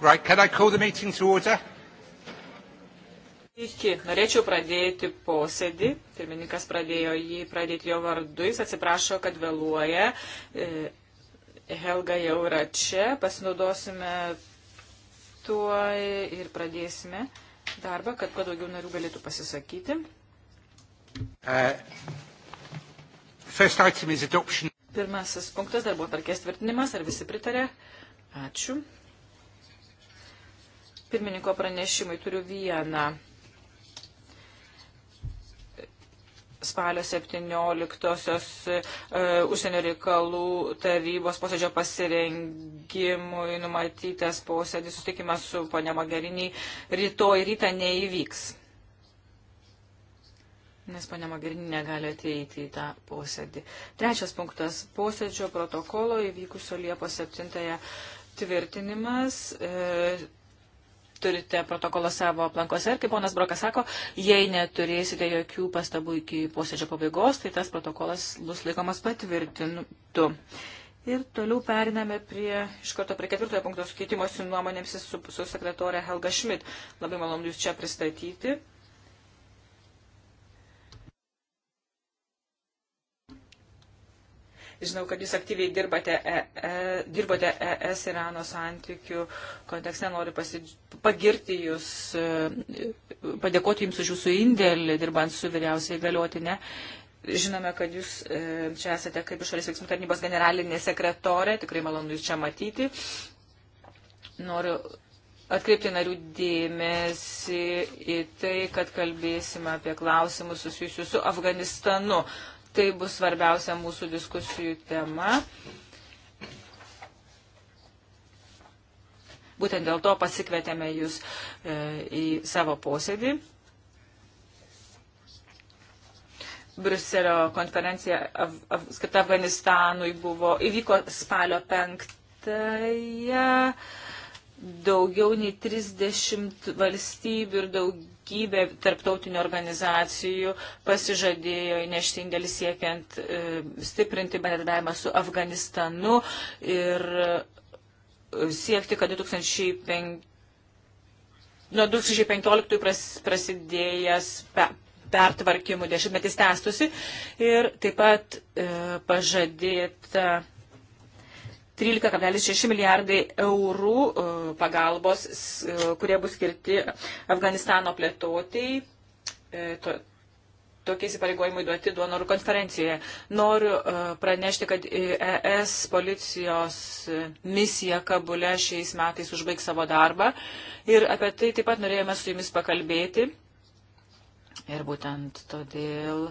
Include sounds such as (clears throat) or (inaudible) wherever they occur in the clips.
Right, can I call the meeting to order? Iki. Norėčiau pradėti posėdį. Pirmininkas pradėjo jį pradėti jo vardu. Jis atsiprašo, kad vėluoja. E, Helga jau yra čia. Pasinaudosime tuo ir pradėsime darbą, kad kuo daugiau narių galėtų pasisakyti. Uh, Pirmasis punktas darbo tarkės tvirtinimas. Ar visi pritarė? Ačiū pirmininko pranešimui turiu vieną. Spalio 17-osios e, užsienio reikalų tarybos posėdžio pasirengimui numatytas posėdis susitikimas su ponia Mageriniai rytoj rytą neįvyks. Nes ponia Magerinė negali ateiti į tą posėdį. Trečias punktas - posėdžio protokolo įvykusio Liepos 7 tvirtinimas. E, turite protokolą savo aplankose ir kaip ponas Brokas sako, jei neturėsite jokių pastabų iki posėdžio pabaigos, tai tas protokolas bus laikomas patvirtintu. Ir toliau periname prie, iš karto prie ketvirtojo punkto sukeitimosi nuomonėms su, su sekretorė Helga Schmidt. Labai malonu Jūs čia pristatyti. Žinau, kad jūs aktyviai dirbate, e, e, dirbote ES Irano santykių kontekste. Noriu pasidž... pagirti jūs, e, padėkoti jums už jūsų indėlį, dirbant su vyriausiai galiotinė. Žinome, kad jūs e, čia esate kaip išorės veiksmų tarnybos generalinė sekretorė. Tikrai malonu jūs čia matyti. Noriu atkreipti narių dėmesį į tai, kad kalbėsime apie klausimus susijusius su Afganistanu. Tai bus svarbiausia mūsų diskusijų tema. Būtent dėl to pasikvietėme jūs e, į savo posėdį. Briuselio konferencija av, av, skirta Afganistanui buvo, įvyko spalio penktąją. Daugiau nei 30 valstybių ir daug, daugybė tarptautinių organizacijų pasižadėjo įnešti indėlį siekiant e, stiprinti bendradarbiavimą su Afganistanu ir e, siekti, kad 2005, nuo 2015 pras, prasidėjęs pe, pertvarkymų dešimtmetis tęstusi ir taip pat e, pažadėta 13,6 milijardai eurų e, pagalbos, e, kurie bus skirti Afganistano plėtotai. E, to, tokie įsipareigojimai duoti duonorų konferencijoje. Noriu uh, pranešti, kad ES policijos misija Kabule šiais metais užbaigs savo darbą ir apie tai taip pat norėjome su jumis pakalbėti. Ir būtent todėl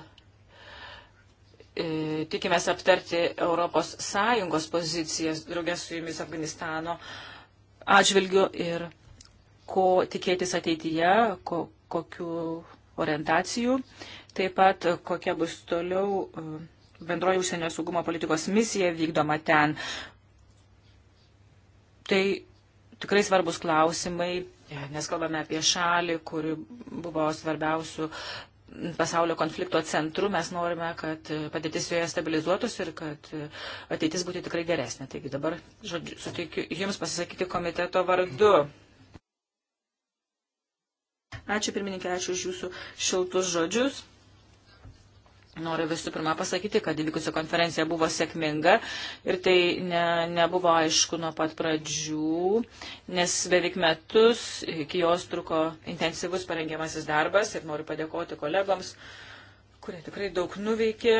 E, tikimės aptarti ES pozicijas draugės su jumis Afganistano atžvilgiu ir ko tikėtis ateityje, ko, kokiu orientacijų, taip pat kokia bus toliau e, bendroji užsienio saugumo politikos misija vykdoma ten. Tai tikrai svarbus klausimai, e, nes kalbame apie šalį, kuri buvo svarbiausių pasaulio konflikto centru, mes norime, kad padėtis joje stabilizuotųsi ir kad ateitis būtų tikrai geresnė. Taigi dabar žodžiu, suteikiu Jums pasisakyti komiteto vardu. Ačiū pirmininkė, ačiū už Jūsų šiltus žodžius. Noriu visų pirma pasakyti, kad įvykusi konferencija buvo sėkminga ir tai ne, nebuvo aišku nuo pat pradžių, nes beveik metus iki jos truko intensyvus parengiamasis darbas ir noriu padėkoti kolegoms, kurie tikrai daug nuveikė.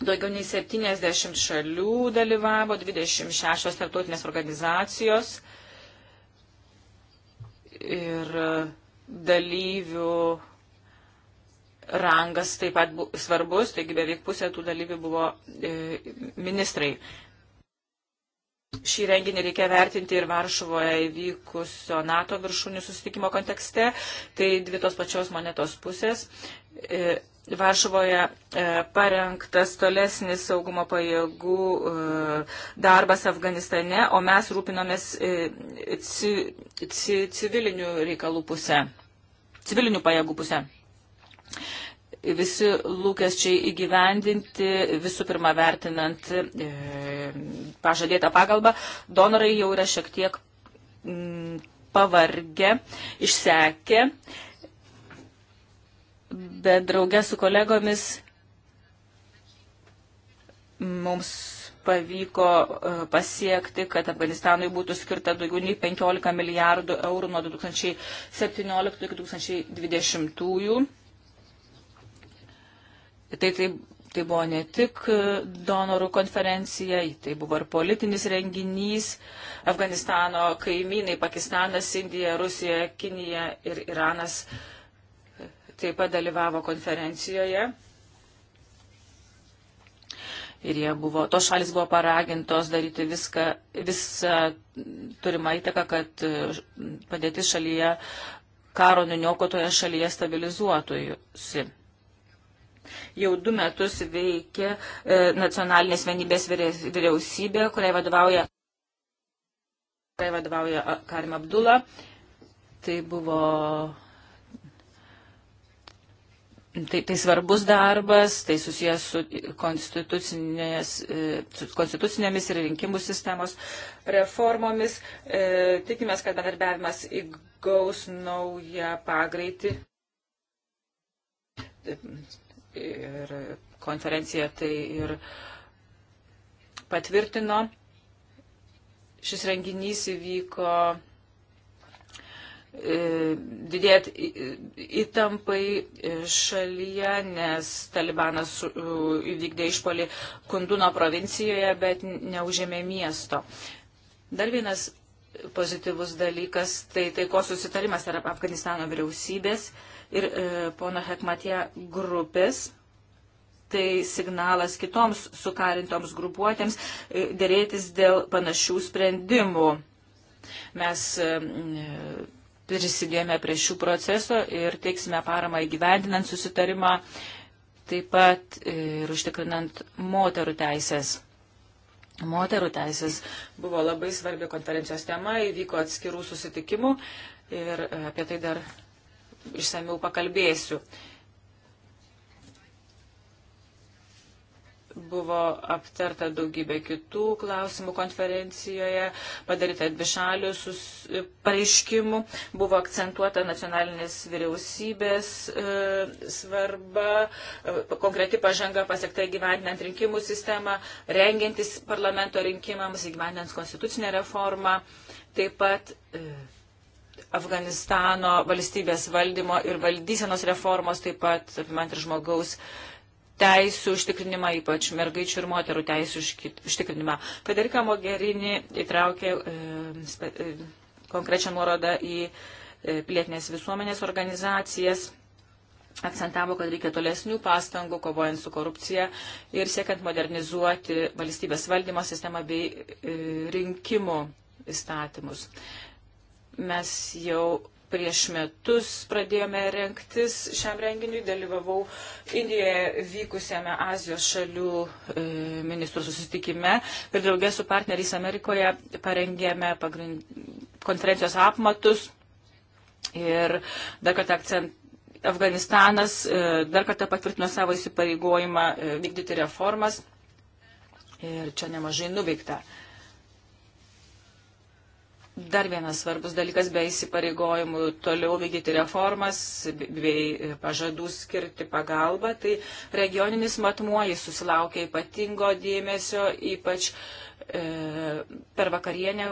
Daugiau nei 70 šalių dalyvavo, 26 tarptautinės organizacijos ir dalyvių rangas taip pat bu, svarbus, taigi beveik pusė tų dalyvių buvo e, ministrai. Šį renginį reikia vertinti ir Varšuvoje įvykusio NATO viršūnių susitikimo kontekste, tai dvi tos pačios monetos pusės. E, Varšuvoje e, parengtas tolesnis saugumo pajėgų e, darbas Afganistane, o mes rūpinomės e, ci, ci, civilinių reikalų pusę, civilinių pajėgų pusę visi lūkesčiai įgyvendinti, visų pirma vertinant e, pažadėtą pagalbą, donorai jau yra šiek tiek m, mm, pavargę, išsekę, bet draugė su kolegomis mums pavyko e, pasiekti, kad Afganistanui būtų skirta daugiau nei 15 milijardų eurų nuo 2017 iki 2020. -ųjų. Tai, tai, tai buvo ne tik e, donorų konferencija, tai buvo ir politinis renginys. Afganistano kaimynai - Pakistanas, Indija, Rusija, Kinija ir Iranas e, taip pat dalyvavo konferencijoje. Ir jie buvo, tos šalis buvo paragintos daryti viską, visą turimą įtaką, kad e, padėtis šalyje karo nuniokotoje šalyje stabilizuotųsi. Jau du metus veikia e, nacionalinės vienybės vyriausybė, kuriai vadovauja, kuriai vadovauja Karim Abdullah. Tai buvo Tai, tai svarbus darbas, tai susijęs su, e, su konstitucinėmis ir rinkimų sistemos reformomis. E, tikimės, kad bendarbiavimas įgaus naują pagreitį ir konferencija tai ir patvirtino. Šis renginys įvyko e, didėt įtampai šalyje, nes talibanas e, įvykdė išpolį Kunduno provincijoje, bet neužėmė miesto. Dar vienas pozityvus dalykas, tai taikos susitarimas tarp Afganistano vyriausybės ir e, pono Hekmatė grupės. Tai signalas kitoms sukarintoms grupuotėms e, dėrėtis dėl panašių sprendimų. Mes e, e, prisidėjome prie šių proceso ir teiksime paramą įgyvendinant susitarimą, taip pat e, ir užtikrinant moterų teisės. Moterų teisės buvo labai svarbi konferencijos tema, įvyko atskirų susitikimų ir e, apie tai dar išsamiau pakalbėsiu. Buvo aptarta daugybė kitų klausimų konferencijoje, padaryta dvišalių e, pareiškimų, buvo akcentuota nacionalinės vyriausybės e, svarba, e, konkreti pažanga pasiekta įgyvendinant rinkimų sistemą, rengiantis parlamento rinkimams, įgyvendinant konstitucinę reformą, taip pat e, Afganistano valstybės valdymo ir valdysenos reformos, taip pat apimant ir žmogaus teisų užtikrinimą, ypač mergaičių ir moterų teisų užtikrinimą. Federika Mogherini įtraukė e, e, konkrečią nuorodą į e, pilietinės visuomenės organizacijas akcentavo, kad reikia tolesnių pastangų, kovojant su korupcija ir siekiant modernizuoti valstybės valdymo sistemą bei e, rinkimų įstatymus. E, Mes jau prieš metus pradėjome renktis šiam renginiui, dalyvavau Indijoje vykusiame Azijos šalių e, ministrų susitikime ir draugė su partneriais Amerikoje parengėme pagrind... konferencijos apmatus ir dar kartą akcent. Afganistanas e, dar kartą patvirtino savo įsipareigojimą e, vykdyti reformas ir čia nemažai nuveikta. E, Dar vienas svarbus dalykas be įsipareigojimų toliau vykdyti reformas bei e, pažadų skirti pagalbą, tai regioninis matmuo jis susilaukia ypatingo dėmesio, ypač e, per vakarienę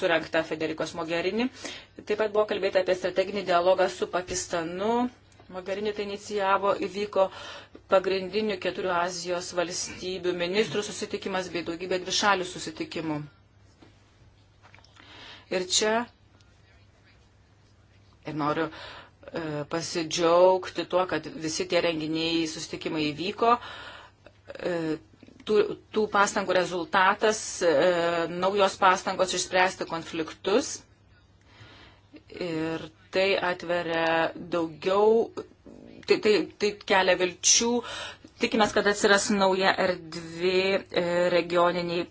surenkta Federikos Mogerini. Taip pat buvo kalbėta apie strateginį dialogą su Pakistanu. Mogerini tai inicijavo, įvyko pagrindinių keturių Azijos valstybių ministrų susitikimas bei daugybė dvišalių susitikimų. Ir čia ir noriu e, pasidžiaugti tuo, kad visi tie renginiai, sustikimai įvyko. E, tų, tų pastangų rezultatas e, naujos pastangos išspręsti konfliktus. Ir tai atveria daugiau, tai, tai, tai kelia vilčių. Tikimės, kad atsiras nauja erdvė e, regioniniai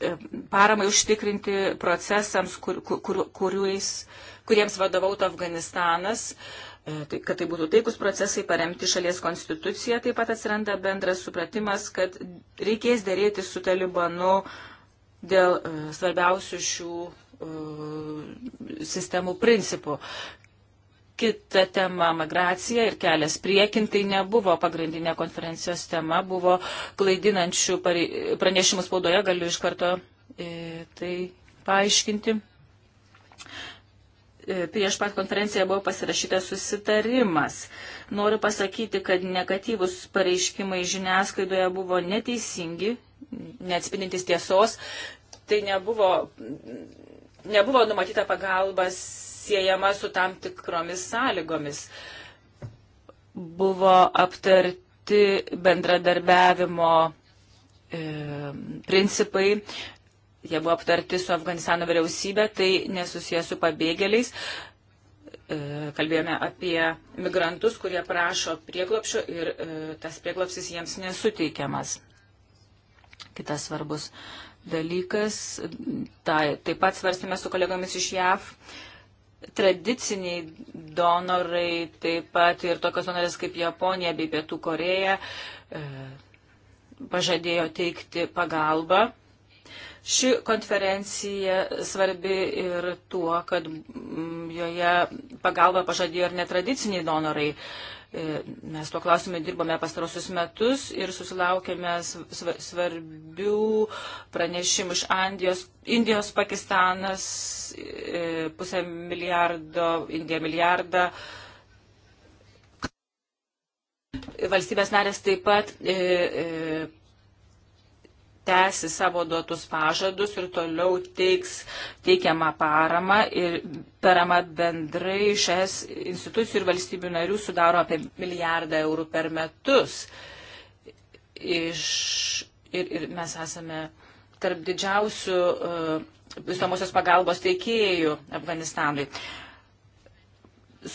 E, paramai užtikrinti procesams, kur, kur, kuriais, kuriems vadovautų Afganistanas, e, tai, kad tai būtų taikus procesai paremti šalies konstituciją, taip pat atsiranda bendras supratimas, kad reikės dėrėti su talibanu dėl e, svarbiausių šių sistemų principų kita tema - migracija ir kelias priekin. Tai nebuvo pagrindinė konferencijos tema, buvo klaidinančių pranešimų spaudoje, galiu iš karto e, tai paaiškinti. E, prieš pat konferenciją buvo pasirašytas susitarimas. Noriu pasakyti, kad negatyvus pareiškimai žiniasklaidoje buvo neteisingi, neatspindintys tiesos. Tai nebuvo, nebuvo numatyta pagalbas siejama su tam tikromis sąlygomis. Buvo aptarti bendradarbiavimo e, principai, jie buvo aptarti su Afganistano vyriausybė, tai nesusijęs su pabėgėliais. E, kalbėjome apie migrantus, kurie prašo prieglopšio ir e, tas prieglopsis jiems nesuteikiamas. Kitas svarbus dalykas, tai, taip pat svarstėme su kolegomis iš JAV, tradiciniai donorai, taip pat ir tokios donorės kaip Japonija bei Pietų Koreja e, pažadėjo teikti pagalbą. Ši konferencija svarbi ir tuo, kad joje pagalbą pažadėjo ir netradiciniai donorai. Uh, E, mes tuo klausimu dirbame pastarosius metus ir susilaukėme svarbių pranešimų iš Andijos, Indijos, Pakistanas, e, pusę milijardo, Indija milijardą. Valstybės narės taip pat e, e, tęsi savo duotus pažadus ir toliau teiks teikiamą paramą ir parama bendrai iš es institucijų ir valstybių narių sudaro apie milijardą eurų per metus. Iš, ir, ir mes esame tarp didžiausių uh, e, visomosios pagalbos teikėjų Afganistanui.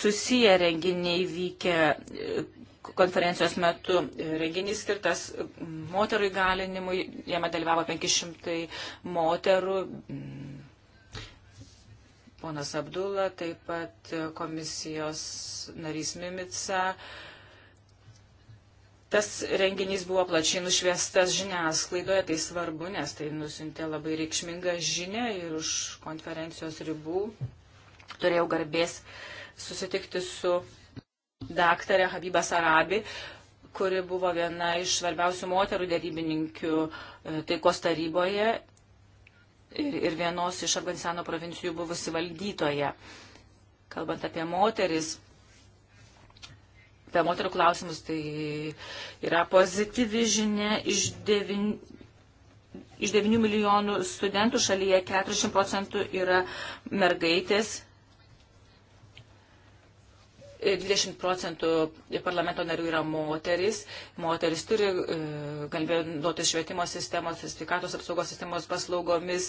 Susiję renginiai vykę e, konferencijos metu renginys skirtas moterų įgalinimui, jame dalyvavo 500 moterų. Ponas Abdullah, taip pat komisijos narys Mimica. Tas renginys buvo plačiai nušviestas žiniasklaidoje, tai svarbu, nes tai nusintė labai reikšmingą žinę ir už konferencijos ribų turėjau garbės susitikti su daktarę Habibą Sarabi, kuri buvo viena iš svarbiausių moterų dėrybininkių e, taikos taryboje ir, ir vienos iš Afganistano provincijų buvusi valdytoje. Kalbant apie moteris, apie moterų klausimus, tai yra pozityvi žinia iš 9. Iš 9 milijonų studentų šalyje 40 procentų yra mergaitės, 20 procentų parlamento narių yra moteris. Moteris turi e, galvėdotis švietimo sistemos, sveikatos apsaugos sistemos paslaugomis.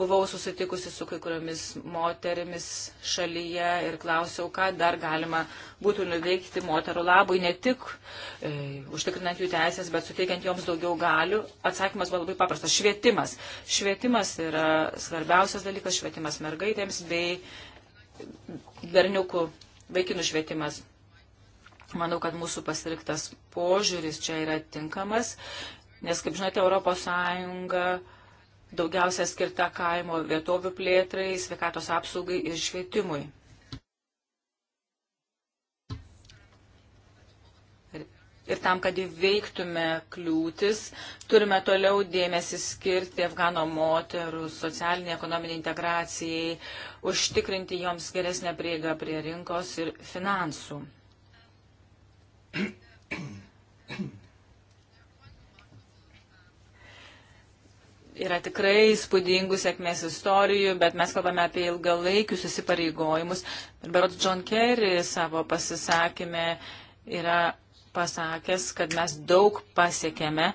Buvau susitikusi su kai kuriomis moterimis šalyje ir klausiau, ką dar galima būtų nuveikti moterų labui, ne tik e, užtikrinant jų teisės, bet suteikiant joms daugiau galių. Atsakymas buvo labai paprastas - švietimas. Švietimas yra svarbiausias dalykas, švietimas mergaitėms bei berniukų vaikinų švietimas. Manau, kad mūsų pasirinktas požiūris čia yra tinkamas, nes, kaip žinote, ES daugiausia skirta kaimo vietovių plėtrai, sveikatos apsaugai ir švietimui. Ir tam, kad įveiktume kliūtis, turime toliau dėmesį skirti Afgano moterų socialinį, ekonominį integracijai, užtikrinti joms geresnę prieigą prie rinkos ir finansų. Yra tikrai įspūdingų sėkmės istorijų, bet mes kalbame apie ilgalaikius susipareigojimus. Berot John Kerry savo pasisakymę yra pasakęs, kad mes daug pasiekėme,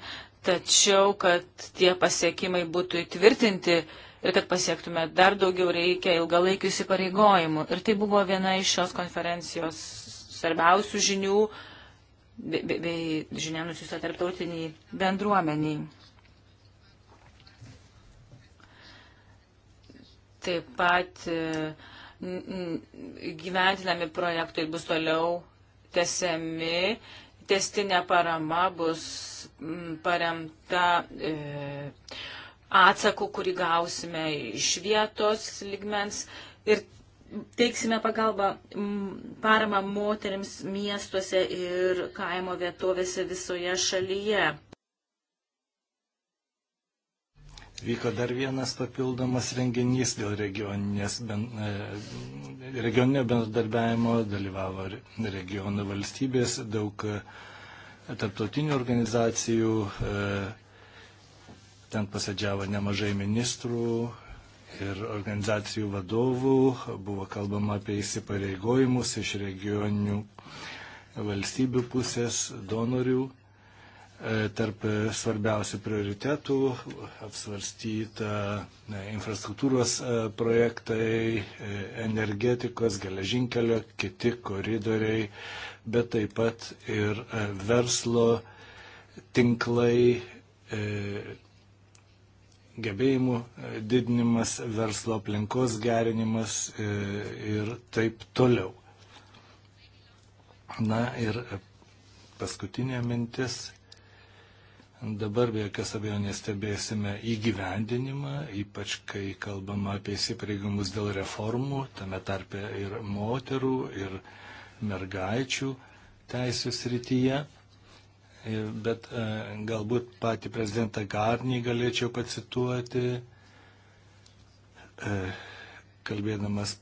tačiau kad tie pasiekimai būtų įtvirtinti ir kad pasiektume dar daugiau reikia ilgalaikių įsipareigojimų. Ir tai buvo viena iš šios konferencijos svarbiausių žinių bei, bei, bei žinia nusiusta tarptautiniai bendruomeniai. Taip pat e, gyventinami projektai bus toliau tesiami testinė parama bus mm, paremta e, atsakų, kurį gausime iš vietos ligmens ir teiksime pagalbą, mm, paramą moteriams miestuose ir kaimo vietovėse visoje šalyje. Vyko dar vienas papildomas renginys dėl ben, e, regioninio bendradarbiavimo, dalyvavo regionų valstybės, daug e, tarptautinių organizacijų, e, ten pasėdžiavo nemažai ministrų ir organizacijų vadovų, buvo kalbama apie įsipareigojimus iš regioninių valstybių pusės, donorių E, tarp svarbiausių prioritetų apsvarstyta e, infrastruktūros e, projektai, energetikos, geležinkelio, kiti koridoriai, bet taip pat ir verslo tinklai, gebėjimų didinimas, verslo aplinkos gerinimas ir taip toliau. Na ir paskutinė mintis Dabar be jokios abejonės stebėsime įgyvendinimą, ypač kai kalbama apie įsipareigimus dėl reformų, tame tarpe ir moterų, ir mergaičių teisų srityje. Bet e, galbūt patį prezidentą Garnį galėčiau pacituoti, e, kalbėdamas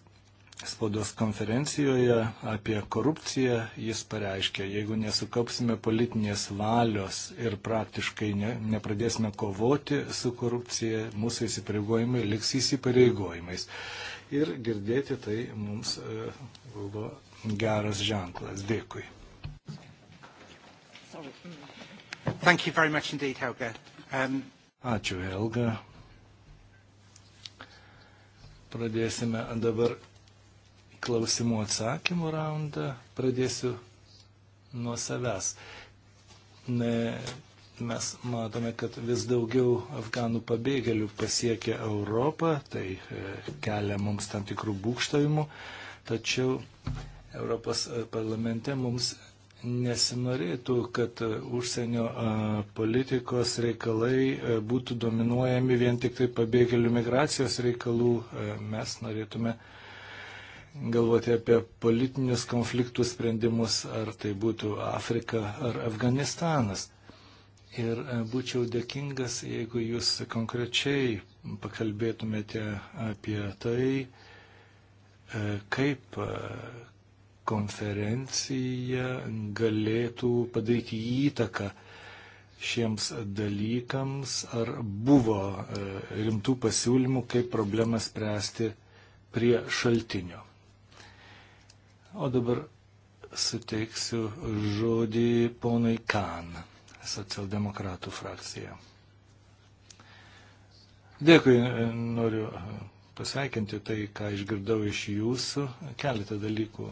spaudos konferencijoje apie korupciją jis pareiškė, jeigu nesukaupsime politinės valios ir praktiškai ne, nepradėsime kovoti su korupcija, mūsų įsipareigojimai liks įsipareigojimais. Ir girdėti tai mums e, buvo geras ženklas. Dėkui. Indeed, Helga. Um... Ačiū, Helga. Pradėsime dabar klausimų atsakymų raundą. Pradėsiu nuo savęs. Ne, mes matome, kad vis daugiau afganų pabėgėlių pasiekia Europą, tai e, kelia mums tam tikrų būkštavimų, tačiau Europos e, parlamente mums nesinorėtų, kad e, užsienio politikos reikalai būtų dominuojami vien tik tai pabėgėlių migracijos reikalų. Mes norėtume galvoti apie politinius konfliktų sprendimus, ar tai būtų Afrika ar Afganistanas. Ir e, būčiau dėkingas, jeigu jūs konkrečiai pakalbėtumėte apie tai, e, kaip e, konferencija galėtų padaryti įtaką šiems dalykams, ar buvo rimtų pasiūlymų, kaip problemą spręsti prie šaltinio. O dabar suteiksiu žodį ponui Kan, socialdemokratų frakcija. Dėkui, noriu pasveikinti tai, ką išgirdau iš jūsų. Keletą dalykų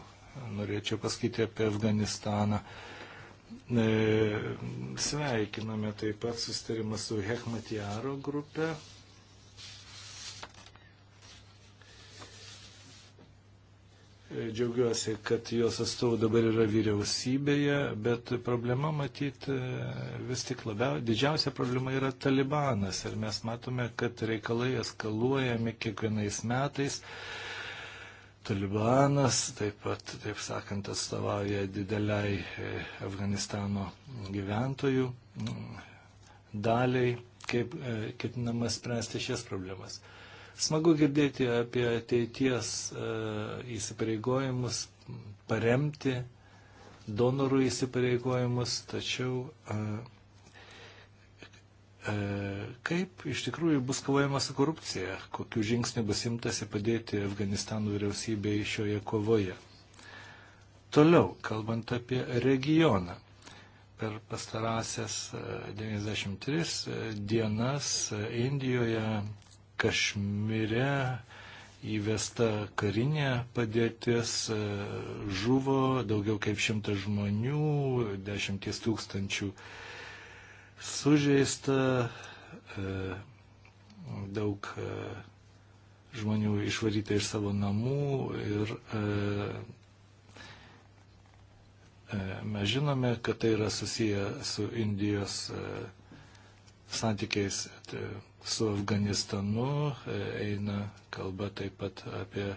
norėčiau pasakyti apie Afganistaną. E, sveikiname taip pat sustarimą su Hekmatijaro grupė, Džiaugiuosi, kad jos atstovų dabar yra vyriausybėje, bet problema matyti vis tik labiau, didžiausia problema yra talibanas ir mes matome, kad reikalai eskaluojami kiekvienais metais. Talibanas taip pat, taip sakant, atstovauja dideliai e, Afganistano gyventojų daliai, kaip e, ketinama spręsti šias problemas. Smagu girdėti apie ateities e, įsipareigojimus, paremti donorų įsipareigojimus, tačiau e, e, kaip iš tikrųjų bus kovojama su korupcija, kokiu žingsniu bus imtasi padėti Afganistano vyriausybei šioje kovoje. Toliau, kalbant apie regioną, per pastarąsias 93 dienas Indijoje Kašmire įvesta karinė padėtis, e, žuvo daugiau kaip šimtas žmonių, dešimties tūkstančių sužeista, e, daug e, žmonių išvaryta iš savo namų ir mes žinome, kad tai yra susiję su Indijos santykiais su Afganistanu, e, eina kalba taip pat apie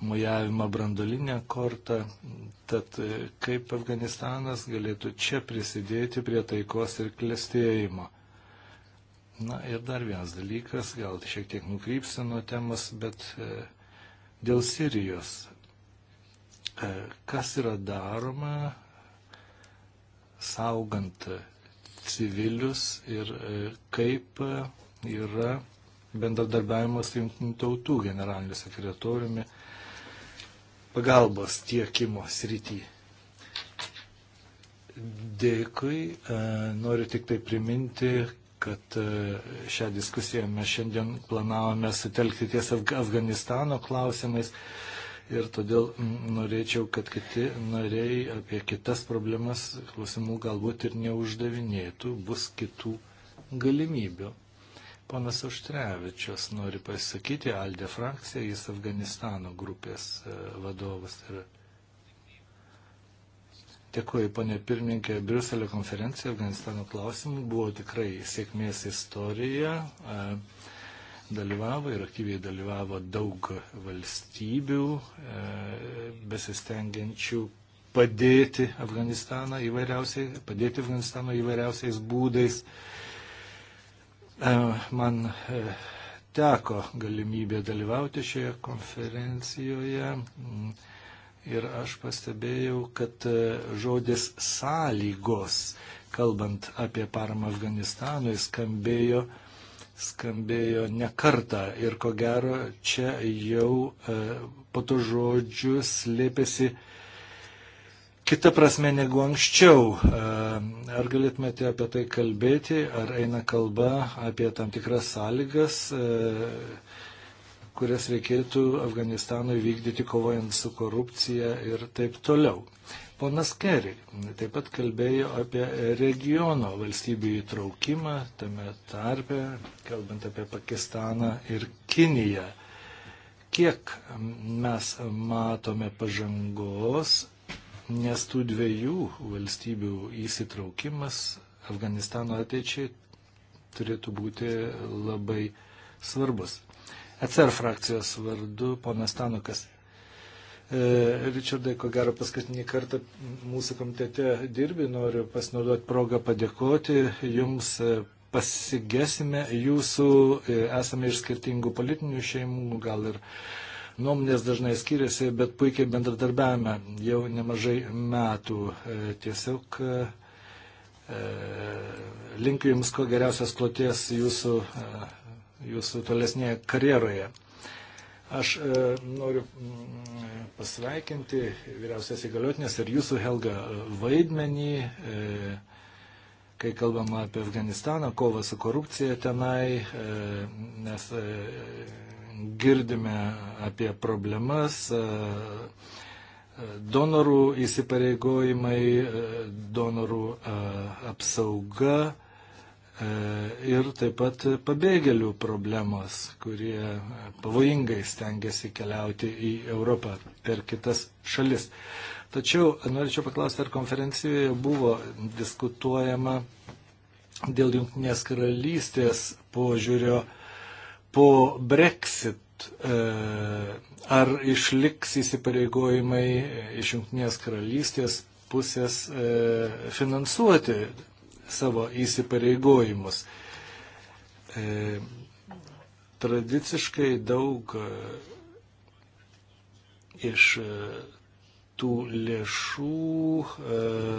mojavimą brandolinę kortą. Tad e, kaip Afganistanas galėtų čia prisidėti prie taikos ir klėstėjimo. Na ir dar vienas dalykas, gal šiek tiek nukrypsiu nuo temas, bet e, dėl Sirijos. Kas yra daroma, saugant civilius ir kaip yra bendradarbiavimas su jungtinių tautų generaliniu sekretoriumi pagalbos tiekimo srity. Dėkui, e, noriu tik tai priminti, kad e, šią diskusiją mes šiandien planavome sutelkti ties Afganistano klausimais ir todėl norėčiau, kad kiti nariai apie kitas problemas klausimų galbūt ir neuždavinėtų, bus kitų galimybių. Ponas Užtrevičius nori pasakyti, Aldė frakcija, jis Afganistano grupės e, vadovas. Yra. Dėkuoju, ponė pirmininkė, Briuselio konferencija Afganistano klausimų buvo tikrai sėkmės istorija. E, dalyvavo ir aktyviai dalyvavo daug valstybių e, besistengiančių padėti Afganistaną įvairiausiai, padėti Afganistano įvairiausiais būdais. E, man e, teko galimybė dalyvauti šioje konferencijoje mm. ir aš pastebėjau, kad e, žodis sąlygos, kalbant apie paramą Afganistanui, skambėjo, skambėjo ne kartą ir ko gero čia jau po to žodžiu slėpėsi uh, kita prasme negu anksčiau. E, ar galėtumėte apie tai kalbėti, ar eina kalba apie tam tikras sąlygas, e, kurias reikėtų Afganistanui vykdyti kovojant su korupcija ir taip toliau. Ponas Kerry taip pat kalbėjo apie regiono valstybių įtraukimą, tame tarpe, kalbant apie Pakistaną ir Kiniją. Kiek mes matome pažangos nes tų dviejų valstybių įsitraukimas Afganistano ateičiai turėtų būti labai svarbus. ECR frakcijos vardu ponas Tanukas. E, Ričardai, ko gero paskutinį kartą mūsų komitete dirbi, noriu pasinaudoti progą padėkoti Jums, e, pasigesime Jūsų, e, esame iš skirtingų politinių šeimų, gal ir uh, nuomonės dažnai skiriasi, bet puikiai bendradarbiavime jau nemažai metų. E, tiesiog e, e, linkiu Jums ko geriausios kloties jūsų, jūsų tolesnėje karjeroje. Aš noriu mm, pasveikinti vyriausias įgaliotinės ir jūsų Helga vaidmenį, kai kalbama apie Afganistaną, kovą su korupcija tenai, nes girdime apie problemas, e, donorų įsipareigojimai, e, donorų e, apsauga ir taip pat pabėgėlių problemos, kurie pavojingai stengiasi keliauti į Europą per kitas šalis. Tačiau norėčiau paklausti, ar konferencijoje buvo diskutuojama dėl jungtinės karalystės požiūrio po Brexit e, ar išliks įsipareigojimai e, iš Junktinės karalystės pusės e, finansuoti savo įsipareigojimus. Tradiciškai daug iš tų lėšų uh,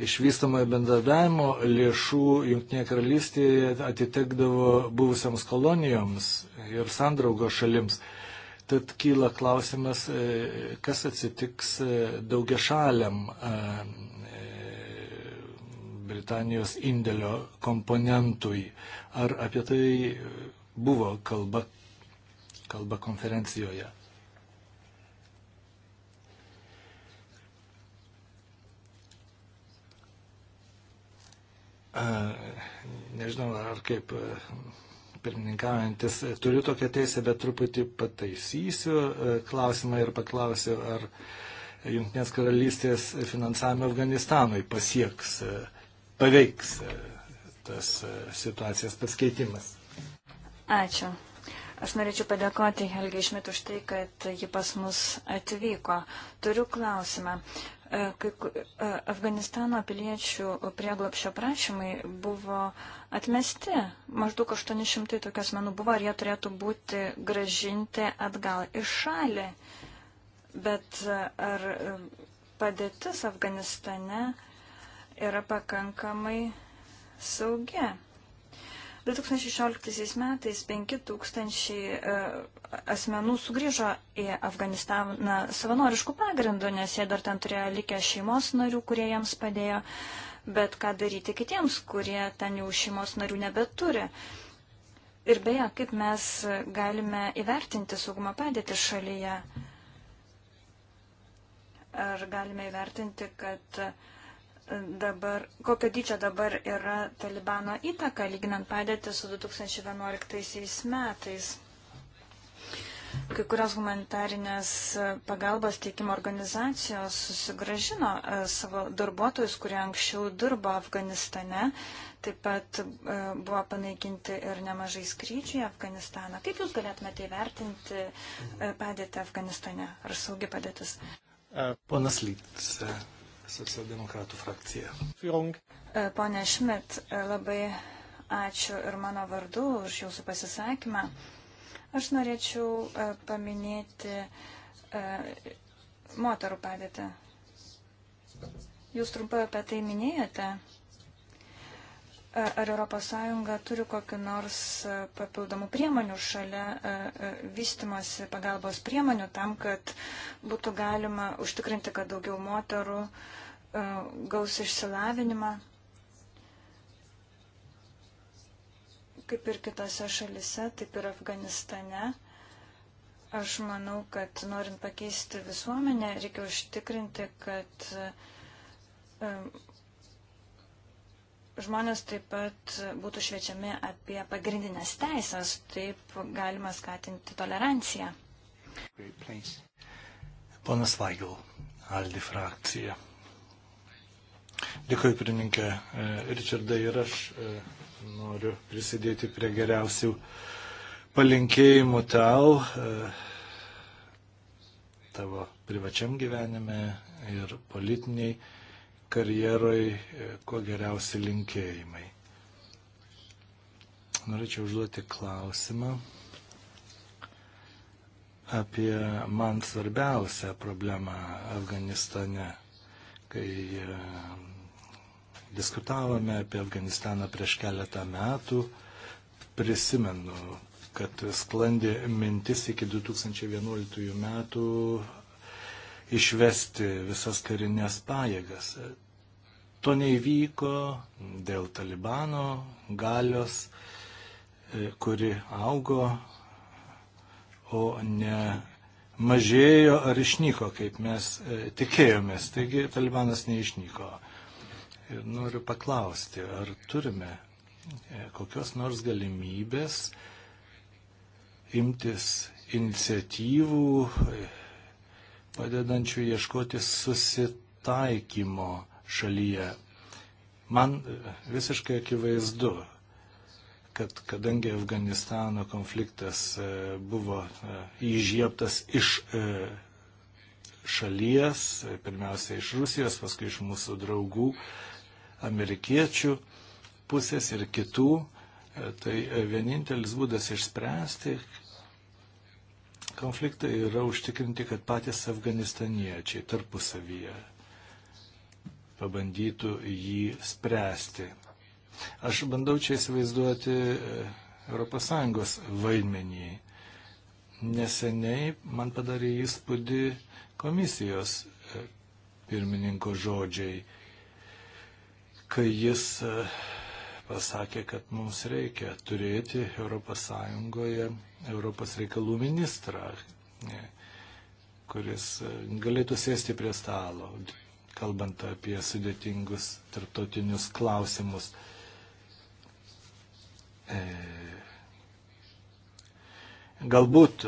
iš vystamojo bendradavimo lėšų Junktinėje karalystėje atitekdavo buvusiams kolonijoms ir sandraugo šalims. Tad kyla klausimas, e, kas atsitiks e, daugia šaliam e, Britanijos indėlio komponentui. Ar apie tai buvo kalba, kalba konferencijoje? nežinau, ar kaip e, pirmininkaujantis turiu tokią teisę, bet truputį pataisysiu e, klausimą ir paklausiu, ar Junktinės karalystės finansavimą Afganistanui pasieks, e, paveiks tas situacijos paskeitimas. Ačiū. Aš norėčiau padėkoti Helgi Šmit už tai, kad ji pas mus atvyko. Turiu klausimą. E, e, Afganistano piliečių prieglapšio prašymai buvo atmesti. Maždaug 800 tokių asmenų buvo ir jie turėtų būti gražinti atgal į šalį. Bet e, ar padėtis Afganistane yra pakankamai saugi? 2016 metais 5000 asmenų sugrįžo į Afganistaną savanoriškų pagrindų, nes jie dar ten turėjo likę šeimos narių, kurie jiems padėjo, bet ką daryti kitiems, kurie ten jau šeimos narių nebeturi. Ir beje, kaip mes galime įvertinti saugumo padėtį šalyje? Ar galime įvertinti, kad dabar, kokio dydžio dabar yra Talibano įtaka, lyginant padėtį su 2011 metais? Kai kurios humanitarinės pagalbos teikimo organizacijos susigražino e, savo darbuotojus, kurie anksčiau dirbo Afganistane. Taip pat e, buvo panaikinti ir nemažai skrydžių į Afganistaną. Kaip Jūs galėtumėte įvertinti e, padėtį Afganistane? Ar saugi padėtis? Ponas Lytis socialdemokratų frakcija. Pone Šmit, labai ačiū ir mano vardu už jūsų pasisakymą. Aš norėčiau e, paminėti e, moterų padėtą. Jūs trumpai apie tai minėjote. Ar ES turi kokiu nors e, papildomų priemonių šalia vystimosi pagalbos priemonių tam, kad būtų galima užtikrinti, kad daugiau moterų gaus išsilavinimą? kaip ir kitose šalise, taip ir Afganistane. Aš manau, kad norint pakeisti visuomenę, reikia užtikrinti, kad žmonės taip pat būtų šviečiami apie pagrindinės teisės, taip galima skatinti toleranciją. Ponas Vaigel, Aldi frakcija. Dėkui, pirmininkė e, Richardai ir aš e, Noriu prisidėti prie geriausių palinkėjimų tau, e, tavo privačiam gyvenime ir politiniai karjeroj, e, kuo geriausi linkėjimai. Norėčiau užduoti klausimą apie man svarbiausią problemą Afganistane, kai e, Diskutavome apie Afganistaną prieš keletą metų. Prisimenu, kad sklandė mintis iki 2011 metų išvesti visas karinės pajėgas. To neįvyko dėl Talibano galios, e, kuri augo, o ne mažėjo ar išnyko, kaip mes e, tikėjomės. Taigi Talibanas neišnyko. Ir noriu paklausti, ar turime e, kokios nors galimybės imtis iniciatyvų, e, padedančių ieškoti susitaikymo šalyje. Man e, visiškai akivaizdu, kad kadangi Afganistano konfliktas buvo įžieptas iš šalies, pirmiausia iš Rusijos, paskui iš mūsų draugų, amerikiečių pusės ir kitų. E, tai vienintelis būdas išspręsti konfliktą yra užtikrinti, kad patys afganistaniečiai tarpusavyje pabandytų jį spręsti. Aš bandau čia įsivaizduoti ES vaidmenį. Neseniai man padarė įspūdį komisijos e, pirmininko žodžiai kai jis e, pasakė, kad mums reikia turėti ES Europos reikalų ministrą, e, kuris e, galėtų sėsti prie stalo, kalbant apie sudėtingus tarptautinius klausimus. Galbūt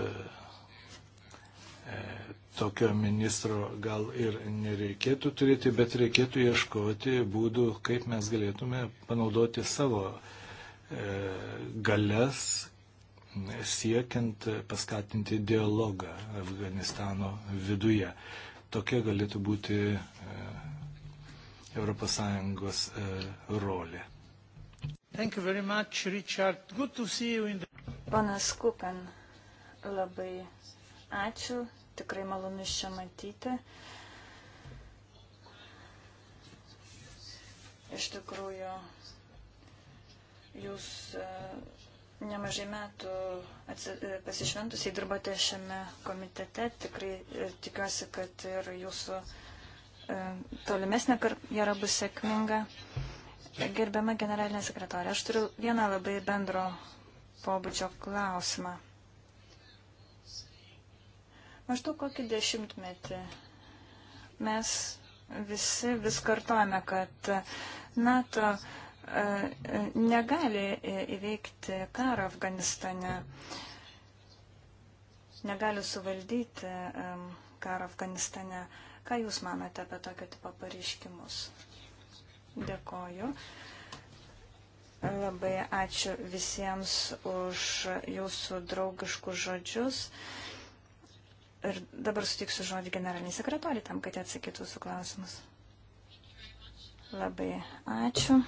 tokio ministro gal ir nereikėtų turėti, bet reikėtų ieškoti būdų, kaip mes galėtume panaudoti savo e, galias, siekiant paskatinti dialogą Afganistano viduje. Tokia galėtų būti e, ES e, rolė. Much, Richard. The... Panas Kukan, labai ačiū Tikrai malonu iš čia matyti. Iš tikrųjų, jūs e, nemažai metų e, pasišventusiai dirbate šiame komitete. Tikrai e, tikiuosi, kad ir jūsų tolimesnė karjera bus sėkminga. Gerbiama generalinė sekretorė, aš turiu vieną labai bendro pobūdžio klausimą. Maždaug kokį dešimtmetį mes visi vis kartojame, kad NATO e, e, negali įveikti karą Afganistane, negali suvaldyti karą Afganistane. Ką Jūs manote apie tokio tipo pareiškimus? Dėkoju. Labai ačiū visiems už Jūsų draugiškus žodžius. Ir dabar sutiksiu žodį generaliniai sekretoriai tam, kad jie atsakytų su klausimus. Labai ačiū.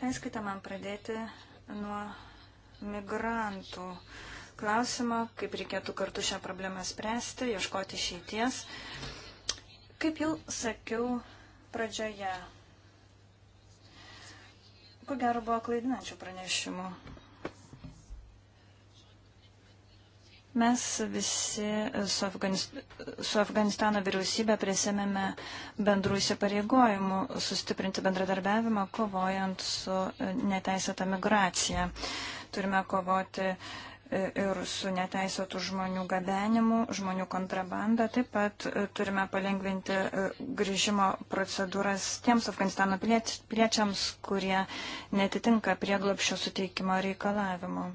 Leiskite man pradėti nuo migrantų klausimo, kaip reikėtų kartu šią problemą spręsti, ieškoti išeities. Kaip jau sakiau pradžioje, ko gero buvo klaidinančių pranešimų Mes visi su, Afganist su Afganistano vyriausybė prisėmėme bendrų įsipareigojimų sustiprinti bendradarbiavimą, kovojant su neteisėta migracija. Turime kovoti e, ir su neteisėtų žmonių gabenimu, žmonių kontrabanda. Taip pat e, turime palengvinti e, grįžimo procedūras tiems Afganistano piliečiams, kurie netitinka prieglopščio suteikimo reikalavimo.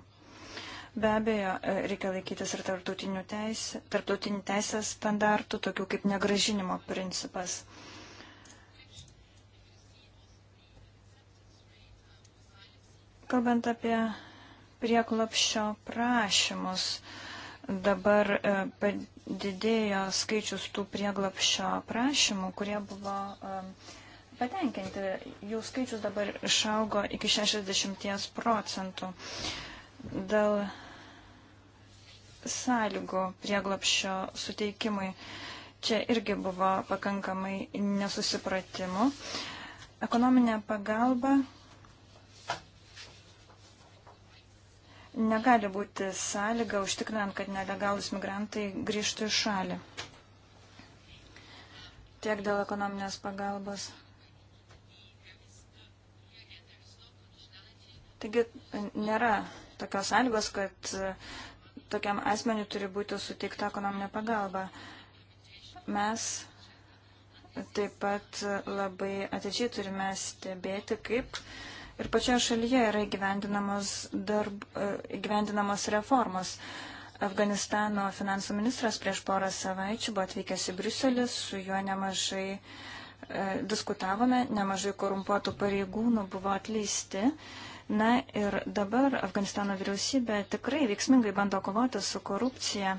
Be abejo, e, reikia laikytis ir tarptautinių teisės, tarptautinių teisės standartų, tokių kaip negražinimo principas. Kalbant apie prieklopščio prašymus, dabar e, padidėjo skaičius tų prieglopščio prašymų, kurie buvo e, patenkinti. Jų skaičius dabar išaugo iki 60 procentų. Dėl sąlygų prieglapščio suteikimui. Čia irgi buvo pakankamai nesusipratimų. Ekonominė pagalba negali būti sąlyga užtikrinant, kad nelegalus migrantai grįžtų į šalį. Tiek dėl ekonominės pagalbos. Taigi nėra tokios sąlygos, kad tokiam asmeniu turi būti suteikta ekonominė pagalba. Mes taip pat labai atidžiai turime stebėti, kaip ir pačioje šalyje yra įgyvendinamos, darb, įgyvendinamos reformos. Afganistano finansų ministras prieš porą savaičių buvo atvykęs į Briuselį, su juo nemažai e, diskutavome, nemažai korumpuotų pareigūnų buvo atleisti Na ir dabar Afganistano vyriausybė tikrai veiksmingai bando kovoti su korupcija.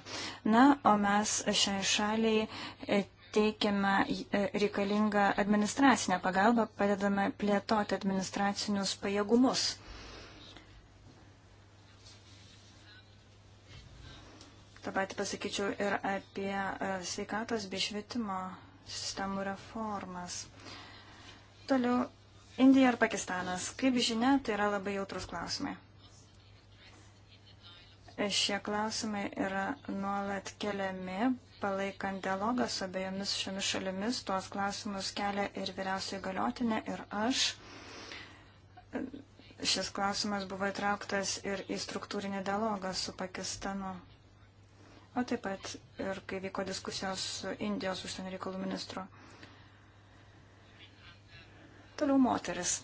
Na, o mes šiai šaliai e, teikiame e, reikalingą administracinę pagalbą, padedame plėtoti administracinius pajėgumus. Ta pati pasakyčiau ir apie e, sveikatos bei švietimo sistemų reformas. Toliau Indija ir Pakistanas. Kaip žinia, tai yra labai jautrus klausimai. Šie klausimai yra nuolat keliami, palaikant dialogą su abiejomis šiomis šalimis. Tuos klausimus kelia ir vyriausiai galiotinė, ir aš. Šis klausimas buvo įtrauktas ir į struktūrinį dialogą su Pakistanu. O taip pat ir kai vyko diskusijos su Indijos užsienio reikalų ministru. Toliau moteris.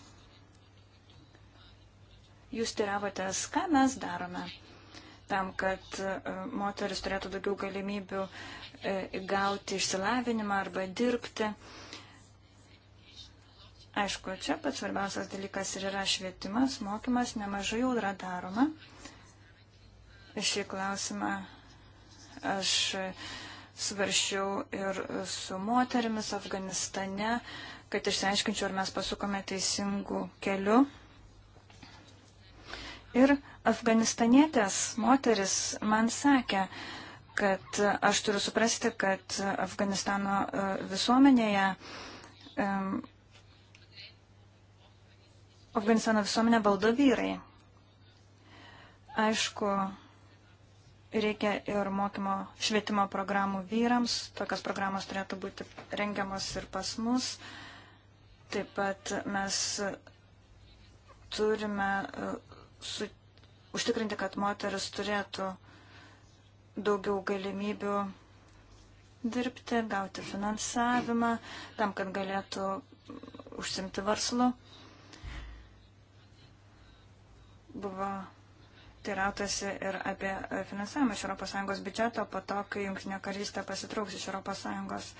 Jūs tiravotės, ką mes darome tam, kad e, moteris turėtų daugiau galimybių e, gauti išsilavinimą arba dirbti. Aišku, čia pats svarbiausias dalykas ir yra švietimas, mokymas, nemažai jau yra daroma. Šį klausimą aš svaršiau ir su moterimis Afganistane. Uh, kad išsiaiškinčiau, ar mes pasukome teisingų kelių. Ir afganistanietės moteris man sakė, kad aš turiu suprasti, kad Afganistano e, visuomenėje, um, Afganistano visuomenė valdo vyrai. Aišku, reikia ir mokymo švietimo programų vyrams, tokios programos turėtų būti rengiamos ir pas mus. Uh, Taip pat mes turime e, su, užtikrinti, kad moteris turėtų daugiau galimybių dirbti, gauti finansavimą, tam, kad galėtų užsimti verslu. Buvo teirautasi ir apie finansavimą iš ES biudžeto po to, kai Junktinė karalystė pasitrauks iš ES.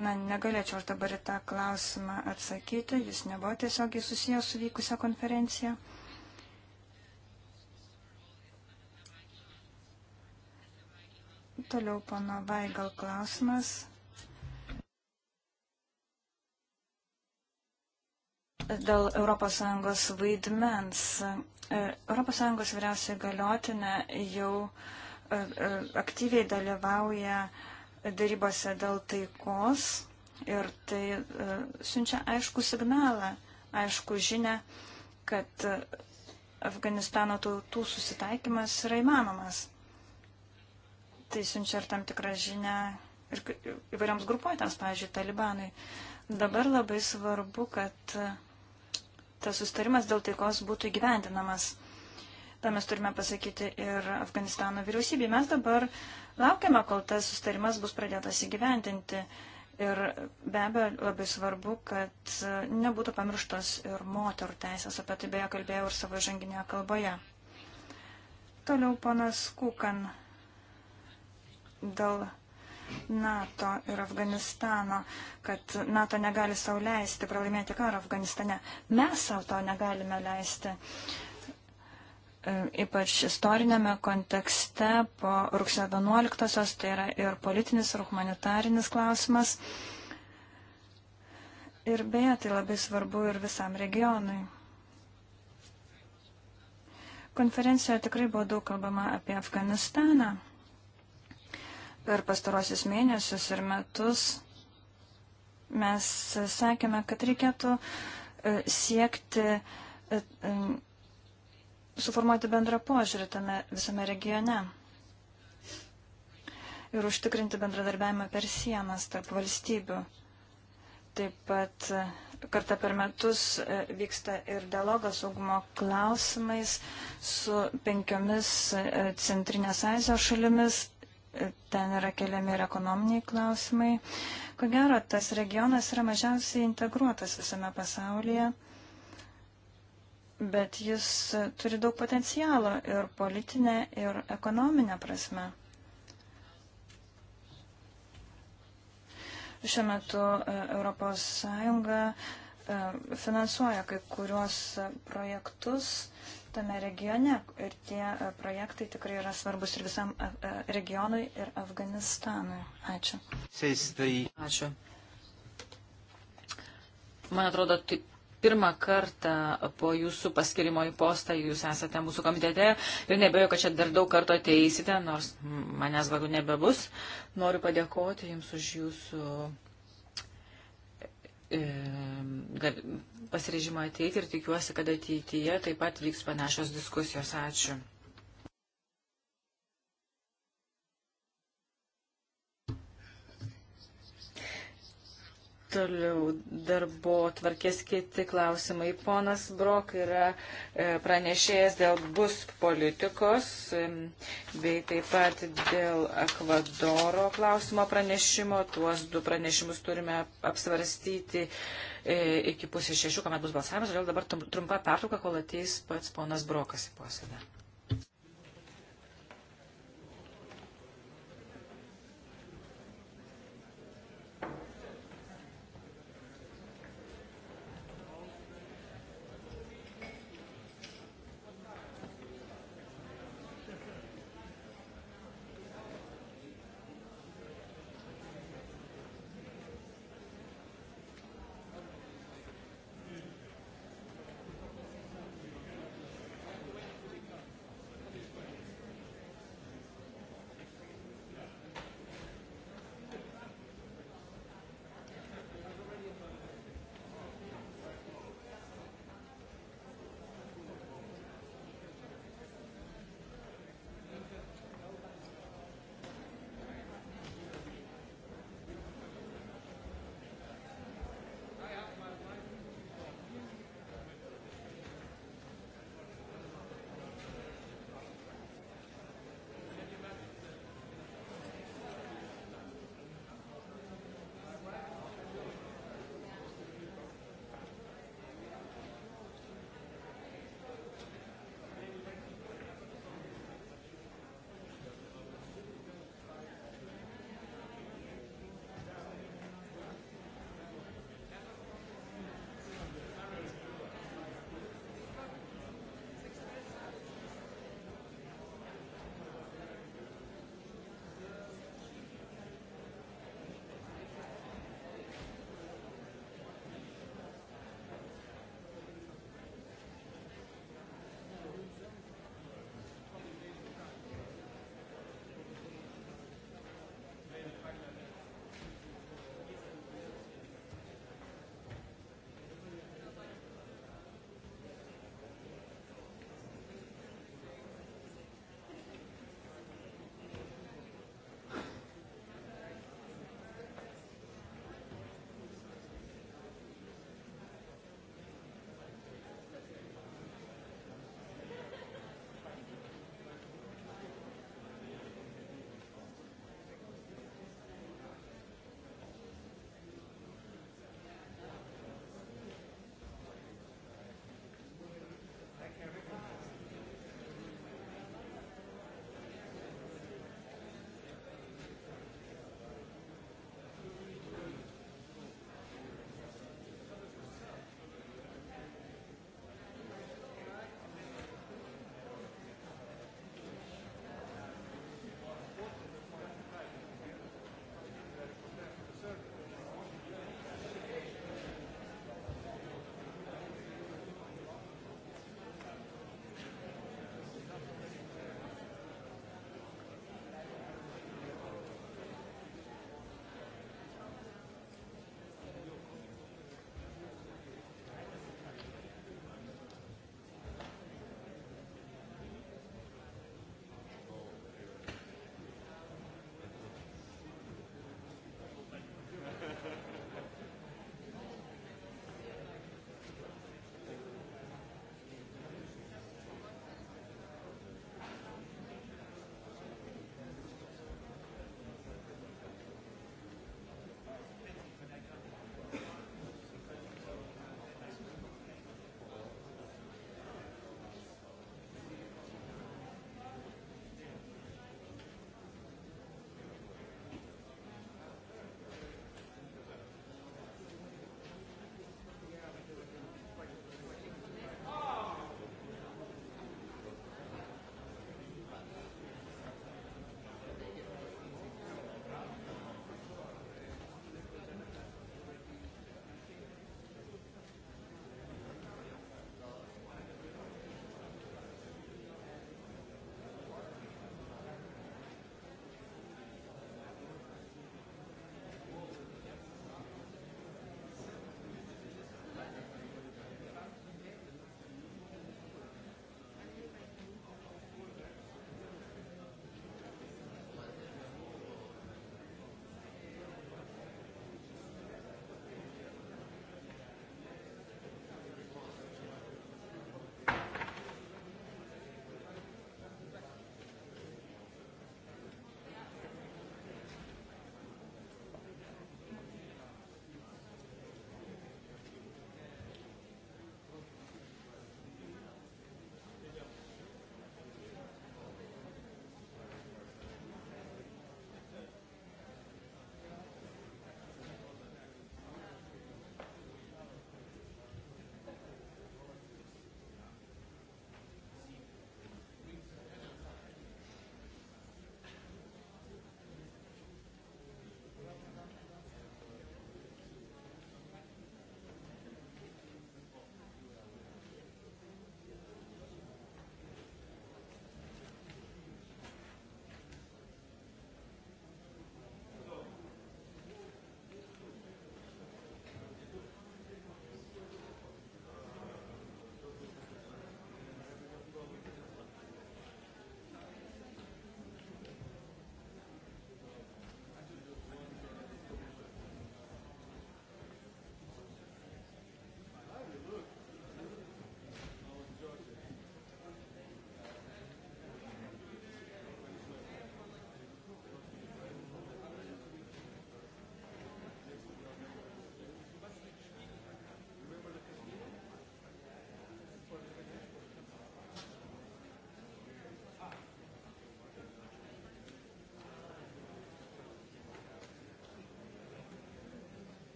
Na, negalėčiau aš dabar į tą klausimą atsakyti, jis nebuvo tiesiogiai susijęs su vykusią konferenciją. Toliau pono Vaigal klausimas. Dėl ES vaidmens. ES vyriausiai galiotinė jau e, e, aktyviai dalyvauja uh, darybose dėl taikos ir tai e, siunčia aišku signalą, aišku žinę, kad e, Afganistano tautų susitaikymas yra įmanomas. Tai siunčia ir tam tikrą žinę ir įvairioms grupuotėms, pavyzdžiui, talibanai. Dabar labai svarbu, kad e, tas sustarimas dėl taikos būtų įgyvendinamas. Ta mes turime pasakyti ir Afganistano vyriausybei. Mes dabar laukiame, kol tas sustarimas bus pradėtas įgyventinti. Ir be abejo labai svarbu, kad nebūtų pamirštos ir moterų teisės. Apie tai beje kalbėjau ir savo žanginėje kalboje. Toliau panas Kukan dėl NATO ir Afganistano, kad NATO negali savo leisti pralaimėti karą Afganistane. Mes savo to negalime leisti. Uh, ypač istorinėme kontekste po rugsėjo 11-osios, tai yra ir politinis, ir humanitarinis klausimas. Ir beje, tai labai svarbu ir visam regionui. Konferencijoje tikrai buvo daug kalbama apie Afganistaną. Per pastarosius mėnesius ir metus mes sakėme, kad reikėtų e, siekti e, e, suformuoti bendrą požiūrį tame visame regione ir užtikrinti bendradarbiavimą per sienas tarp valstybių. Taip pat e, kartą per metus e, vyksta ir dialogas saugumo klausimais su penkiomis e, centrinės Azijos šalimis. Ten yra keliami ir ekonominiai klausimai. Ko gero, tas regionas yra mažiausiai integruotas visame pasaulyje bet jis turi daug potencialo ir politinė, ir ekonominė prasme. Šiuo metu e, Europos Sąjunga e, finansuoja kai kuriuos projektus tame regione ir tie e, projektai tikrai yra svarbus ir visam regionui ir Afganistanui. Ačiū. Ačiū. Man atrodo, taip pirmą kartą po jūsų paskirimo į postą jūs esate mūsų komitete ir nebejoju, kad čia dar daug kartų ateisite, nors manęs galbūt nebebus. Noriu padėkoti Jums už Jūsų e, pasirežimą ateiti ir tikiuosi, kad ateityje taip pat vyks panašios diskusijos. Ačiū. Toliau darbo tvarkės kiti klausimai. Ponas Brok yra e, pranešėjęs dėl bus politikos, bei taip pat dėl Ekvadoro klausimo pranešimo. Tuos du pranešimus turime apsvarstyti e, iki pusės šešių, kuomet bus balsavimas. Todėl dabar trumpa pertrauka, kol ateis pats ponas Brokas į posėdą.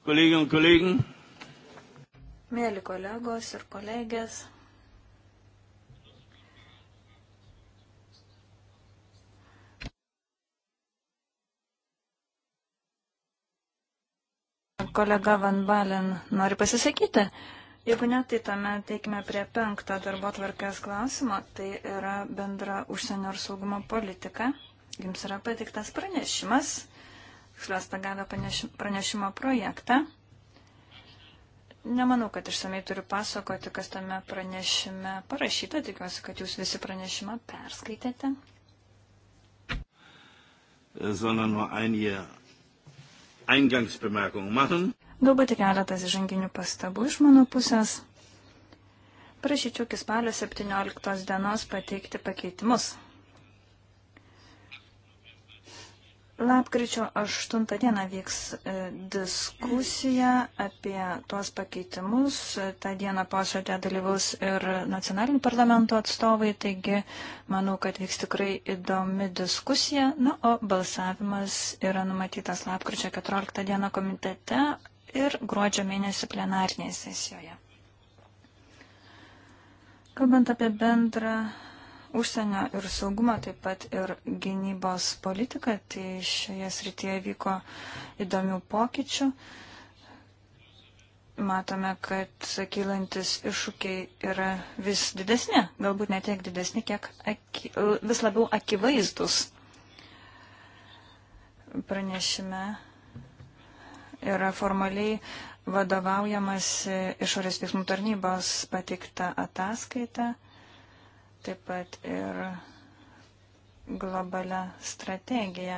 Kolleginnen und Kollegen. Mėly kolegos ir kolegės. Kolega Van Balen nori pasisakyti. Jeigu ne, tai tuomet teikime prie penktą darbo tvarkės klausimą. Tai yra bendra užsienio ir saugumo politika. Jums yra patiktas pranešimas tikslios pagavę pranešimo projektą. Nemanau, kad išsamei turiu pasakoti, kas tame pranešime parašyta. Tikiuosi, kad jūs visi pranešimą perskaitėte. Sondern nur einige Eingangsbemerkungen machen. Galbūt keletas žanginių pastabų iš mano pusės. Prašyčiau iki spalio 17 dienos pateikti pakeitimus. Lapkričio 8 dieną vyks e, diskusija apie tuos pakeitimus. Ta diena posėdė dalyvaus ir nacionalinių parlamento atstovai, taigi manau, kad vyks tikrai įdomi diskusija. Na, o balsavimas yra numatytas lapkričio 14 dieną komitete ir gruodžio mėnesį plenarnėje sesijoje. Kalbant apie bendrą užsienio ir saugumo, taip pat ir gynybos politiką, tai šioje srityje vyko įdomių pokyčių. Matome, kad kylantis iššūkiai yra vis didesni, galbūt ne tiek didesni, kiek aki, vis labiau akivaizdus. Pranešime yra formaliai vadovaujamas išorės veiksmų tarnybos pateikta ataskaita taip pat ir globalią strategiją.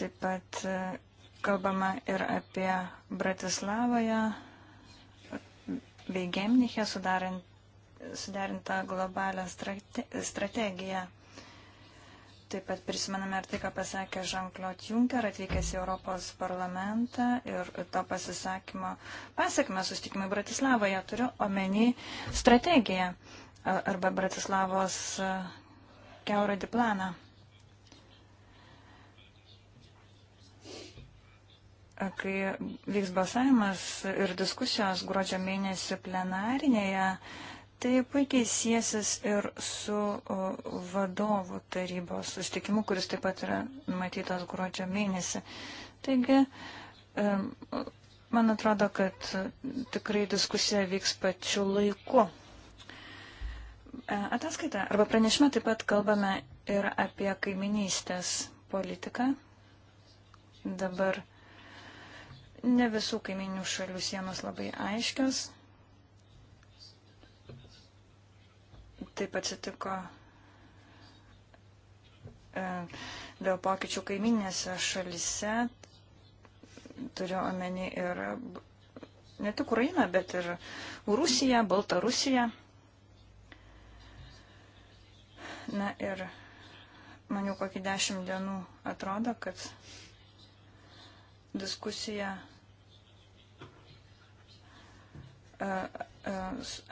Taip pat e, kalbama ir apie Bratislavoje bei Gemniche sudarintą globalią strate strategiją. Taip pat prisimename ir tai, ką pasakė Jean-Claude Juncker atvykęs į Europos parlamentą ir to pasisakymo pasiekme sustikimai Bratislavoje turiu omeny strategiją arba Bratislavos keurodį planą. Kai vyks balsavimas ir diskusijos gruodžio mėnesį plenarinėje, Tai puikiai siesis ir su vadovų tarybos sustikimu, kuris taip pat yra numatytas gruodžio mėnesį. Taigi, man atrodo, kad tikrai diskusija vyks pačiu laiku. E, ataskaita arba pranešime taip pat kalbame ir apie kaiminystės politiką. Dabar ne visų kaiminių šalių sienos labai aiškios Taip atsitiko e, dėl pokyčių kaiminėse šalise, turiu omeny ir ne tik Ukrainą, bet ir Rusiją, Baltarusiją. Na ir man jau kokį dešimt dienų atrodo, kad diskusija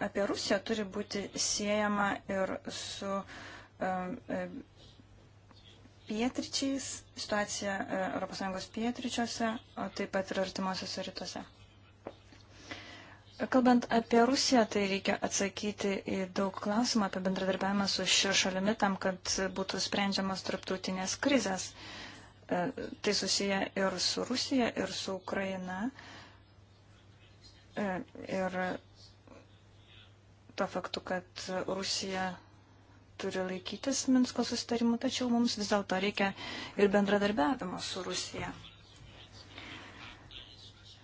apie Rusiją turi būti siejama ir su pietričiais, situacija ES pietričiuose, o taip pat ir artimuosiuose rytuose. Kalbant apie Rusiją, tai reikia atsakyti į daug klausimų apie bendradarbiavimą su šia šalimi tam, kad būtų sprendžiamas tarptautinės krizės. E, tai susiję ir su Rusija, ir su Ukraina. Uh, E, ir to faktu, kad Rusija turi laikytis Minsko susitarimų, tačiau mums vis dėlto reikia ir bendradarbiavimo su Rusija.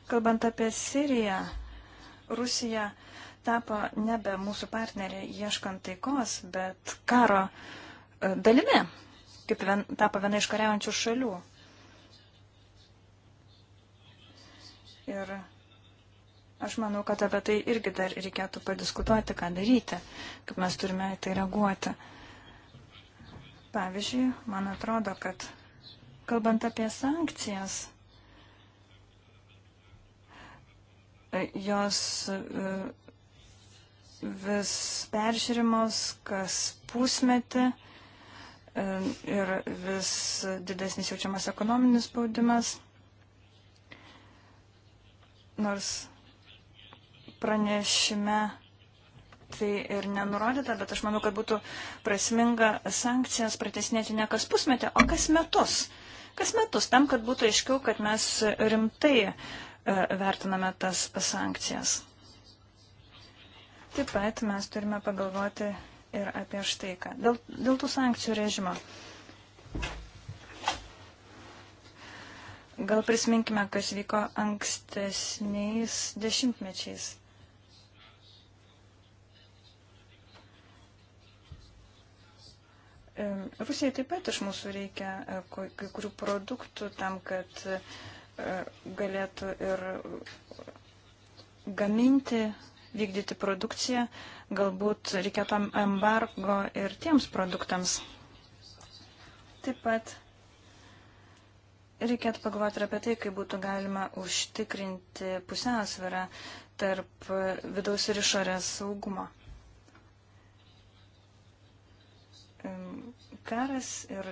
Kalbant apie Siriją, Rusija tapo nebe mūsų partnerė ieškant taikos, bet karo e, dalimi, kaip vien, tapo viena iš kariaujančių šalių. Ir Aš manau, kad apie tai irgi dar reikėtų padiskutuoti, ką daryti, kaip mes turime į tai reaguoti. Pavyzdžiui, man atrodo, kad kalbant apie sankcijas, jos e, vis peržiūrimos kas pusmetį e, ir vis didesnis jaučiamas ekonominis spaudimas. Nors pranešime tai ir nenurodyta, bet aš manau, kad būtų prasminga sankcijas pratesinėti ne kas pusmetį, o kas metus. Kas metus, tam, kad būtų aiškiau, kad mes rimtai e, vertiname tas sankcijas. Taip pat mes turime pagalvoti ir apie štai ką. Dėl, dėl tų sankcijų režimo. Gal prisiminkime, kas vyko ankstesniais dešimtmečiais. E, Rusijai taip pat iš mūsų reikia e, kai kurių produktų tam, kad e, galėtų ir gaminti, vykdyti produkciją. Galbūt reikėtų embargo ir tiems produktams. Taip pat reikėtų pagalvoti ir apie tai, kaip būtų galima užtikrinti pusiausvyrą tarp vidaus ir išorės saugumo. karas ir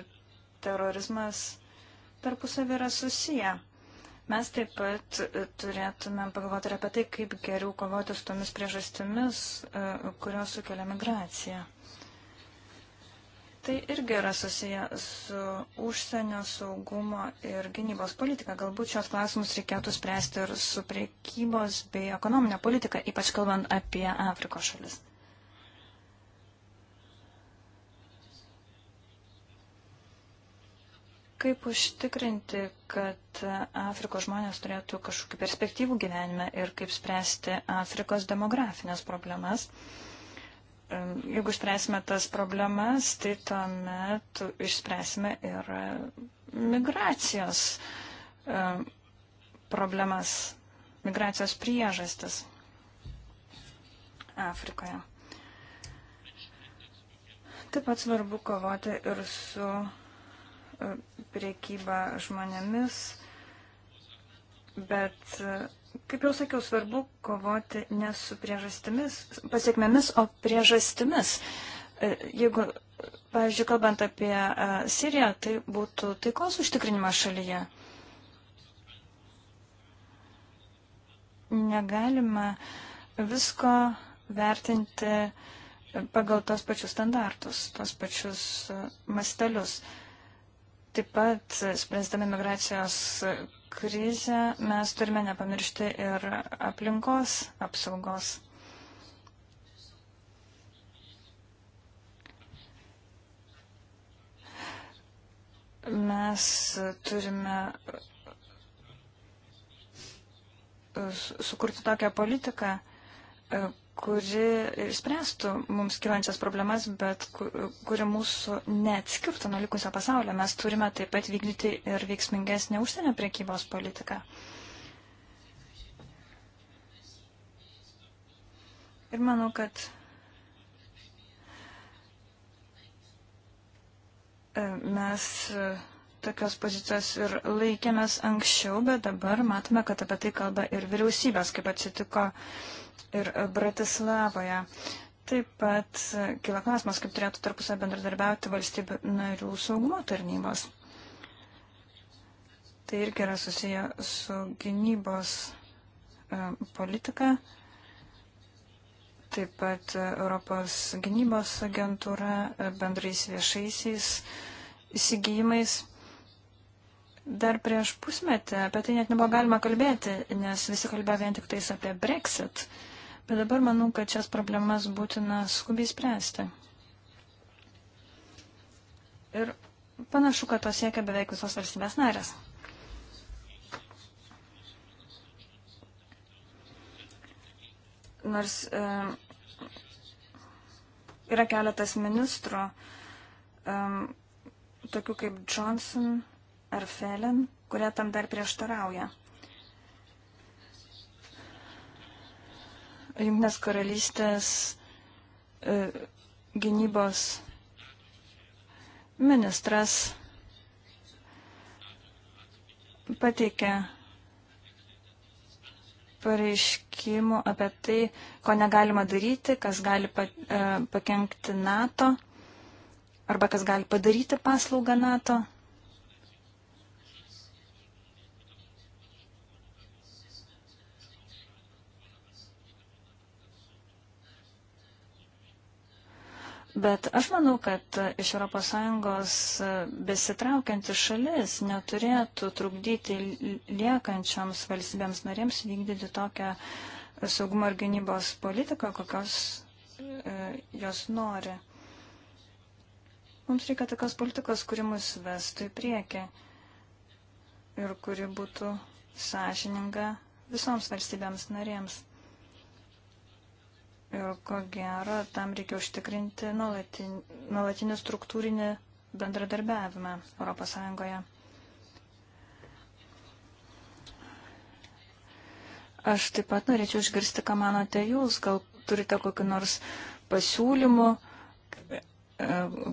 terorizmas tarpusavį yra susiję. Mes taip pat e, turėtume pagalvoti ir apie tai, kaip geriau kovoti su tomis priežastimis, e, kurios sukelia migraciją. Tai irgi yra susiję su užsienio saugumo ir gynybos politika. Galbūt šios klausimus reikėtų spręsti ir su priekybos bei ekonominė politika, ypač kalbant apie Afrikos šalis. Kaip užtikrinti, kad Afrikos žmonės turėtų kažkokių perspektyvų gyvenime ir kaip spręsti Afrikos demografinės problemas? Jeigu išspręsime tas problemas, tai tuomet išspręsime ir migracijos problemas, migracijos priežastis Afrikoje. Taip pat svarbu kovoti ir su priekyba žmonėmis, bet, kaip jau sakiau, svarbu kovoti ne su priežastimis, pasiekmėmis, o priežastimis. E, jeigu, pavyzdžiui, kalbant apie e, Siriją, tai būtų taikos užtikrinimas šalyje. Negalima visko vertinti pagal tos pačius standartus, tos pačius e, mastelius. Taip pat, spręsdami migracijos krizę, mes turime nepamiršti ir aplinkos apsaugos. Mes turime sukurti tokią politiką, kuri išspręstų mums kilančias problemas, bet kuri mūsų neatskirtų nuo likusio pasaulio. Mes turime taip pat vykdyti ir veiksmingesnę užsienio priekybos politiką. Ir manau, kad e, mes e, tokios pozicijos ir laikėmės anksčiau, bet dabar matome, kad apie tai kalba ir vyriausybės, kaip atsitiko uh, ir Bratislavoje. Taip pat kila klausimas, kaip turėtų tarpusą bendradarbiauti valstybių narių saugumo tarnybos. Tai irgi yra susiję su gynybos e, politika, taip pat Europos gynybos agentūra e, bendrais viešaisiais įsigijimais. Dar prieš pusmetį apie tai net nebuvo galima kalbėti, nes visi kalbėjo vien tik tais apie Brexit. Uh, Bet dabar manau, kad šias problemas būtina skubiai spręsti. Ir panašu, kad to siekia beveik visos valstybės narės. Nors e, yra keletas ministro, e, tokių kaip Johnson ar Felen, kurie tam dar prieštarauja. Junknės karalystės e, gynybos ministras pateikė pareiškimų apie tai, ko negalima daryti, kas gali e, pakengti NATO arba kas gali padaryti paslaugą NATO. Bet aš manau, kad iš ES e, besitraukianti šalis neturėtų trukdyti liekančioms valstybėms narėms vykdyti tokią saugumo ir gynybos politiką, kokios e, jos nori. Mums reikia tokios politikos, kuri mus vestų į priekį ir kuri būtų sąžininga visoms valstybėms narėms. Ir ko gero, tam reikia užtikrinti nuolatinį struktūrinį bendradarbiavimą ES. Aš taip pat norėčiau išgirsti, ką manote jūs. Gal turite kokiu nors pasiūlymu, e,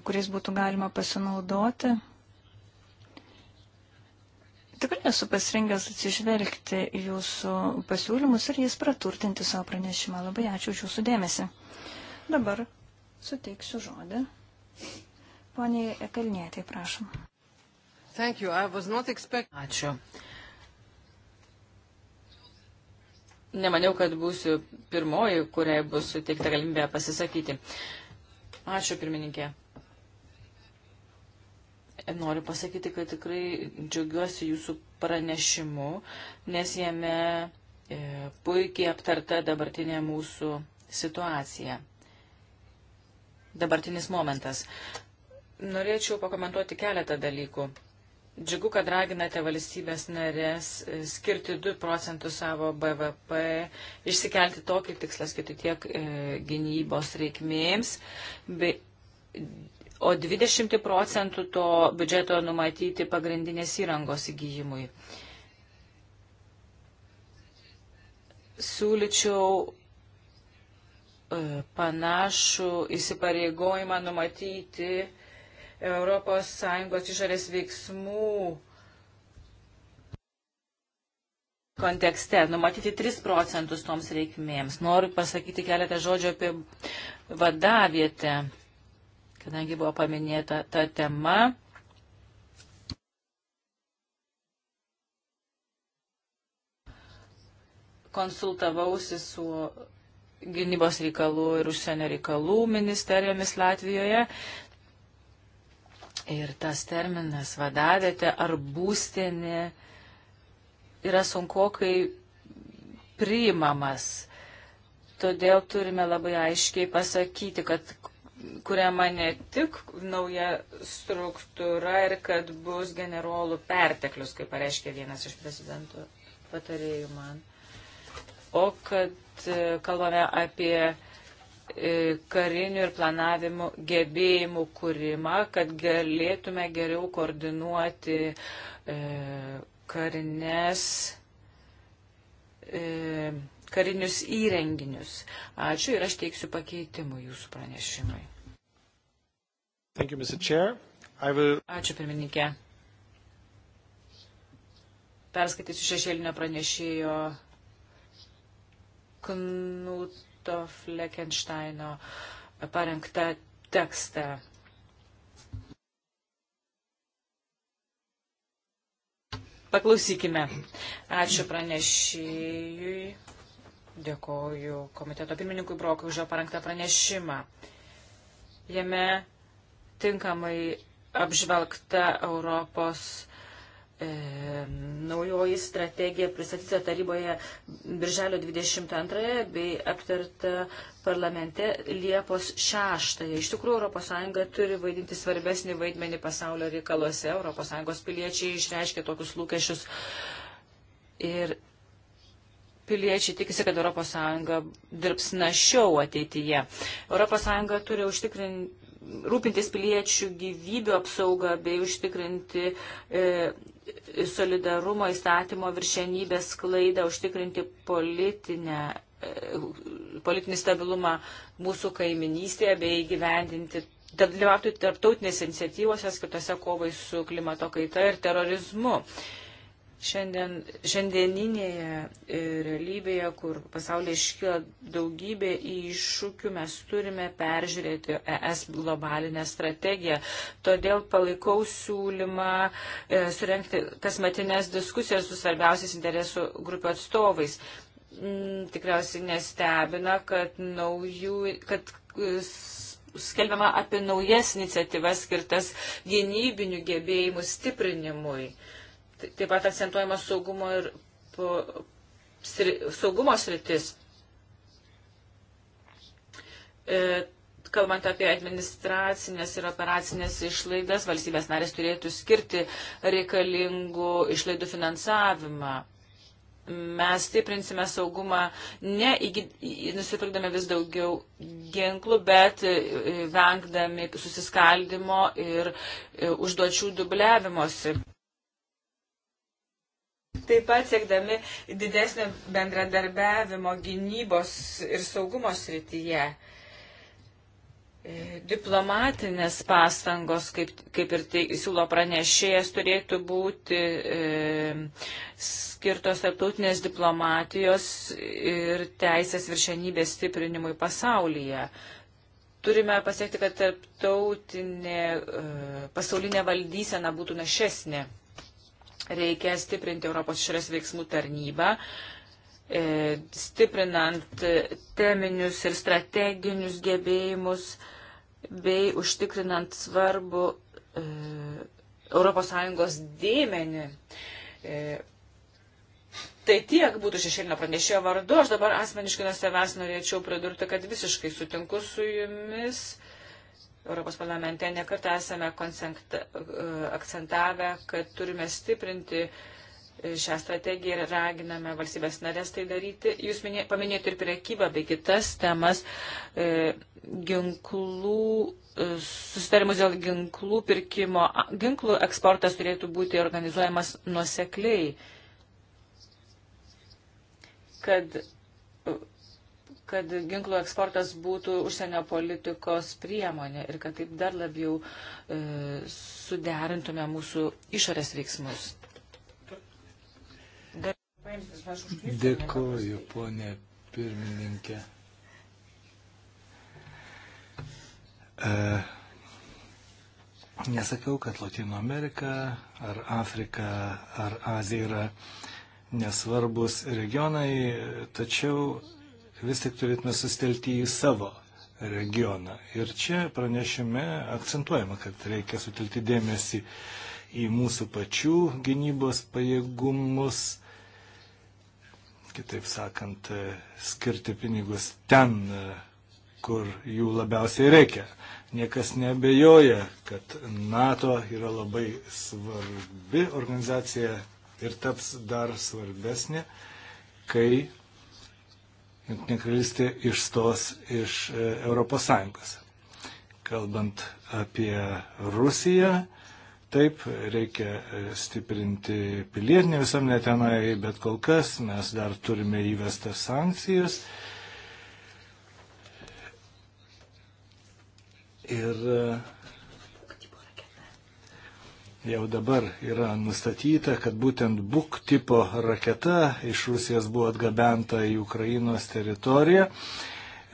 kuriais būtų galima pasinaudoti. Tikrai esu pasirengęs atsižvelgti jūsų pasiūlymus ir jais praturtinti savo pranešimą. Labai ačiū už jūsų dėmesį. Dabar suteiksiu žodį. Poniai Kalnėtai, prašom. Expect... Ačiū. Nemaniau, kad būsiu pirmoji, kuriai bus suteikta galimybė pasisakyti. Ačiū, pirmininkė noriu pasakyti, kad tikrai džiaugiuosi jūsų pranešimu, nes jame e, puikiai aptarta dabartinė mūsų situacija. Dabartinis momentas. Norėčiau pakomentuoti keletą dalykų. Džiugu, kad raginate valstybės narės e, skirti 2 procentus savo BVP, išsikelti tokį tikslą skirti tiek e, gynybos reikmėms, bei o 20 procentų to biudžeto numatyti pagrindinės įrangos įgyjimui. Siūlyčiau e, panašų įsipareigojimą numatyti ES išorės veiksmų kontekste, numatyti 3 procentus toms reikmėms. Noriu pasakyti keletą žodžių apie vadavietę kadangi buvo paminėta ta tema. Konsultavausi su gynybos reikalų ir užsienio reikalų ministerijomis Latvijoje. Ir tas terminas vadavėte ar būstinė yra sunkokai priimamas. Todėl turime labai aiškiai pasakyti, kad kuriama ne tik nauja struktūra ir kad bus generolų perteklius, kaip pareiškė vienas iš prezidentų patarėjų man, o kad e, kalbame apie e, karinių ir planavimų gebėjimų kūrimą, kad galėtume geriau koordinuoti e, karines karinius įrenginius. Ačiū ir aš teiksiu pakeitimų jūsų pranešimui. Thank you, Mr. Chair. I will... Ačiū, pirmininkė. Perskaitysiu šešėlinio pranešėjo Knuto Fleckensteino parengtą tekstą. Paklausykime. Ačiū pranešėjui. Dėkoju komiteto pirmininkui Brokui už jo parengtą pranešimą. Jame tinkamai apžvelgta Europos e, naujoji strategija pristatyta taryboje Birželio 22 bei aptarta parlamente Liepos 6. Iš tikrųjų, ES turi vaidinti svarbesnį vaidmenį pasaulio reikaluose. ES piliečiai išreiškia tokius lūkesčius. Ir piliečiai tikisi, kad ES dirbs našiau ateityje. ES turi užtikrinti rūpintis piliečių gyvybių apsaugą bei užtikrinti e, solidarumo įstatymo viršenybės klaidą, užtikrinti politinę, e, politinį stabilumą mūsų kaiminystėje bei gyvendinti dalyvauti tarptautinėse iniciatyvose skirtose kovai su klimato kaita ir terorizmu. E, Šiandien, šiandieninėje e, realybėje, kur pasaulyje iškyla daugybė iššūkių, mes turime peržiūrėti ES globalinę strategiją. Todėl palaikau siūlymą e, surenkti kasmetinės diskusijas su svarbiausiais interesų grupių atstovais. Mm, tikriausiai nestebina, kad, naujų, kad e, skelbiama apie naujas iniciatyvas skirtas gynybinių gebėjimų stiprinimui. E, Taip pat akcentuojama saugumo ir po, sri, saugumo sritis. E, kalbant apie administracinės ir operacinės išlaidas, valstybės narės turėtų skirti reikalingų išlaidų finansavimą. Mes stiprinsime saugumą ne nusipirkdami vis daugiau ginklų, bet e, vengdami susiskaldimo ir e, užduočių dubliavimosi. Taip pat siekdami didesnio bendradarbiavimo gynybos ir saugumo srityje. E, diplomatinės pastangos, kaip, kaip ir tai siūlo pranešėjas, turėtų būti e, skirtos tarptautinės diplomatijos ir teisės viršenybės stiprinimui pasaulyje. Turime pasiekti, kad tarptautinė e, pasaulinė valdysena būtų našesnė. Reikia stiprinti Europos išorės veiksmų tarnybą, e, stiprinant teminius ir strateginius gebėjimus bei užtikrinant svarbu ES dėmenį. E, tai tiek būtų šešėlinio pranešėjo vardu. Aš dabar asmeniškai nuo savęs norėčiau pridurti, kad visiškai sutinku su jumis Europos parlamente nekartą esame akcentavę, kad turime stiprinti e, šią strategiją ir raginame valstybės narės tai daryti. Jūs minė, paminėjote ir priekybą bei kitas temas, e, ginklų, e, susitarimus dėl ginklų pirkimo. Ginklų eksportas turėtų būti organizuojamas nuosekliai, kad kad ginklų eksportas būtų užsienio politikos priemonė ir kad taip dar labiau e, suderintume mūsų išorės veiksmus. Dėkoju, ponė pirmininkė. E, nesakau, kad Latino Amerika ar Afrika ar Azija yra nesvarbus regionai, tačiau vis tik turėtume sustelti į savo regioną. Ir čia pranešime akcentuojama, kad reikia sutelti dėmesį į mūsų pačių gynybos pajėgumus, kitaip sakant, skirti pinigus ten, kur jų labiausiai reikia. Niekas nebejoja, kad NATO yra labai svarbi organizacija ir taps dar svarbesnė, kai Junktinė karalystė išstos iš ES. Kalbant apie Rusiją, taip, reikia e, stiprinti pilietinį visuomenę tenai, bet kol kas mes dar turime įvestas sankcijas. Ir uh, jau dabar yra nustatyta, kad būtent BUK tipo raketa iš Rusijos buvo atgabenta į Ukrainos teritoriją.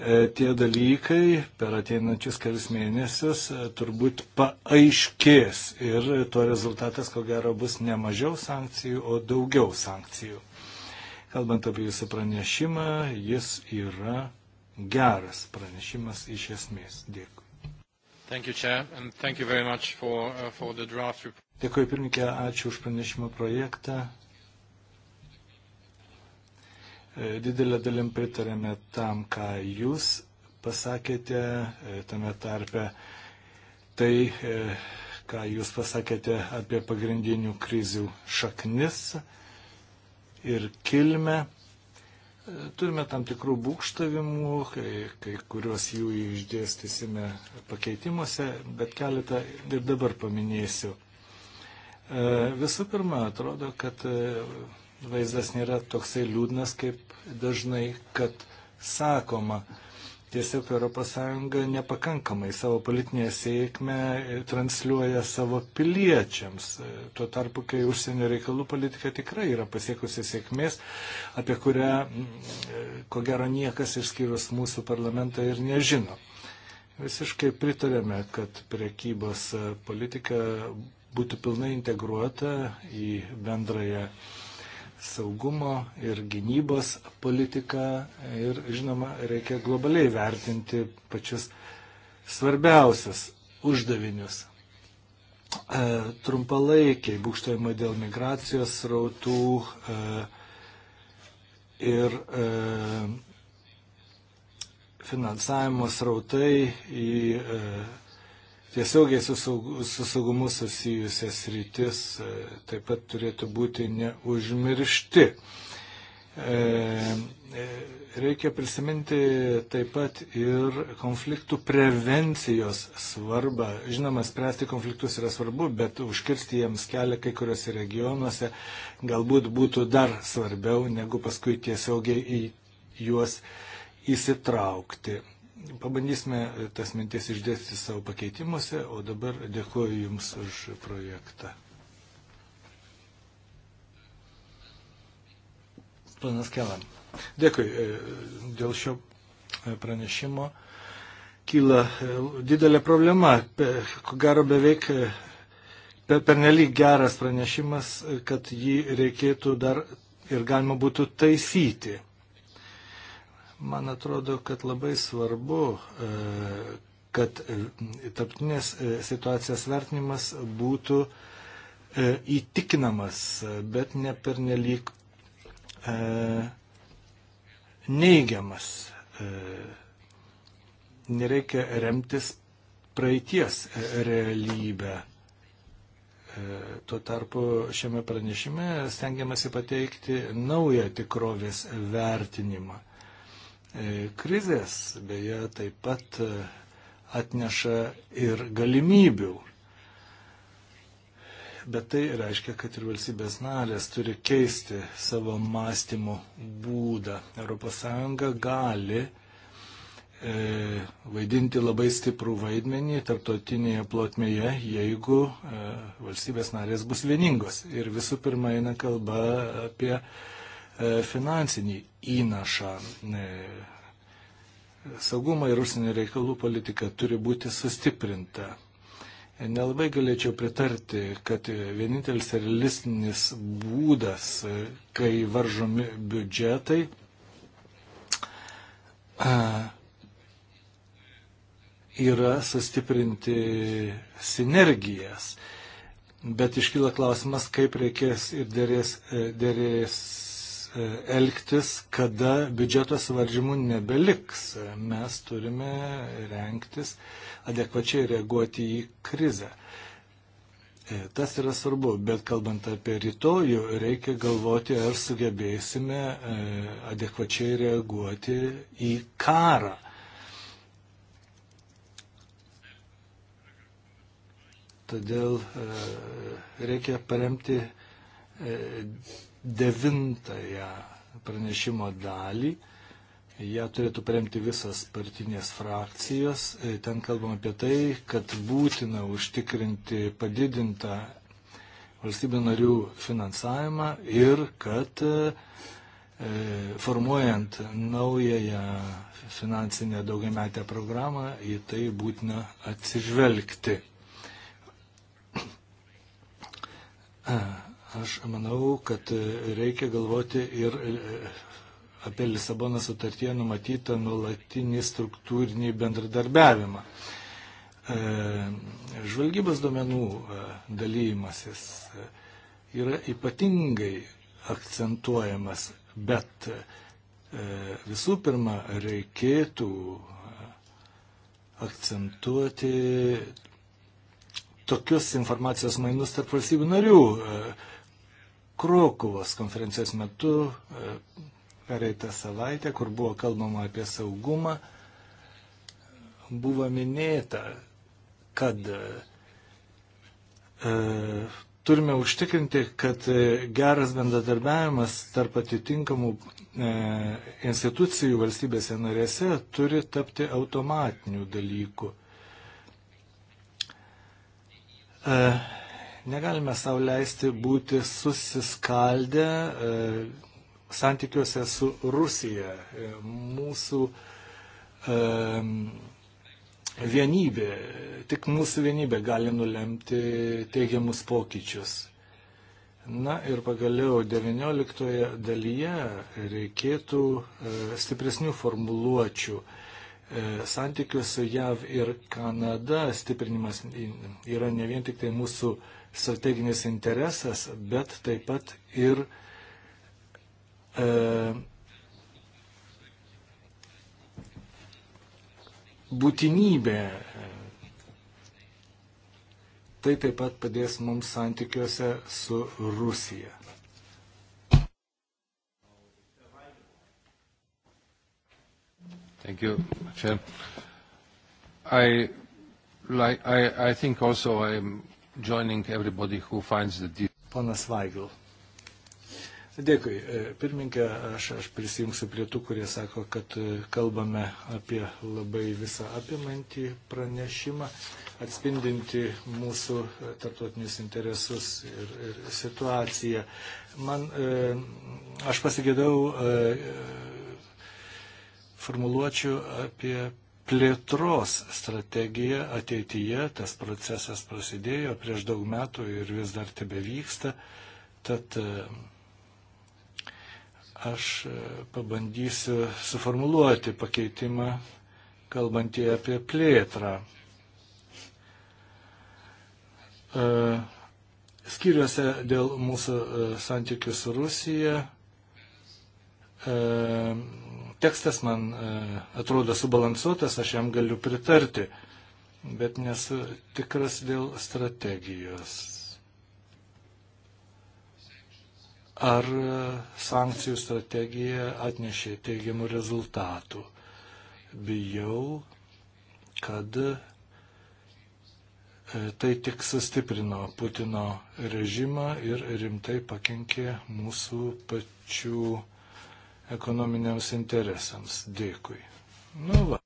E, tie dalykai per ateinančius kelius mėnesius e, turbūt paaiškės ir to rezultatas, ko gero, bus ne mažiau sankcijų, o daugiau sankcijų. Kalbant apie jūsų pranešimą, jis yra geras pranešimas iš esmės. Dėkui. Thank you, Chair, and thank you very much for, uh, for the draft report. Dėkui, pirmininkė, ačiū už pranešimo projektą. E, didelė dalim pritarėme tam, ką jūs pasakėte e, tame tarpe. Tai, e, ką jūs pasakėte apie pagrindinių krizių šaknis ir kilmę. Turime tam tikrų būkštavimų, kai, kai kuriuos jų išdėstysime pakeitimuose, bet keletą ir dabar paminėsiu. E, visų pirma, atrodo, kad e, vaizdas nėra toksai liūdnas, kaip dažnai, kad sakoma. Tiesiog ES nepakankamai savo politinę sėkmę transliuoja savo piliečiams. Tuo tarpu, kai užsienio reikalų politika tikrai yra pasiekusi sėkmės, apie kurią, mm, ko gero, niekas išskyrus mūsų parlamentą ir nežino. Visiškai pritarėme, kad priekybos politika būtų pilnai integruota į bendrąją saugumo ir gynybos politiką ir, žinoma, reikia globaliai vertinti pačius svarbiausius uždavinius. E, trumpalaikiai būkštojama dėl migracijos rautų e, ir e, finansavimo srautai į e, tiesiogiai su, saug, su saugumu susijusias rytis e, taip pat turėtų būti neužmiršti. E, e, reikia prisiminti taip pat ir konfliktų prevencijos svarbą. Žinoma, spręsti konfliktus yra svarbu, bet užkirsti jiems kelią kai kuriuose regionuose galbūt būtų dar svarbiau, negu paskui tiesiogiai į juos įsitraukti pabandysime tas mintis išdėstyti savo pakeitimuose, o dabar dėkuoju Jums už projektą. Planas Kelam. Dėkui. E, dėl šio e, pranešimo kyla e, didelė problema. Ko gero beveik pernelyg geras pranešimas, kad jį reikėtų dar ir galima būtų taisyti. Man atrodo, kad labai svarbu, e, kad e, tarptinės e, situacijos vertinimas būtų įtikinamas, bet ne pernelyg neigiamas. Nereikia remtis praeities realybę. Tuo tarpu šiame pranešime stengiamasi pateikti naują tikrovės vertinimą. E, krizės beje taip pat e, atneša ir galimybių. Bet tai reiškia, kad ir valstybės narės turi keisti savo mąstymo būdą. ES gali e, vaidinti labai stiprų vaidmenį tarptautinėje plotmėje, jeigu e, valstybės narės bus vieningos. Ir visų pirma eina kalba apie E, finansinį įnašą. Saugumo ir užsienio reikalų politika turi būti sustiprinta. Nelabai galėčiau pritarti, kad vienintelis realistinis būdas, e, kai varžomi biudžetai, e, yra sustiprinti sinergijas. Bet iškyla klausimas, kaip reikės ir dėrės, dėrės elgtis, kada biudžeto svaržymų nebeliks. Mes turime renktis adekvačiai reaguoti į krizę. E, tas yra svarbu, bet kalbant apie rytojų, reikia galvoti, ar sugebėsime e, adekvačiai reaguoti į karą. Todėl e, reikia paremti devintąją pranešimo dalį. Ja turėtų paremti visas partinės frakcijos. E, ten kalbam apie tai, kad būtina užtikrinti padidintą valstybių narių finansavimą ir kad e, e, formuojant naująją finansinę daugiametę programą į tai būtina atsižvelgti. (clears throat) Aš manau, kad e, reikia galvoti ir e, apie Lisabono sutartyje numatytą nuolatinį struktūrinį bendradarbiavimą. E, žvalgybos duomenų dalymasis yra ypatingai akcentuojamas, bet visų pirma reikėtų akcentuoti tokius informacijos mainus tarp valstybių narių, Krokuvos konferencijos metu e, pereitą savaitę, kur buvo kalbama apie saugumą, buvo minėta, kad e, e turime užtikrinti, kad e, geras bendradarbiavimas tarp atitinkamų e, institucijų valstybėse narėse turi tapti automatiniu dalyku. E, Negalime savo leisti būti susiskaldę e, santykiuose su Rusija. E, mūsų e, vienybė, tik mūsų vienybė gali nulemti teigiamus pokyčius. Na ir pagaliau 19 dalyje reikėtų stipresnių formuluočių. Santykių su JAV ir Kanada stiprinimas yra ne vien tik tai mūsų strateginis interesas, bet taip pat ir e, būtinybė. Tai taip pat padės mums santykiuose su Rusija. Thank you, Chair. I, like, I, I think also I'm joining everybody who finds the deal. Ponas Vaigl. Dėkui. E, Pirminkė, aš, aš prisijungsiu prie tų, kurie sako, kad e, kalbame apie labai visą apimantį pranešimą, atspindinti mūsų e, tarptautinius interesus ir, ir situaciją. Man, aš pasigėdau formuluočių apie plėtros strategija ateityje, tas procesas prasidėjo prieš daug metų ir vis dar tebe vyksta, tad e, aš e, pabandysiu suformuluoti pakeitimą, kalbantį apie plėtrą. E, Skiriuose dėl mūsų santykių su Rusija tekstas man e, atrodo subalansuotas, aš jam galiu pritarti, bet nesu tikras dėl strategijos. Ar e, sankcijų strategija atnešė teigiamų rezultatų? Bijau, kad e, tai tik sustiprino Putino režimą ir rimtai pakenkė mūsų pačių ekonominiams interesams. Dėkui. Nu va.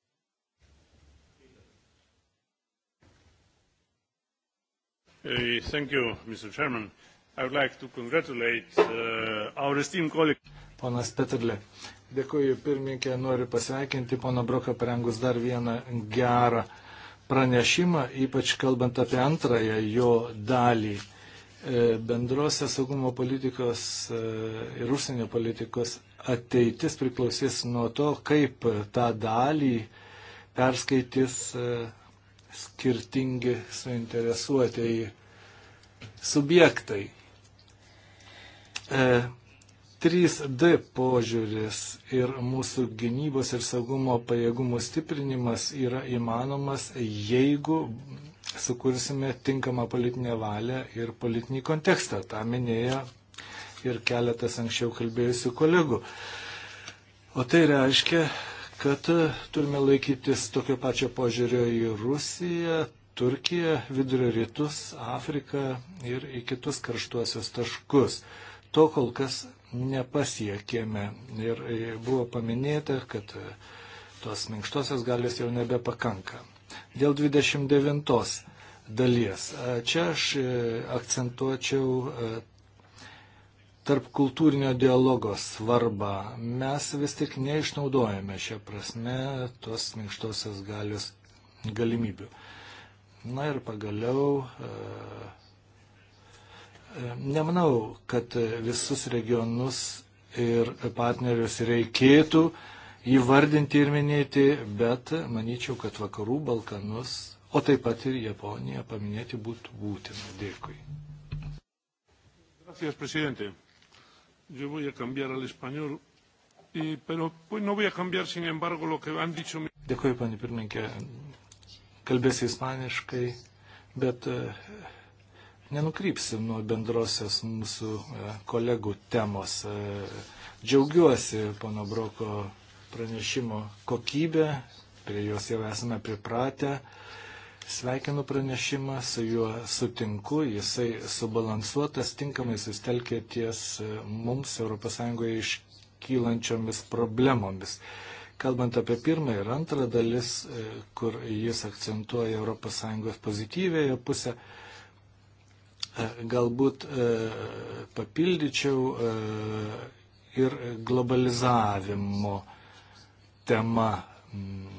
Hey, thank you, Mr. Chairman. I would like to congratulate uh, our esteemed colleague. Ponas Petrlė, dėkuoju pirmininkė, noriu pasveikinti pono Broką parengus dar vieną gerą pranešimą, ypač kalbant apie antrąją jo dalį e, bendrosios saugumo politikos e, ir užsienio politikos ateitis priklausys nuo to, kaip tą dalį perskaitys e, skirtingi suinteresuotieji subjektai. 3D e, požiūris ir mūsų gynybos ir saugumo pajėgumų stiprinimas yra įmanomas, jeigu sukursime tinkamą politinę valią ir politinį kontekstą. Ta minėjo ir keletas anksčiau kalbėjusių kolegų. O tai reiškia, kad turime laikytis tokio pačio požiūrio į Rusiją, Turkiją, Vidurio rytus, Afriką ir į kitus karštuosius taškus. To kol kas nepasiekėme ir buvo paminėta, kad tos minkštosios galės jau nebepakanka. Dėl 29 dalies. Čia aš akcentuočiau tarp kultūrinio dialogo svarbą. Mes vis tik neišnaudojame šią prasme tos minkštosios galios galimybių. Na ir pagaliau. E, e, nemanau, kad visus regionus ir partnerius reikėtų įvardinti ir minėti, bet manyčiau, kad vakarų Balkanus, o taip pat ir Japoniją paminėti būtų būtina. Dėkui. Gracias, presidente yo voy a cambiar al español, y, pero pues, no voy a cambiar, sin embargo, lo que han dicho. Dėkui, pani pirmininkė, kalbėsiu ispaniškai, bet e, nenukrypsiu nuo bendrosios mūsų e, kolegų temos. E, džiaugiuosi pono Broko pranešimo kokybę, prie jos jau esame pripratę. Sveikinu pranešimą, su juo sutinku, jisai subalansuotas, tinkamai sustelkė ties e, mums ES iškylančiomis problemomis. Kalbant apie pirmą ir antrą dalis, e, kur jis akcentuoja ES pozityvėje pusę, e, galbūt papildyčiau ir globalizavimo tema mm,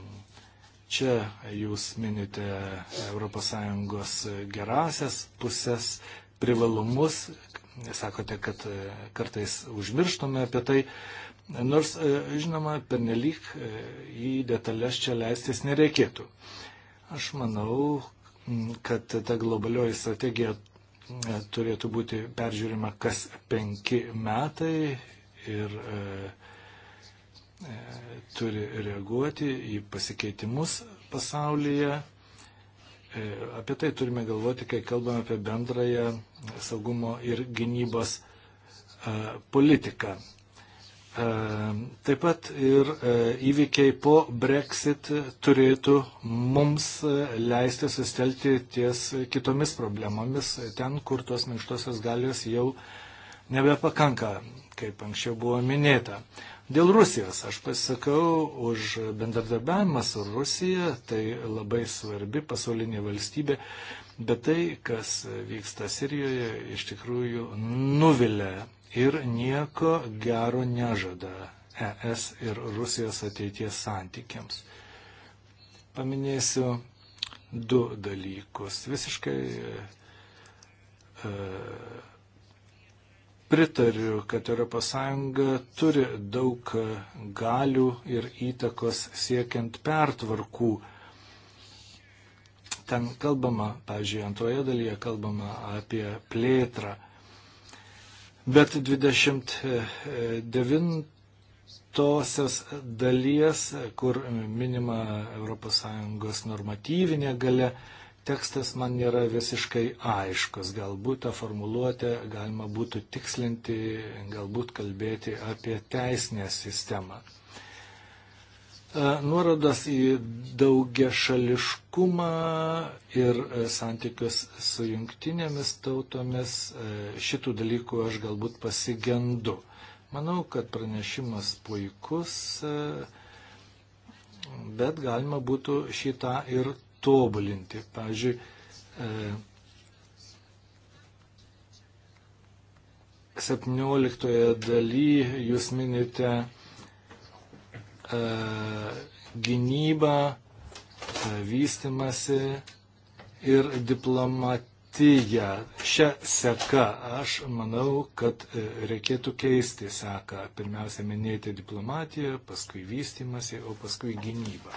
Čia jūs minite ES gerasias pusės, privalumus, sakote, kad e, kartais užmirštume apie tai. Nors, e, žinoma, pernelyg e, į detalės čia leistis nereikėtų. Aš manau, kad ta globalioji strategija turėtų būti peržiūrima kas penki metai ir e, E, turi reaguoti į pasikeitimus pasaulyje. E, apie tai turime galvoti, kai kalbame apie bendrąją saugumo ir gynybos e, politiką. Taip pat ir įvykiai po Brexit turėtų mums leisti sustelti ties kitomis problemomis, ten, kur tos minkštosios galios jau nebepakanka, kaip anksčiau buvo minėta. Dėl Rusijos aš pasisakau už bendradarbiavimą su Rusija, tai labai svarbi pasaulinė valstybė, bet tai, kas vyksta Sirijoje, iš tikrųjų nuvilia ir nieko gero nežada ES ir Rusijos ateities santykiams. Paminėsiu du dalykus. Visiškai e, pritariu, kad ES turi daug galių ir įtakos siekiant pertvarkų. Ten kalbama, pavyzdžiui, antroje dalyje kalbama apie plėtrą. Bet 29 tosios dalies, kur minima ES normatyvinė gale, tekstas man nėra visiškai aiškus. Galbūt tą formuluotę galima būtų tikslinti, galbūt kalbėti apie teisinę sistemą. E, nuorodas į daugia šališkumą ir e, santykius su jungtinėmis tautomis, e, šitų dalykų aš galbūt pasigendu. Manau, kad pranešimas puikus, bet galima būtų šitą ir tobulinti. Pavyzdžiui, e, 17 daly jūs minite e, gynybą, e, vystimasi ir diplomatiją. Šią seką aš manau, kad e, reikėtų keisti seką. Pirmiausia, minėti diplomatiją, paskui vystimasi, o paskui gynybą.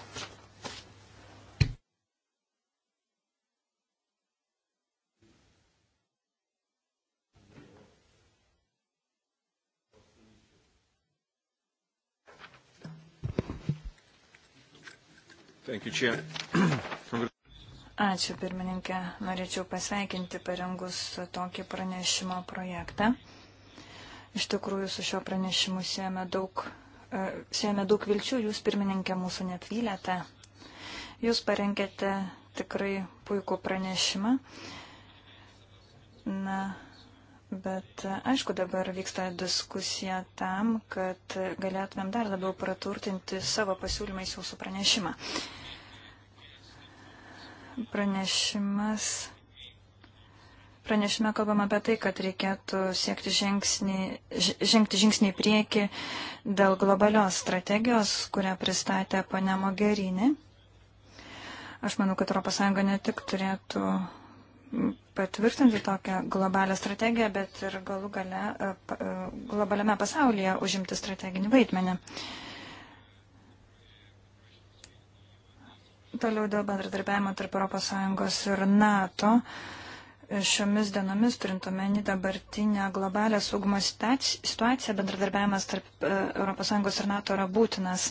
Ačiū, pirmininkė. Norėčiau pasveikinti parengus tokį pranešimo projektą. Iš tikrųjų, su šio pranešimu siejame daug, e, siejame daug vilčių. Jūs, pirmininkė, mūsų netvylėte. Jūs parengėte tikrai puikų pranešimą. Na, Bet aišku, dabar vyksta diskusija tam, kad galėtumėm dar labiau praturtinti savo pasiūlymais jūsų pranešimą pranešimas. Pranešime kalbam apie tai, kad reikėtų siekti žingsnį, žengti žingsnį į priekį dėl globalios strategijos, kurią pristatė pane Mogerinė. Aš manau, kad ES ne tik turėtų patvirtinti tokią globalią strategiją, bet ir galų gale e, e, globaliame pasaulyje užimti strateginį vaidmenį. Uh, Toliau dėl bendradarbiavimo tarp ES ir NATO. Šiomis dienomis, turint omeny dabartinę globalę saugumo situaciją, bendradarbiavimas tarp e, ES ir NATO yra būtinas.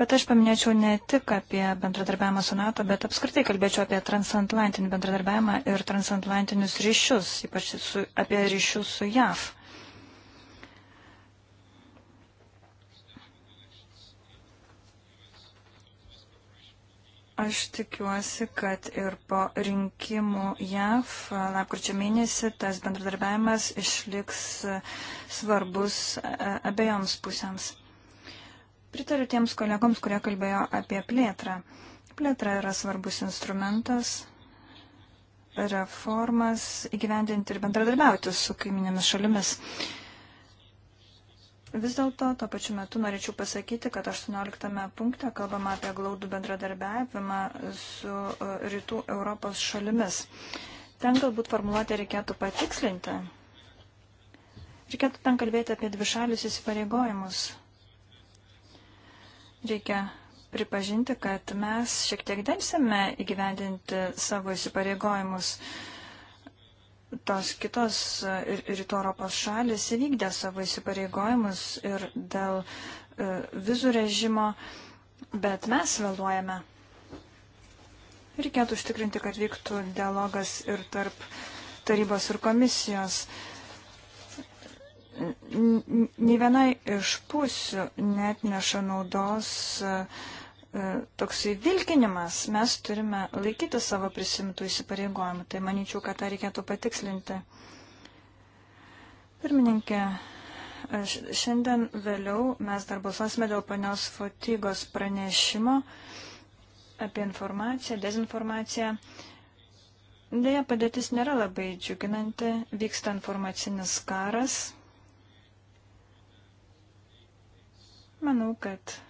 Bet aš paminėčiau ne tik apie bendradarbiavimą su NATO, bet apskritai kalbėčiau apie transatlantinį bendradarbiavimą ir transatlantinius ryšius, ypač su, apie ryšius su JAV. Aš tikiuosi, kad ir po rinkimų JAV lapkričio mėnesį tas bendradarbiavimas išliks svarbus e, abiejoms pusėms. Pritariu tiems kolegoms, kurie kalbėjo apie plėtrą. Plėtra yra svarbus instrumentas reformas įgyvendinti ir bendradarbiauti su kaiminėmis šalimis. Vis dėlto, tuo pačiu metu norėčiau pasakyti, kad 18 punkte kalbama apie glaudų bendradarbiavimą su e, rytų Europos šalimis. Ten galbūt formuluotę reikėtų patikslinti. Reikėtų ten kalbėti apie dvišalius įsipareigojimus. Reikia pripažinti, kad mes šiek tiek dėlsime įgyvendinti savo įsipareigojimus. Uh, tos kitos e, rytų Europos šalis įvykdė savo įsipareigojimus ir dėl e, vizų režimo, bet mes vėluojame. Reikėtų užtikrinti, kad vyktų dialogas ir tarp tarybos ir komisijos. Nė vienai iš pusių net neša naudos uh, E, toksai vilkinimas, mes turime laikyti savo prisimtų įsipareigojimų. Tai manyčiau, kad tą reikėtų patikslinti. Pirmininkė, e, šiandien vėliau mes dar balsuosime dėl panios Fotygos pranešimo apie informaciją, dezinformaciją. Deja, padėtis nėra labai džiuginanti, vyksta informacinis karas. Manau, kad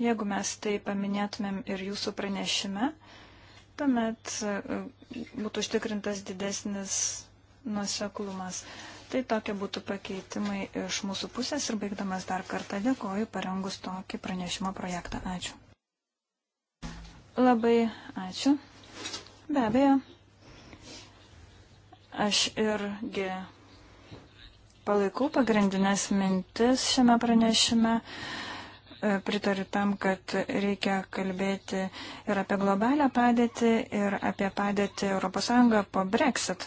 Jeigu mes tai paminėtumėm ir jūsų pranešime, tuomet e, būtų užtikrintas didesnis nuseklumas. Tai tokie būtų pakeitimai iš mūsų pusės ir baigdamas dar kartą dėkoju parengus tokį pranešimo projektą. Ačiū. Labai ačiū. Be abejo, aš irgi palaikau pagrindinės mintis šiame pranešime. E, pritariu tam, kad reikia kalbėti ir apie globalią padėtį, ir apie padėtį ES po Brexit.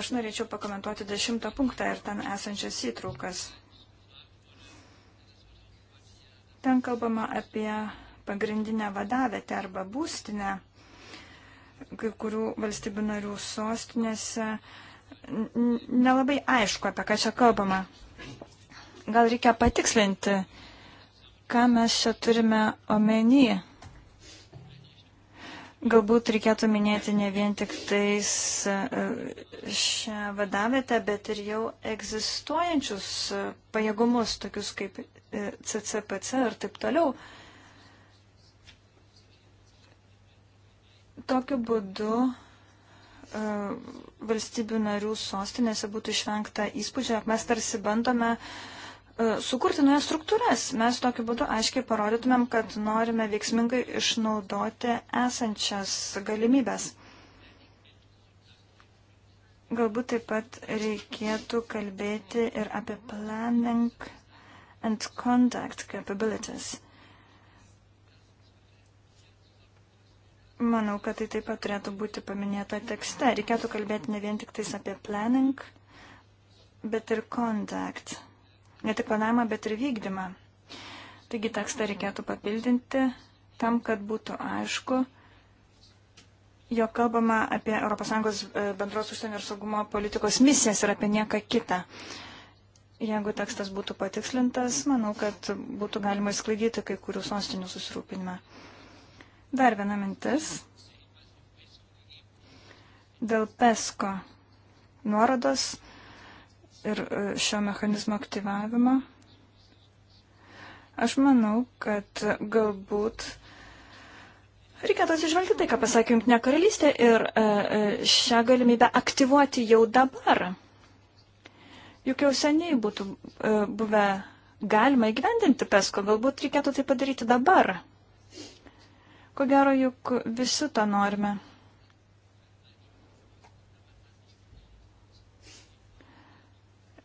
Aš norėčiau pakomentuoti dešimtą punktą ir ten esančias įtraukas. Ten kalbama apie pagrindinę vadavietę arba būstinę kai kurių valstybių narių sostinėse. Nelabai aišku, apie ką čia kalbama. Gal reikia patikslinti Ką mes čia turime omeny? Galbūt reikėtų minėti ne vien tik tais e, šią vadavietę, bet ir jau egzistuojančius pajėgumus, tokius kaip CCPC e, ir taip toliau. Tokiu būdu e, valstybių narių sostinėse būtų išvengta įspūdžio, jog mes tarsi bandome uh, E, sukurti naujas struktūras. Mes tokiu būdu aiškiai parodytumėm, kad norime veiksmingai išnaudoti esančias galimybės. Galbūt taip pat reikėtų kalbėti ir apie planning and conduct capabilities. Manau, kad tai taip pat turėtų būti paminėta tekste. Reikėtų kalbėti ne vien tik tais apie planning, bet ir conduct ne tik planavimą, bet ir vykdymą. Taigi tekstą reikėtų papildinti tam, kad būtų aišku, jog kalbama apie ES bendros užsienio ir saugumo politikos misijas ir apie nieką kitą. Jeigu tekstas būtų patikslintas, manau, kad būtų galima išsklaidyti kai kurių sostinių susirūpinimą. Dar viena mintis. Dėl PESCO nuorodos ir e, šio mechanizmo aktyvavimo. Aš manau, kad galbūt reikėtų atsižvelgti tai, ką pasakė Junktinė karalystė ir e, e, šią galimybę aktyvuoti jau dabar. Juk jau seniai būtų buvę galima įgyvendinti pesko, galbūt reikėtų tai padaryti dabar. Ko gero, juk visi to norime.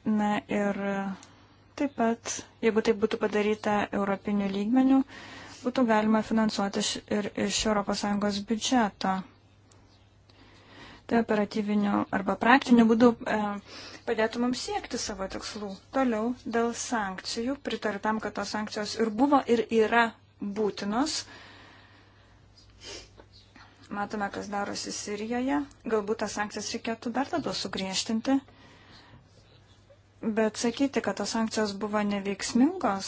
Na ir taip pat, jeigu tai būtų padaryta europinių lygmenių, būtų galima finansuoti ir iš ES biudžeto. Tai operatyviniu arba praktiniu būdu e, padėtų mums siekti savo tikslų. Toliau dėl sankcijų. Pritariu tam, kad tos sankcijos ir buvo ir yra būtinos. Matome, kas darosi Sirijoje. Galbūt tas sankcijas reikėtų dar labiau sugriežtinti. Bet sakyti, kad tos sankcijos buvo neveiksmingos,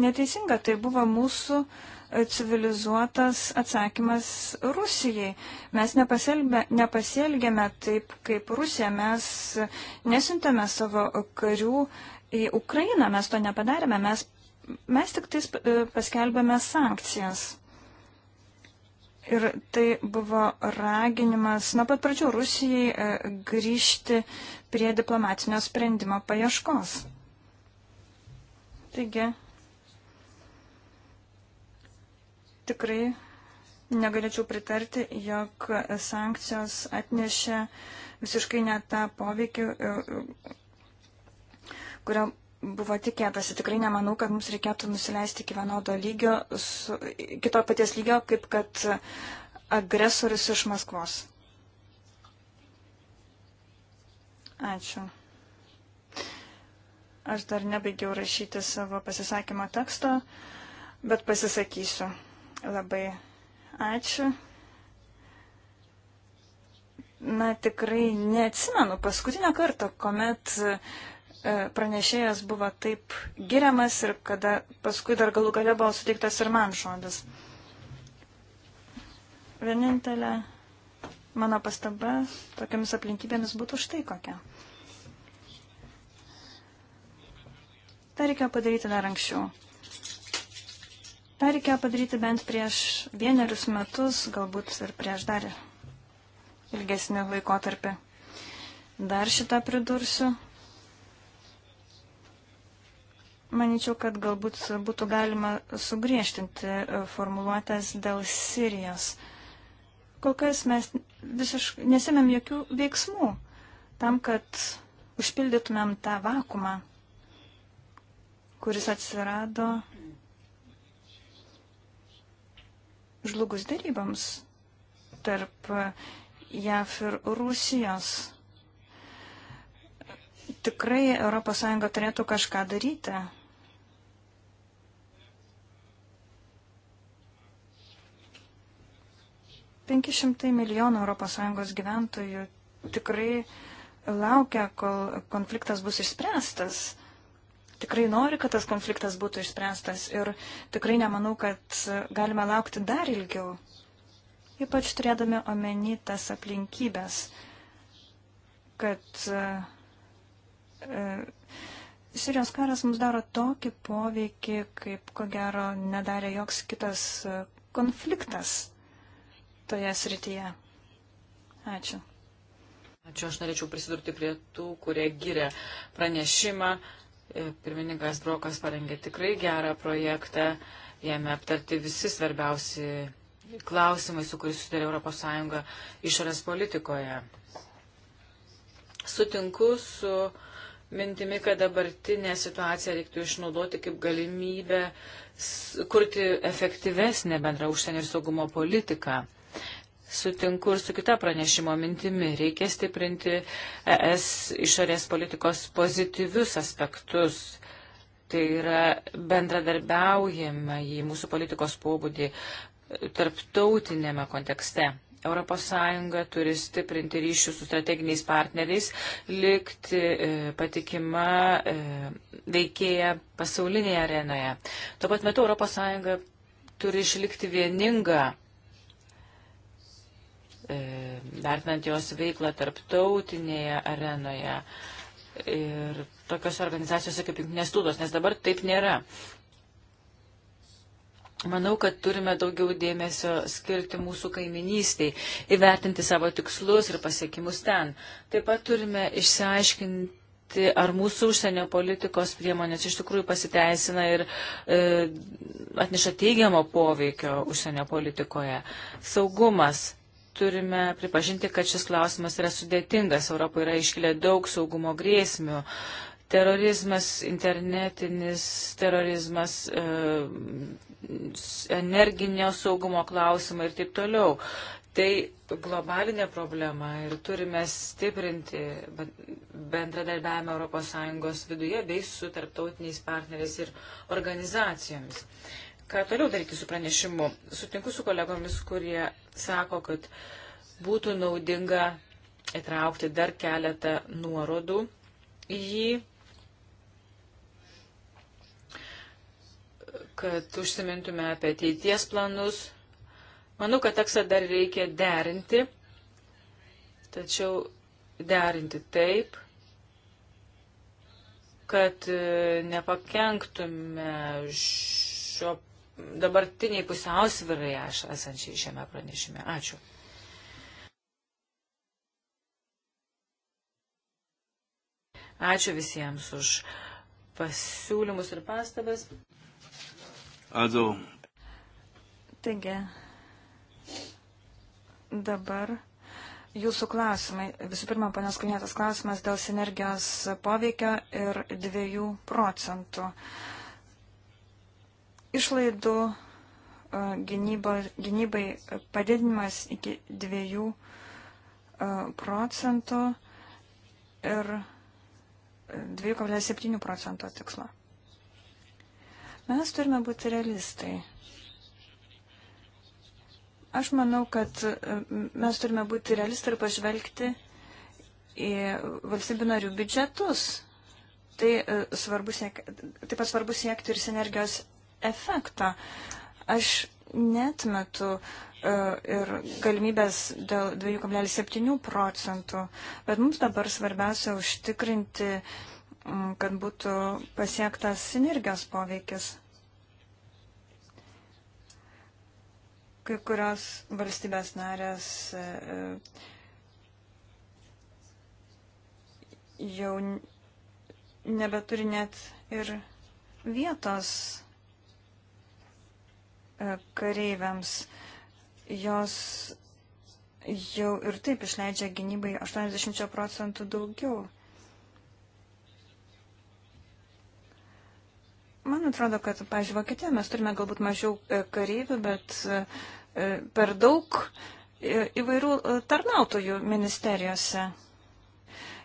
neteisinga, tai buvo mūsų e, civilizuotas atsakymas Rusijai. Mes nepasielgėme taip, kaip Rusija, mes nesintame savo karių į Ukrainą, mes to nepadarėme, mes, mes tik tais e, paskelbėme sankcijas. Ir tai buvo raginimas nuo pat pradžių Rusijai e, grįžti prie diplomatinio sprendimo paieškos. Taigi, tikrai negalėčiau pritarti, jog sankcijos atnešė visiškai ne tą poveikį, e, e, kurio buvo tikėtasi. Tikrai nemanau, kad mums reikėtų nusileisti iki vienodo lygio, su, kito paties lygio, kaip kad agresorius iš Maskvos. Ačiū. Aš dar nebaigiau rašyti savo pasisakymo teksto, bet pasisakysiu. Labai ačiū. Na, tikrai neatsimenu paskutinę kartą, kuomet uh, E, pranešėjas buvo taip giriamas ir kada paskui dar galų gale buvo suteiktas ir man žodis. Vienintelė mano pastaba tokiamis aplinkybėmis būtų štai kokia. tą reikėjo padaryti dar anksčiau. Tą reikėjo padaryti bent prieš vienerius metus, galbūt ir prieš dar ilgesnį laikotarpį. Dar šitą pridursiu. Maničiau, kad galbūt būtų galima sugriežtinti e, formuluotės dėl Sirijos. Kol kas mes visiškai nesėmėm jokių veiksmų tam, kad užpildytumėm tą vakumą, kuris atsirado žlugus darybams tarp e, JAF ir Rusijos tikrai ES turėtų kažką daryti. 500 milijonų ES gyventojų tikrai laukia, kol konfliktas bus išspręstas. Tikrai nori, kad tas konfliktas būtų išspręstas ir tikrai nemanau, kad galime laukti dar ilgiau. Ypač turėdami omeny tas aplinkybės, kad e, Sirijos karas mums daro tokį poveikį, kaip ko gero nedarė joks kitas e, konfliktas toje srityje. Ačiū. Ačiū, aš norėčiau prisidurti prie tų, kurie gyrė pranešimą. E, pirmininkas Brokas parengė tikrai gerą projektą, jame aptarti visi svarbiausi klausimai, su kuriais sudarė ES išorės politikoje. Sutinku su mintimi, kad dabartinę situaciją reiktų išnaudoti kaip galimybę kurti efektyvesnę bendrą užsienio ir saugumo politiką sutinku ir su kita pranešimo mintimi. Reikia stiprinti ES išorės politikos pozityvius aspektus. Tai yra bendradarbiaujama į mūsų politikos pobūdį tarptautinėme kontekste. ES turi stiprinti ryšių su strateginiais partneriais, likti e, patikima e, veikėja pasaulinėje arenoje. Tuo pat metu ES turi išlikti vieninga E, vertinant jos veiklą tarptautinėje arenoje ir tokios organizacijose kaip Junktinės tūdos, nes dabar taip nėra. Manau, kad turime daugiau dėmesio skirti mūsų kaiminystiai, įvertinti savo tikslus ir pasiekimus ten. Taip pat turime išsiaiškinti, ar mūsų užsienio politikos priemonės iš tikrųjų pasiteisina ir e, atneša teigiamo poveikio užsienio politikoje. Saugumas turime pripažinti, kad šis klausimas yra sudėtingas. Europoje yra iškilę daug saugumo grėsmių. Terorizmas, internetinis terorizmas, e, energinio saugumo klausimai ir taip toliau. Tai globalinė problema ir turime stiprinti bendradarbiavimą ES viduje bei su tarptautiniais partneriais ir organizacijomis ką toliau daryti su pranešimu. Sutinku su kolegomis, kurie sako, kad būtų naudinga įtraukti dar keletą nuorodų į jį, kad užsimintume apie ateities planus. Manau, kad tekstą dar reikia derinti, tačiau derinti taip, kad nepakenktume šio dabartiniai pusiausvirai aš esančiai šiame pranešime. Ačiū. Ačiū visiems už pasiūlymus ir pastabas. Ačiū. Taigi, dabar jūsų klausimai. Visų pirma, panas Kunėtas klausimas dėl sinergijos poveikio ir dviejų procentų. Uh, Išlaidų e, gynybo, gynybai padidinimas iki 2 e, procentų ir 2,7 procento tikslo. Mes turime būti realistai. Aš manau, kad e, mes turime būti realistai ir pažvelgti į valstybių narių biudžetus. Tai, svarbu siek, taip pat svarbu siekti ir sinergijos efektą. Aš netmetu e, ir galimybės dėl 2,7 procentų, bet mums dabar svarbiausia užtikrinti, kad būtų pasiektas sinergijos poveikis. Kai kurios valstybės narės e, e, jau nebeturi net ir vietos kareiviams. Jos jau ir taip išleidžia gynybai 80 procentų daugiau. Man atrodo, kad, pažiūrėjau, Vokietijoje mes turime galbūt mažiau e, kareivių, bet e, per daug e, įvairių tarnautojų ministerijose.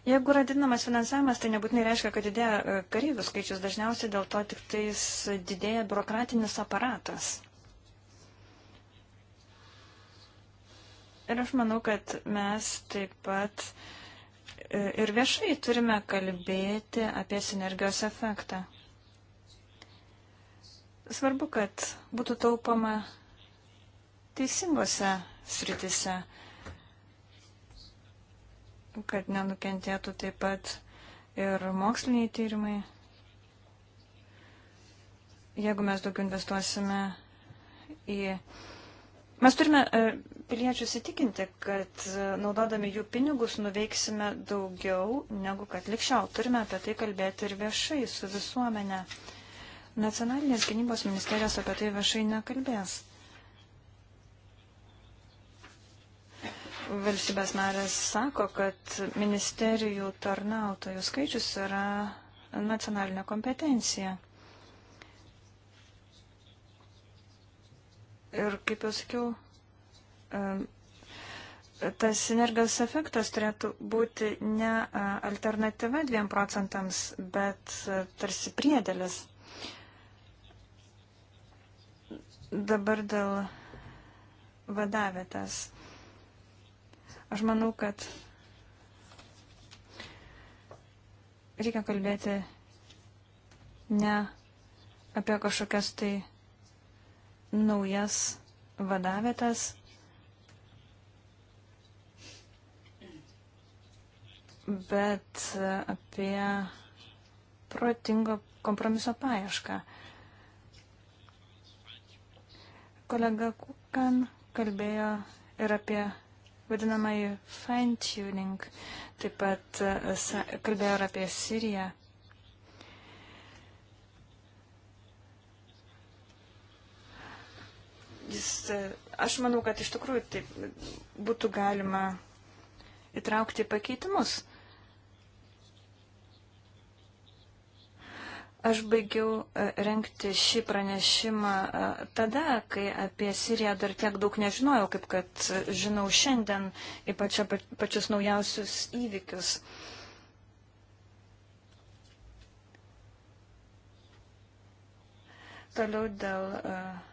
Jeigu yra didinamas finansavimas, tai nebūtinai reiškia, kad didėja kareivių skaičius, dažniausiai dėl to tik tais didėja biurokratinis aparatas. Ir aš manau, kad mes taip pat e, ir viešai turime kalbėti apie sinergijos efektą. Svarbu, kad būtų taupama teisingose sritise, kad nenukentėtų taip pat ir moksliniai tyrimai. Jeigu mes daugiau investuosime į Mes turime e, piliečius įtikinti, kad e, naudodami jų pinigus nuveiksime daugiau negu kad likščiau. Turime apie tai kalbėti ir viešai su visuomenė. Nacionalinės gynybos ministerijos apie tai viešai nekalbės. valstybės narės sako, kad ministerijų tarnautojų skaičius yra nacionalinė kompetencija. Ir kaip jau sakiau, tas sinergijos efektas turėtų būti ne alternatyva 2 procentams, bet tarsi priedėlis. Dabar dėl vadavėtas. Aš manau, kad reikia kalbėti ne apie kažkokias tai naujas vadavietas. Bet apie protingo kompromiso paiešką. Kolega Kukan kalbėjo ir apie vadinamąjį fine tuning, taip pat kalbėjo ir apie Siriją. Jis, e, aš manau, kad iš tikrųjų taip būtų galima įtraukti pakeitimus. Aš baigiau e, renkti šį pranešimą e, tada, kai apie Siriją dar tiek daug nežinojau, kaip kad žinau šiandien, ypač apie pačius naujausius įvykius. Toliau dėl uh,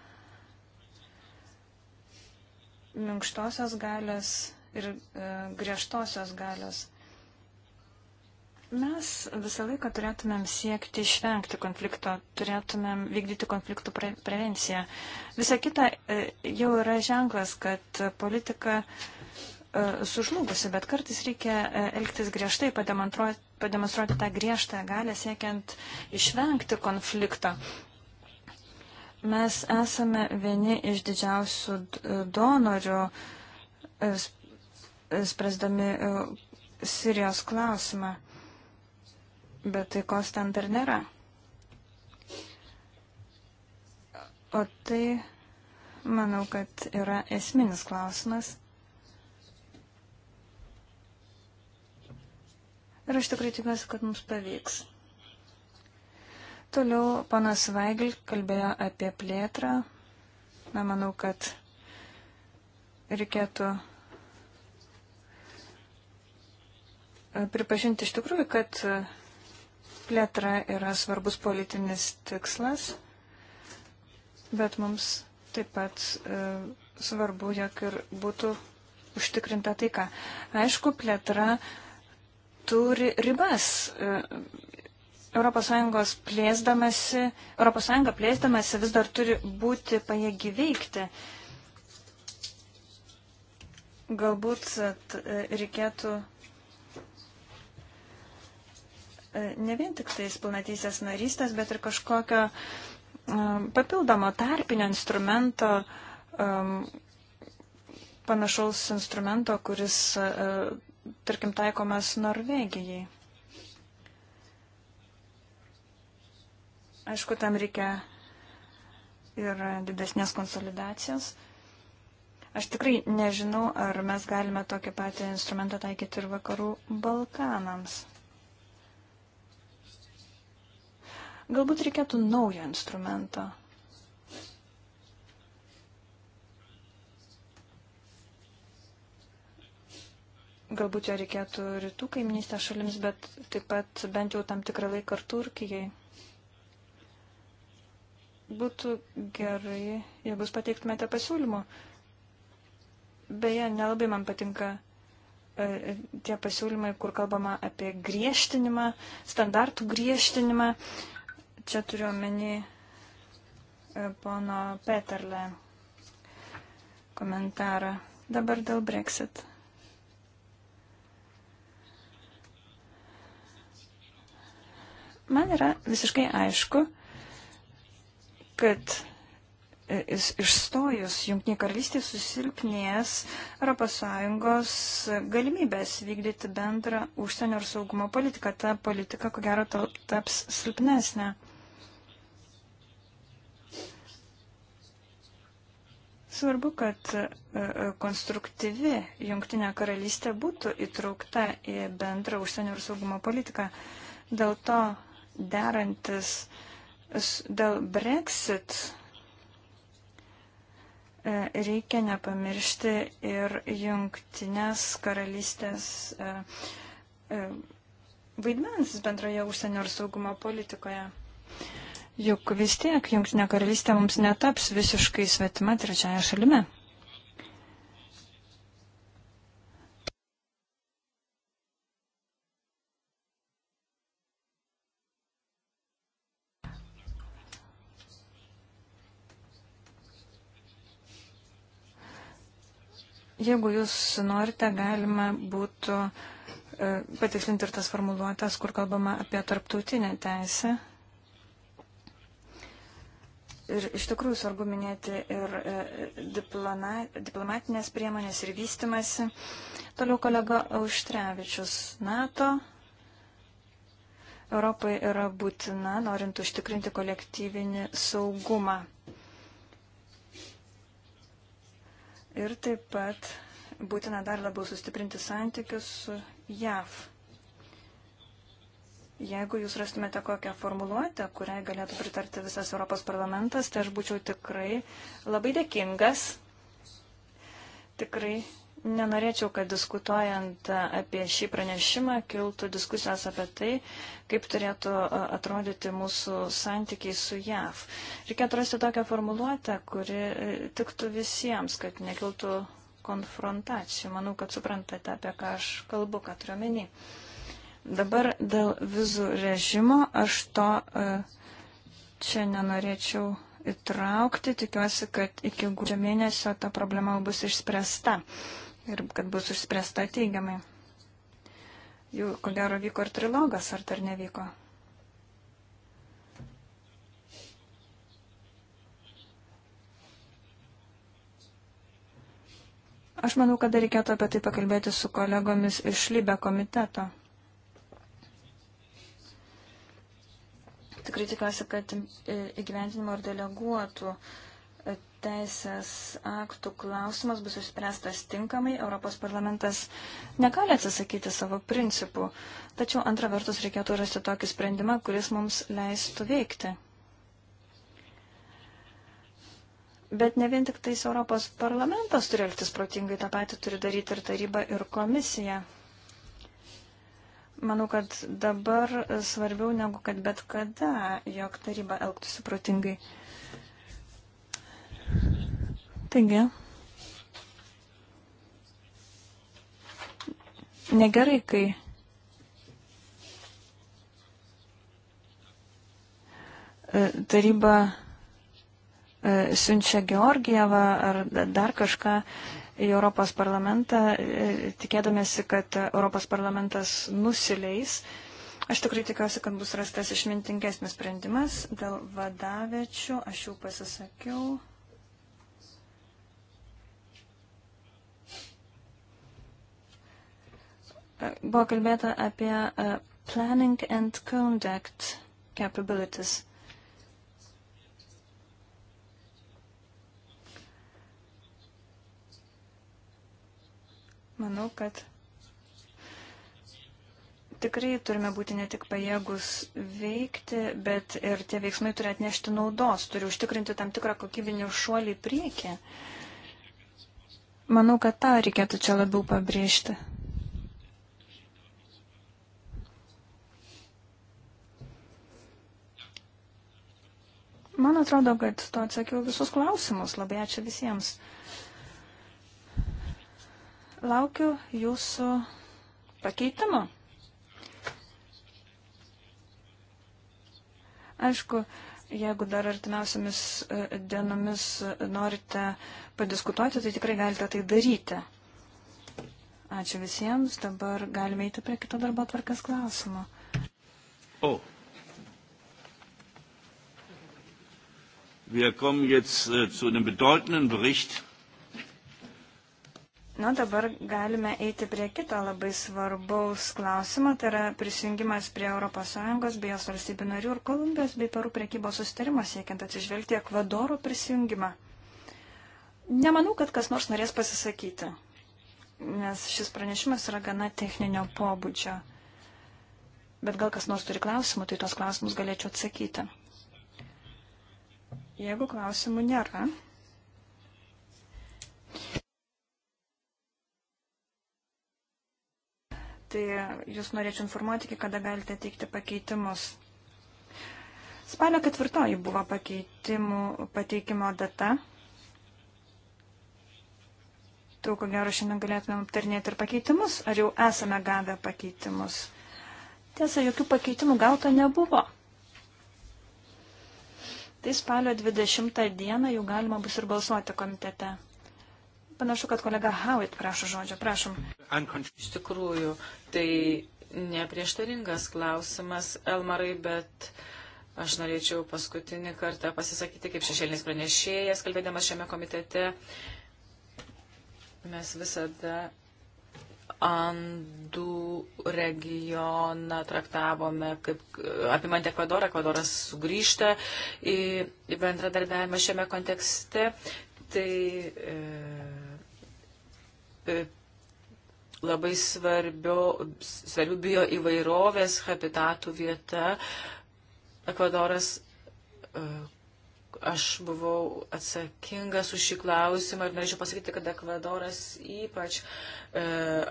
minkštosios galios ir e, griežtosios galios. Mes visą laiką turėtumėm siekti išvengti konflikto, turėtumėm vykdyti konfliktų pre prevenciją. Visa kita e, jau yra ženklas, kad politika e, sužlugusi, bet kartais reikia elgtis griežtai, pademonstruoti tą griežtą galę siekiant išvengti konflikto. Mes esame vieni iš didžiausių donorių, e, e, spręsdami e, Sirijos klausimą, bet taikos ten dar nėra. O tai, manau, kad yra esminis klausimas. Ir aš tikrai tikiuosi, kad mums pavyks. Toliau panas Vaigl kalbėjo apie plėtrą. Na, manau, kad reikėtų pripažinti iš tikrųjų, kad plėtra yra svarbus politinis tikslas, bet mums taip pat e, svarbu, jog ir būtų užtikrinta taika. Aišku, plėtra turi ribas. E, ES plėsdamasi, ES plėsdamasi vis dar turi būti pajėgi veikti. Galbūt e, reikėtų e, ne vien tik tais pilnatysės narystės, bet ir kažkokio e, papildomo tarpinio instrumento, panašaus instrumento, kuris, tarkim, taikomas Norvegijai. Aišku, tam reikia ir didesnės konsolidacijos. Aš tikrai nežinau, ar mes galime tokį patį instrumentą taikyti ir vakarų Balkanams. Galbūt reikėtų naujo instrumento. Galbūt jo reikėtų rytų kaimynystės šalims, bet taip pat bent jau tam tikrą laiką ir Turkijai būtų gerai, jeigu jūs pateiktumėte pasiūlymų. Beje, nelabai man patinka e, tie pasiūlymai, kur kalbama apie griežtinimą, standartų griežtinimą. Čia turiu omeny e, pono Peterle komentarą. Dabar dėl Brexit. Man yra visiškai aišku, kad išstojus Junktinė karalystė susilpnės ES galimybės vykdyti bendrą užsienio ir saugumo politiką. Ta politika, ko gero, taps silpnesnė. Svarbu, kad e, e, konstruktyvi Junktinė karalystė būtų įtraukta į bendrą užsienio ir saugumo politiką. Dėl to derantis uh, Dėl Brexit e, reikia nepamiršti ir jungtinės karalystės e, e, vaidmens bendroje užsienio ir saugumo politikoje. Juk vis tiek jungtinė karalystė mums netaps visiškai svetima trečiaja šalime. Jeigu jūs norite, galima būtų e, patikslinti ir tas formuluotas, kur kalbama apie tarptautinę teisę. Ir iš tikrųjų svarbu minėti ir e, diploma, diplomatinės priemonės ir vystimasi. Toliau kolega Auštrevičius NATO. Europai yra būtina, norint užtikrinti kolektyvinį saugumą. Ir taip pat būtina dar labiau sustiprinti santykius su JAV. Jeigu jūs rastumėte kokią formuluotę, kuriai galėtų pritarti visas Europos parlamentas, tai aš būčiau tikrai labai dėkingas. Tikrai Nenorėčiau, kad diskutuojant apie šį pranešimą kiltų diskusijos apie tai, kaip turėtų atrodyti mūsų santykiai su JAV. Reikėtų rasti tokią formuluotę, kuri e, tiktų visiems, kad nekiltų konfrontacijų. Manau, kad suprantate, apie ką aš kalbu, ką turiu menį. Dabar dėl vizų režimo aš to e, čia nenorėčiau įtraukti. Tikiuosi, kad iki gruodžio mėnesio ta problema bus išspręsta ir kad bus išspręsta teigiamai. Jau, ko gero, vyko ir trilogas, ar dar nevyko? Aš manau, kad reikėtų apie tai pakalbėti su kolegomis iš Libė komiteto. Tikrai tikiuosi, kad e, įgyventinimo ir deleguotų uh, teisės aktų klausimas bus išspręstas tinkamai, Europos parlamentas negali atsisakyti savo principų, tačiau antra vertus reikėtų rasti tokį sprendimą, kuris mums leistų veikti. Bet ne vien tik tais Europos parlamentas turi elgtis protingai, tą patį turi daryti ir taryba, ir komisija. Manau, kad dabar svarbiau negu kad bet kada, jog taryba elgtųsi protingai. Taigi, negerai, kai e, taryba e, siunčia Georgievą ar dar kažką į Europos parlamentą, e, tikėdamėsi, kad Europos parlamentas nusileis. Aš tikrai tikiuosi, kad bus rastas išmintingesnis sprendimas dėl vadavečių. Aš jau pasisakiau. Buvo kalbėta apie e, planning and conduct capabilities. Manau, kad tikrai turime būti ne tik pajėgus veikti, bet ir tie veiksmai turi atnešti naudos, turi užtikrinti tam tikrą kokybinį šuolį į priekį. Manau, kad tą reikėtų čia labiau pabrėžti. Man atrodo, kad to atsakiau visus klausimus. Labai ačiū visiems. Laukiu jūsų pakeitimo. Aišku, jeigu dar artimiausiamis e, dienomis e, norite padiskutuoti, tai tikrai galite tai daryti. Ačiū visiems. Dabar galime eiti prie kito darbo tvarkas klausimo. O. Oh. Wir kommen jetzt äh, zu einem bedeutenden Bericht. Na, dabar galime eiti prie kito labai svarbaus klausimo, tai yra prisijungimas prie ES bei jos valstybių narių ir Kolumbijos bei Perų priekybos sustarimo siekiant atsižvelgti Ekvadoro prisijungimą. Nemanau, kad kas nors norės pasisakyti, nes šis pranešimas yra gana techninio pobūdžio. Bet gal kas nors turi klausimų, tai tos klausimus galėčiau atsakyti. Jeigu klausimų nėra. Tai jūs norėčiau informuoti, iki kada galite teikti pakeitimus. Spalio ketvirtoji buvo pakeitimų pateikimo data. Tu, ko gero, šiandien galėtumėm aptarnėti ir pakeitimus, ar jau esame gavę pakeitimus. Tiesa, jokių pakeitimų gauta nebuvo tai spalio 20 dieną jau galima bus ir balsuoti komitete. Panašu, kad kolega Howitt prašo žodžio. Prašom. Iš tikrųjų, tai neprieštaringas klausimas, Elmarai, bet aš norėčiau paskutinį kartą pasisakyti kaip šešėlinis pranešėjas, kalbėdamas šiame komitete. Mes visada Andų regioną traktavome kaip apimant Ekvadorą. Ekvadoras sugrįžta į, į bendradarbiavimą šiame kontekste. Tai e, e, labai svarbio, svarbių bio įvairovės habitatų vieta. Ekvadoras e, Aš buvau atsakingas už šį klausimą ir norėčiau pasakyti, kad Ekvadoras ypač e,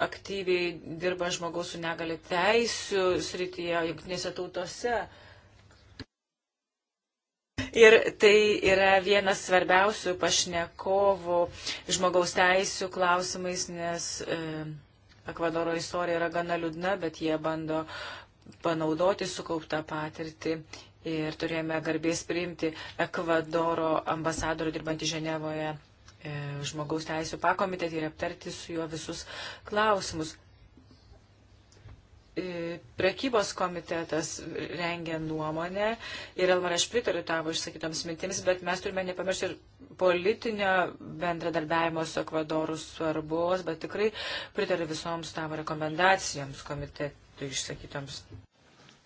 aktyviai dirba žmogaus su negali teisų srityje, jungtinėse tautose. Ir tai yra vienas svarbiausių pašnekovų žmogaus teisų klausimais, nes e, Ekvadoro istorija yra gana liūdna, bet jie bando panaudoti sukauptą patirtį ir turėjome garbės priimti Ekvadoro ambasadorių dirbantį Ženevoje e, žmogaus teisų pakomitetį ir aptarti su juo visus klausimus. E, prekybos komitetas rengia nuomonę ir Elmar, aš pritariu tavo išsakytoms mintims, bet mes turime nepamiršti ir politinio bendradarbiavimo su Ekvadoru svarbos, bet tikrai pritariu visoms tavo rekomendacijoms komitetui išsakytoms.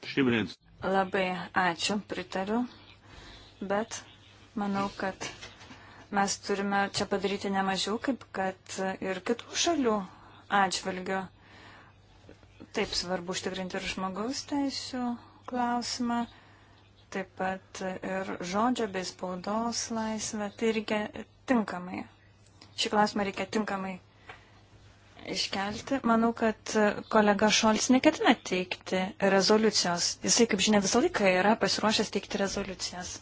Šimrins. Labai ačiū, pritariu, bet manau, kad mes turime čia padaryti nemažiau, kaip kad ir kitų šalių atžvilgių. Taip svarbu užtikrinti ir žmogaus teisų klausimą, taip pat ir žodžio bei spaudos laisvę. Tai reikia tinkamai. Šį klausimą reikia tinkamai iškelti. Manau, kad kolega Šolts neketina teikti rezoliucijos. Jisai, kaip žinia, visą laiką yra pasiruošęs teikti rezoliucijas,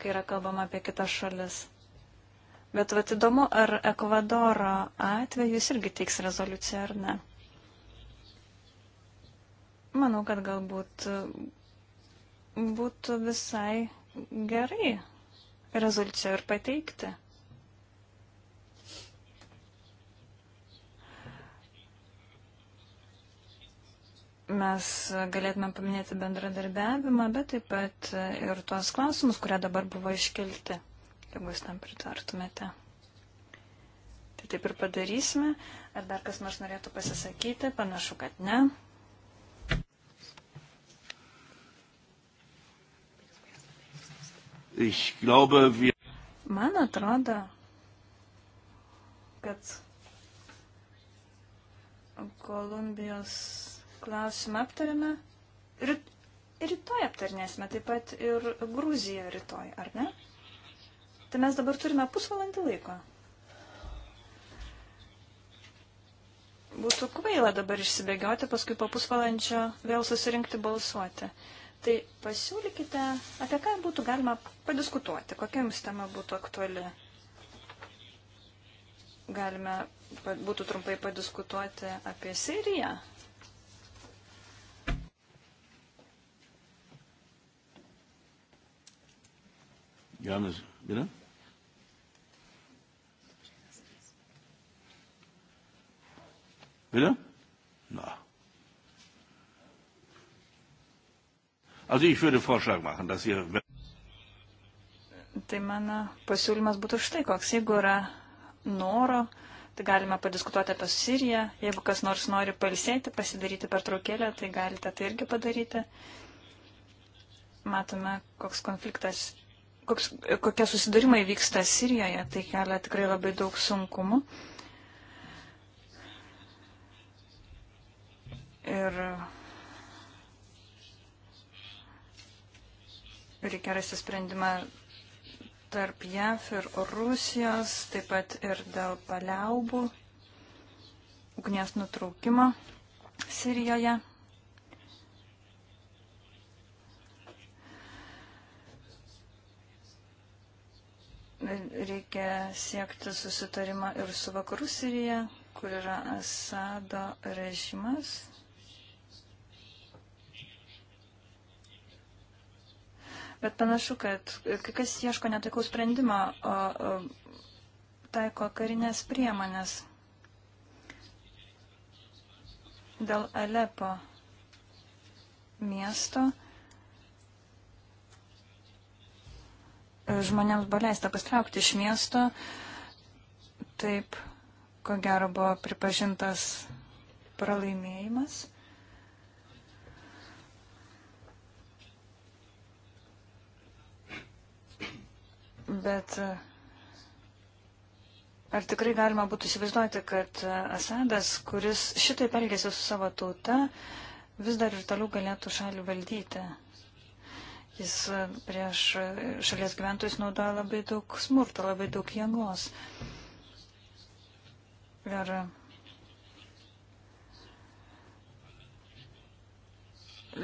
kai yra kalbama apie kitas šalis. Bet vat įdomu, ar Ekvadoro atveju jis irgi teiks rezoliuciją ar ne. Manau, kad galbūt būtų visai gerai rezoliuciją ir pateikti. mes galėtume paminėti bendradarbiavimą, bet taip pat ir tuos klausimus, kurie dabar buvo iškelti, jeigu jūs tam pritartumėte. Tai taip ir padarysime. Ar dar kas nors norėtų pasisakyti? Panašu, kad ne. Man atrodo, kad Kolumbijos klausimą aptarėme. Ir rytoj aptarnėsime taip pat ir Gruziją rytoj, ar ne? Tai mes dabar turime pusvalandį laiko. Būtų kvaila dabar išsibėgioti, paskui po pusvalandžio vėl susirinkti balsuoti. Tai pasiūlykite, apie ką būtų galima padiskutuoti, kokia jums tema būtų aktuali. Galime būtų trumpai padiskutuoti apie Siriją, Johannes, bitte? Bitte? Na. Also ich würde Vorschlag machen, dass ihr... Tai mano pasiūlymas būtų štai koks. Jeigu yra noro, tai galime padiskutuoti apie Siriją. Jeigu kas nors nori palsėti, pasidaryti per traukėlę, tai galite tai irgi padaryti. Matome, koks konfliktas koks, kokie susidarimai vyksta Sirijoje, tai kelia tikrai labai daug sunkumų. Ir reikia rasti sprendimą tarp JAF ir Rusijos, taip pat ir dėl paliaubų, ugnies nutraukimo Sirijoje. Reikia siekti susitarimą ir su vakarų Sirija, kur yra Asado režimas. Bet panašu, kad kai kas ieško netaikaus sprendimo, o, o taiko karinės priemonės dėl Alepo miesto. E, žmonėms buvo leista pastraukti iš miesto. Taip, ko gero buvo pripažintas pralaimėjimas. Bet e, ar tikrai galima būtų įsivaizduoti, kad e, Asadas, kuris šitai pelgėsi su savo tauta, vis dar ir toliau galėtų šalį valdyti? Jis e, prieš e, šalies gyventojus naudoja labai daug smurto, labai daug jėgos. Ir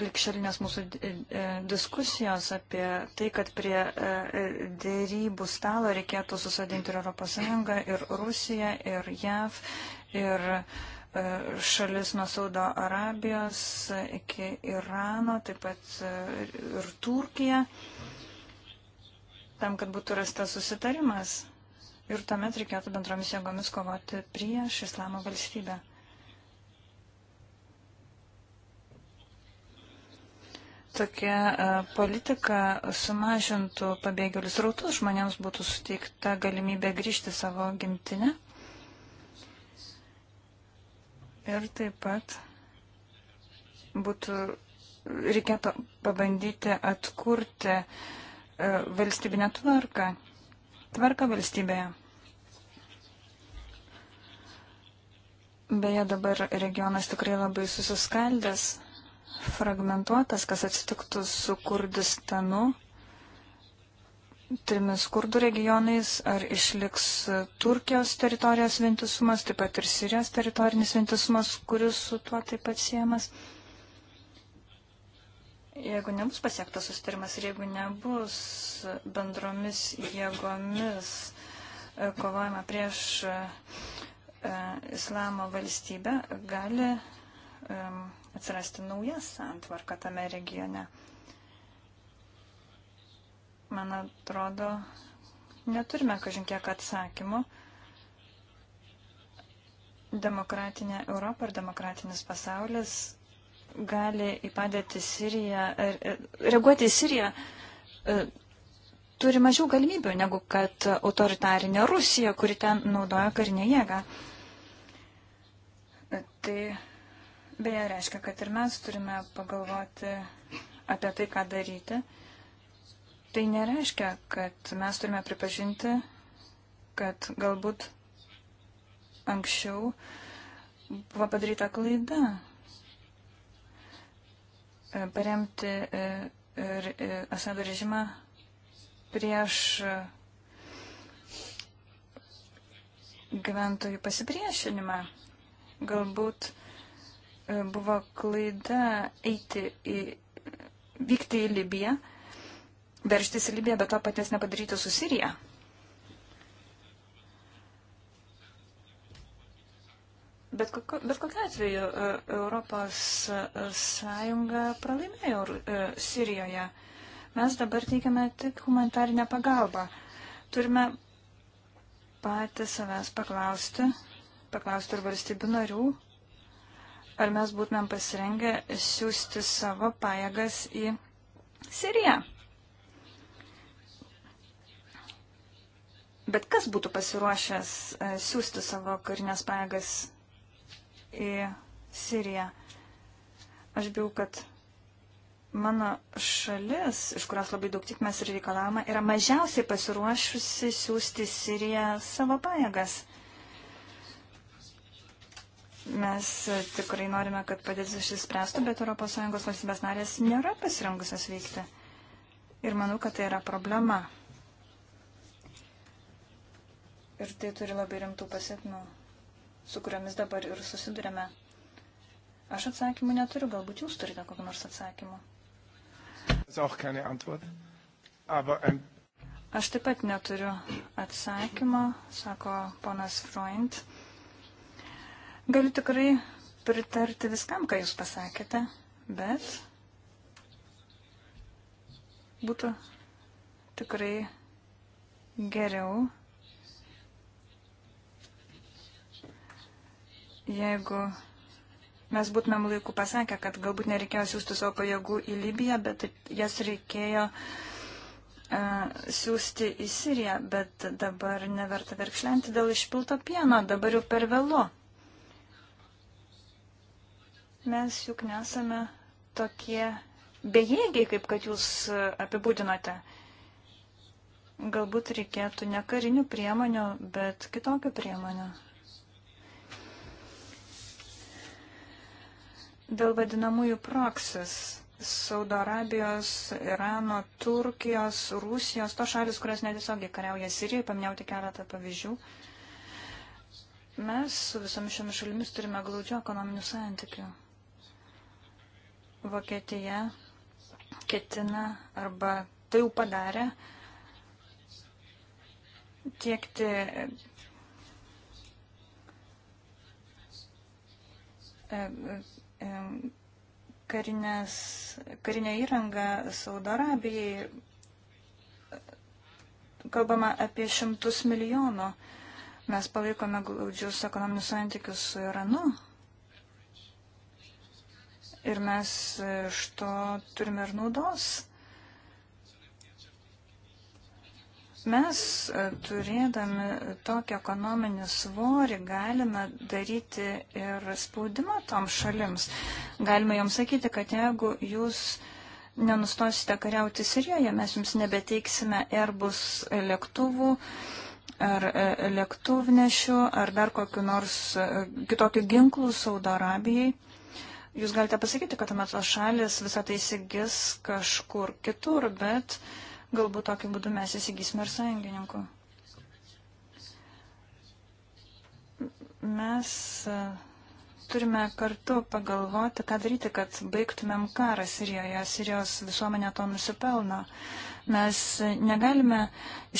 likšelinės mūsų e, diskusijos apie tai, kad prie dėrybų stalo reikėtų susadinti ir ES, ir Rusiją, ir JAV, ir E, šalis nuo Saudo Arabijos iki Irano, taip pat e, ir Turkija, tam, kad būtų rastas susitarimas. Ir tuomet reikėtų bendromis jėgomis kovoti prieš islamo valstybę. tokia e, politika sumažintų pabėgėlius rautus, žmonėms būtų suteikta galimybė grįžti savo gimtinę. Ir taip pat būtų reikėtų pabandyti atkurti e, valstybinę tvarką, tvarką valstybėje. Beje, dabar regionas tikrai labai susiskaldęs, fragmentuotas, kas atsitiktų su Kurdistanu, trimis kurdų regionais, ar išliks Turkijos teritorijos vientisumas, taip pat ir Sirijos teritorinis vientisumas, kuris su tuo taip pat siejamas. Jeigu nebus pasiektas sustarimas ir jeigu nebus bendromis jėgomis e, kovojama prieš e, e, islamo valstybę, gali atsirasti nauja santvarka tame regione man atrodo, neturime kažkiek atsakymų. Demokratinė Europa ir demokratinis pasaulis gali į padėtį Siriją, er, er, reaguoti į Siriją, e, turi mažiau galimybių negu kad autoritarinė Rusija, kuri ten naudoja karinę jėgą. E, tai beje reiškia, kad ir mes turime pagalvoti apie tai, ką daryti. Tai nereiškia, kad mes turime pripažinti, kad galbūt anksčiau buvo padaryta klaida e, paremti e, ir e, Asado režimą prieš gyventojų pasipriešinimą. Galbūt buvo klaida eiti į, vykti į Libiją verštis į Libiją, bet to paties nepadaryti su Sirija. Bet, koko, bet kokiu atveju e, Europos e, Sąjunga pralaimėjo e, Sirijoje. Mes dabar teikiame tik humanitarinę pagalbą. Turime patį savęs paklausti, paklausti ir valstybių narių, ar mes būtumėm pasirengę siūsti savo pajėgas į Siriją. Bet kas būtų pasiruošęs e, siūsti savo karinės pajėgas į Siriją? Aš bijau, kad mano šalis, iš kurios labai daug tik mes ir reikalavome, yra mažiausiai pasiruošusi siūsti Siriją savo pajėgas. Mes e, tikrai norime, kad padėtis išsispręstų, bet ES valstybės narės nėra pasirengusios veikti. Ir manau, kad tai yra problema. Ir tai turi labai rimtų pasiekmių, su kuriomis dabar ir susidurėme. Aš atsakymų neturiu, galbūt jūs turite kokį nors atsakymą. Ähm, Aš taip pat neturiu atsakymo, sako ponas Freund. Galiu tikrai pritarti viskam, ką jūs pasakėte, bet būtų tikrai geriau jeigu mes būtumėm laiku pasakę, kad galbūt nereikėjo siūsti savo pajėgų į Libiją, bet jas reikėjo uh, siūsti į Siriją, bet dabar neverta verkšlenti dėl išpilto pieno, dabar jau per vėlu. Mes juk nesame tokie bejėgiai, kaip kad jūs e, apibūdinote. Galbūt reikėtų ne karinių priemonių, bet kitokių priemonių. Dėl vadinamųjų proksis Saudo Arabijos, Irano, Turkijos, Rusijos, to šalis, kurios netiesiogiai kariauja Sirijoje, paminėjau tik keletą pavyzdžių. Mes su visomis šiomis šalimis turime glaudžių ekonominių santykių. Vokietija ketina arba tai jau padarė tiekti karinės, karinę įrangą Saudo Arabijai. Kalbama apie šimtus milijonų. Mes palaikome glaudžius ekonominius santykius su Iranu. Ir mes e, iš to turime ir naudos. Mes, e, turėdami tokį ekonominį svorį, galime daryti ir spaudimą tom šalims. Galime joms sakyti, kad jeigu jūs nenustosite kariauti Sirijoje, mes jums nebeteiksime Airbus lėktuvų ar e, lėktuvnešių ar dar kokiu nors e, kitokiu ginklu Saudo Arabijai. Jūs galite pasakyti, kad tuomet tos šalis visą tai įsigis kažkur kitur, bet uh, Galbūt tokiu būdu mes įsigysime ir sąjungininkų. Mes e, turime kartu pagalvoti, ką daryti, kad baigtumėm karą Sirijoje. Sirijos visuomenė to nusipelno. Mes e, negalime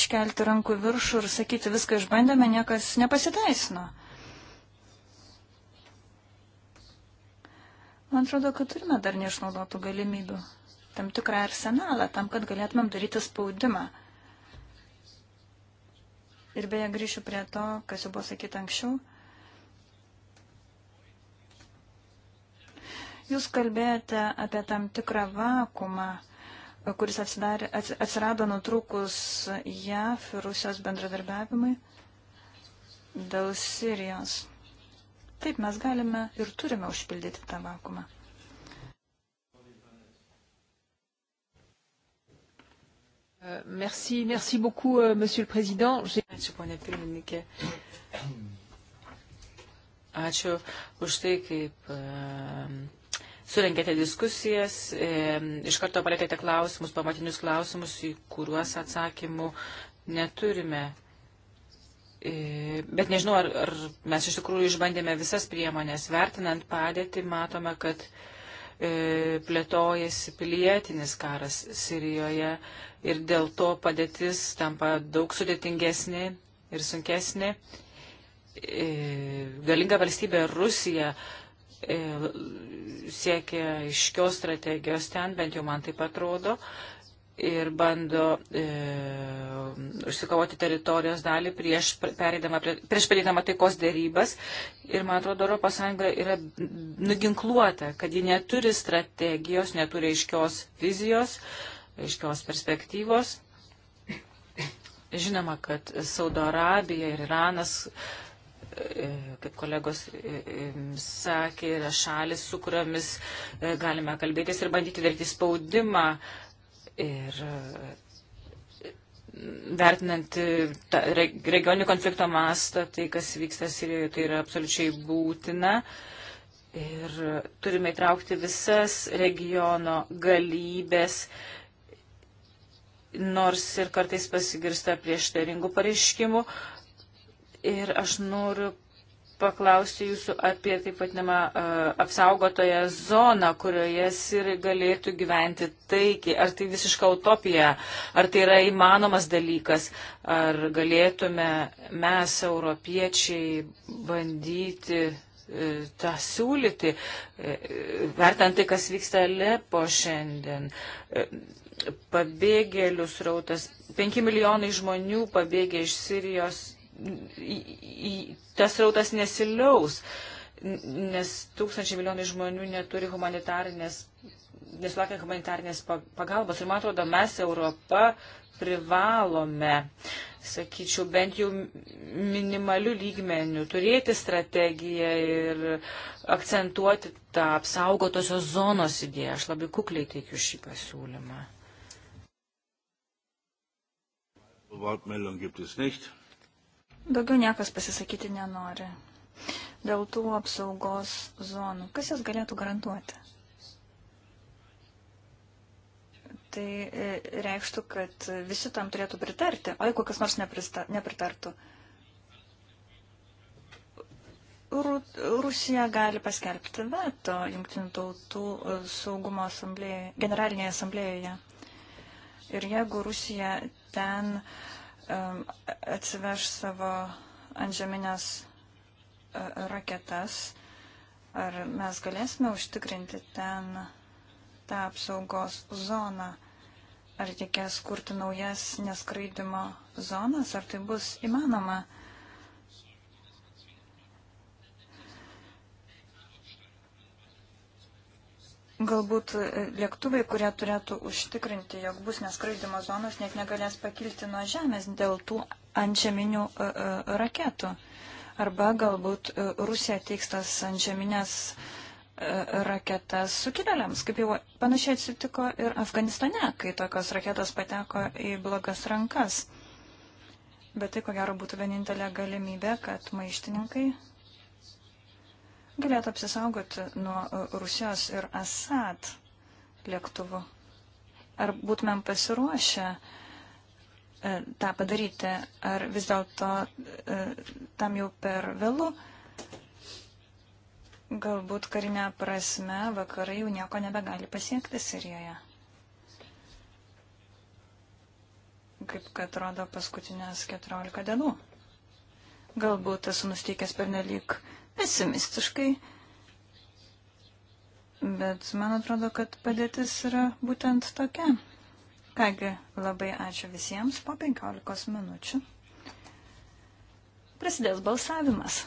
iškelti rankų viršų ir sakyti, viską išbandėme, niekas nepasiteisino. Man atrodo, kad turime dar neišnaudotų galimybių tam tikrą arsenalą tam, kad galėtumėm daryti spaudimą. Ir beje, grįšiu prie to, kas jau buvo sakyta anksčiau. Jūs kalbėjote apie tam tikrą vakumą, kuris atsidarė, atsirado nutrūkus JAF ir Rusijos bendradarbiavimui dėl Sirijos. Taip mes galime ir turime užpildyti tą vakumą. Euh, merci, merci beaucoup, euh, Monsieur le Président. Ačiū, ponė pirmininkė. Ačiū už tai, kaip uh, surengėte diskusijas, um, iš karto palėtėte klausimus, pamatinius klausimus, į kuriuos atsakymų neturime. E, bet nežinau, ar, ar mes iš tikrųjų išbandėme visas priemonės. Vertinant padėtį, matome, kad uh, E, plėtojasi pilietinis karas Sirijoje ir dėl to padėtis tampa daug sudėtingesnė ir sunkesnė. E, galinga valstybė Rusija e, siekia iškios strategijos ten, bent jau man taip atrodo, ir bando e, užsikovoti teritorijos dalį prieš pereidama, prieš pereidama taikos dėrybas. Ir man atrodo, Europos Sąjunga yra nuginkluota, kad ji neturi strategijos, neturi aiškios vizijos, aiškios perspektyvos. Žinoma, kad Saudo Arabija ir Iranas e, kaip kolegos e, e, sakė, yra šalis, su kuriomis galime kalbėtis ir bandyti daryti spaudimą Ir vertinant e, regioninį konflikto mastą, tai kas vyksta Sirijoje, tai yra absoliučiai būtina. Ir turime įtraukti visas regiono galybės, nors ir kartais pasigirsta prieštaringų pareiškimų. Ir aš noriu paklausti jūsų apie taip vadinamą e, apsaugotoją zoną, kurioje sirai galėtų gyventi taikiai. Ar tai visiška utopija, ar tai yra įmanomas dalykas, ar galėtume mes, europiečiai, bandyti e, tą siūlyti, e, vertant tai, kas vyksta Lepo šiandien. Pabėgėlių srautas, 5 milijonai žmonių pabėgė iš Sirijos tas rautas nesiliaus, nes tūkstančiai milijonai žmonių neturi humanitarinės, nesulaukia humanitarinės pagalbos. Ir man atrodo, mes Europą privalome, sakyčiau, bent jau minimalių lygmenių turėti strategiją ir akcentuoti tą apsaugotosios zonos idėją. Aš labai kukliai teikiu šį pasiūlymą. Wortmeldung gibt es nicht. Daugiau niekas pasisakyti nenori. Dėl tų apsaugos zonų. Kas jas galėtų garantuoti? Tai e, reikštų, kad visi tam turėtų pritarti. O jeigu kas nors neprista, nepritartų? Ru, Rusija gali paskelbti veto Junktinių tautų e, saugumo asamblėje, generalinėje asamblėjoje. Ir jeigu Rusija ten uh, atsiveš savo antžeminės e, raketas, ar mes galėsime užtikrinti ten tą apsaugos zoną, ar reikės kurti naujas neskraidimo zonas, ar tai bus įmanoma. Galbūt e, lėktuvai, kurie turėtų užtikrinti, jog bus neskraidimo zonos, net negalės pakilti nuo žemės dėl tų antžeminių e, e, raketų. Arba galbūt Rusija teiks tas antžeminės raketas sukilėliams, kaip jau panašiai atsitiko ir Afganistane, kai tokios raketos pateko į blogas rankas. Bet tai, ko gero, būtų vienintelė galimybė, kad maištininkai galėtų apsisaugoti nuo e, Rusijos ir Assad lėktuvų? Ar būtumėm pasiruošę e, tą padaryti, ar vis dėlto e, tam jau per vėlų? Galbūt karinė prasme vakarai jau nieko nebegali pasiekti Sirijoje. Kaip kad atrodo paskutinės 14 dienų. Galbūt esu nusteikęs per nelik uh, pesimistiškai, bet man atrodo, kad padėtis yra būtent tokia. Kągi, labai ačiū visiems po 15 minučių. Prasidės balsavimas.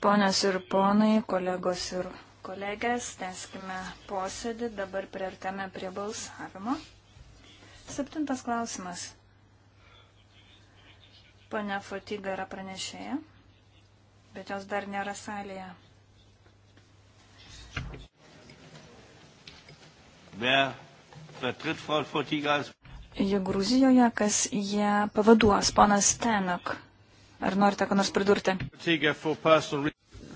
Ponios ir ponai, kolegos ir kolegės, teskime posėdį, dabar priartame prie balsavimo. Septintas klausimas. Pane Fotyga yra pranešėja, bet jos dar nėra salėje. Wer vertritt Frau Fotigas? Jie Gruzijoje, kas jie pavaduos, ponas Tenok. Ar norite ką nors pridurti?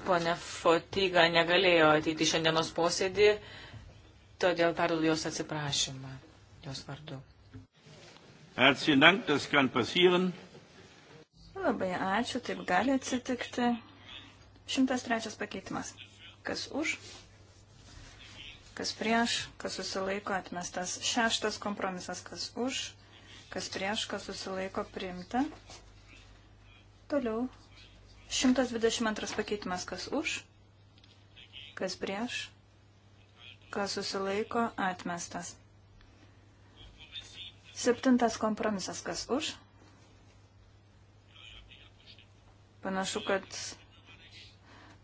Pone Fotyga negalėjo ateiti šiandienos posėdį, todėl perduodu jos atsiprašymą jos vardu. Herzlichen Dank, das kann passieren. Labai ačiū, taip gali atsitikti. 103 pakeitimas. Kas už, kas prieš, kas susilaiko atmestas. Šeštas kompromisas, kas už, kas prieš, kas susilaiko priimta. Toliau. 122 pakeitimas kas už, kas prieš, kas susilaiko, atmestas. Septintas kompromisas kas už. Panašu, kad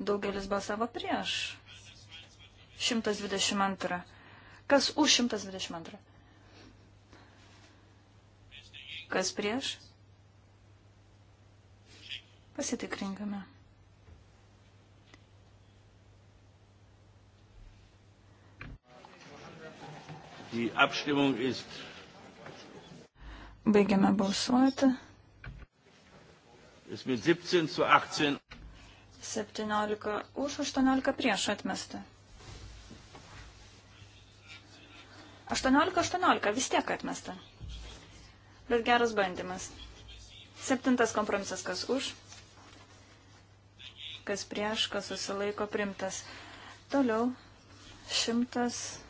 daugelis balsavo prieš. 122. Kas už 122? Kas prieš? Pasitikrinkime. Die Abstimmung ist. Baigiame balsuoti. Ist mit 17 zu 18. 17 už, 18 prieš atmesta. 18, 18 vis tiek atmesta. Bet geras bandymas. Septintas kompromisas kas už, kas prieš, kas susilaiko primtas. Toliau 136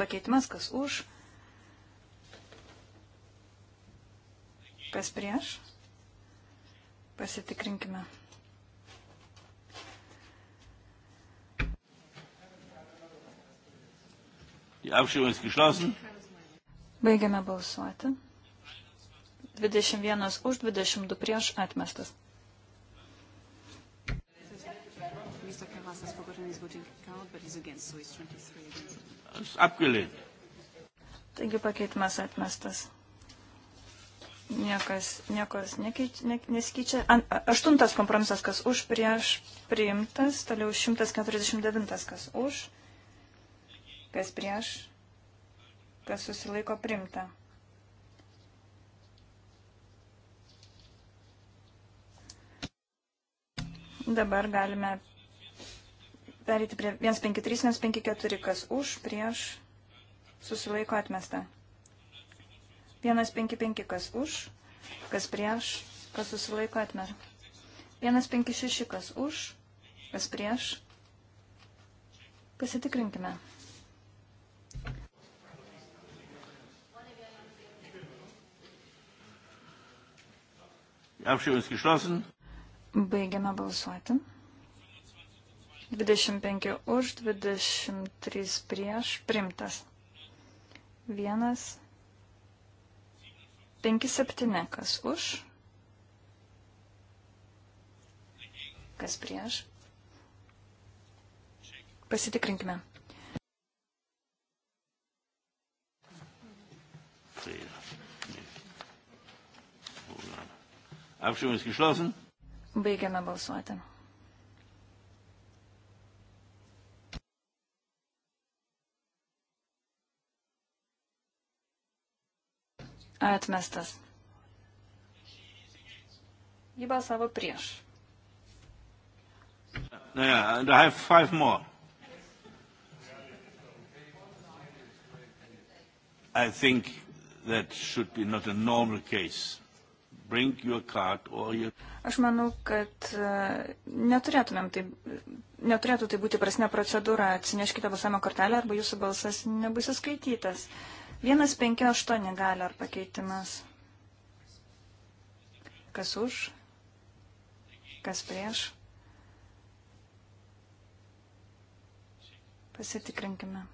pakeitimas, kas už, kas prieš. Pasitikrinkime. Die Abstimmung ist geschlossen. Baigiame balsuoti. 21 už, 22 prieš atmestas. he's against, so he's 23 against. Abgelehnt. Taigi pakeitimas atmestas. Niekas, niekas nekeič, ne, nesikeičia. An, aštuntas kompromisas, kas už, prieš, priimtas. Toliau 149, kas už, kas prieš, kas susilaiko priimta. Dabar galime Pereiti prie 153, 154, kas už, prieš, susilaiko atmesta. 155, kas už, kas prieš, kas susilaiko atmesta. 156, kas už, kas prieš. Pasitikrinkime. Apšyvimas išlasin. Baigiame balsuoti. 25 už, 23 prieš, primtas. 1, 5, 7, kas už, kas prieš. Pasitikrinkime. Abstimmung ist geschlossen. Baigiame balsuoti. Atmestas. Ji balsavo prieš. Yeah, I have five more. I think that should be not a normal case. Bring your card or your... Aš manau, kad e, neturėtumėm tai, neturėtų tai būti prasme procedūra. Atsineškite balsavimo kortelę arba jūsų balsas nebus įskaitytas. Uh, 158 gali ar pakeitimas. Kas už? Kas prieš? Pasitikrinkime.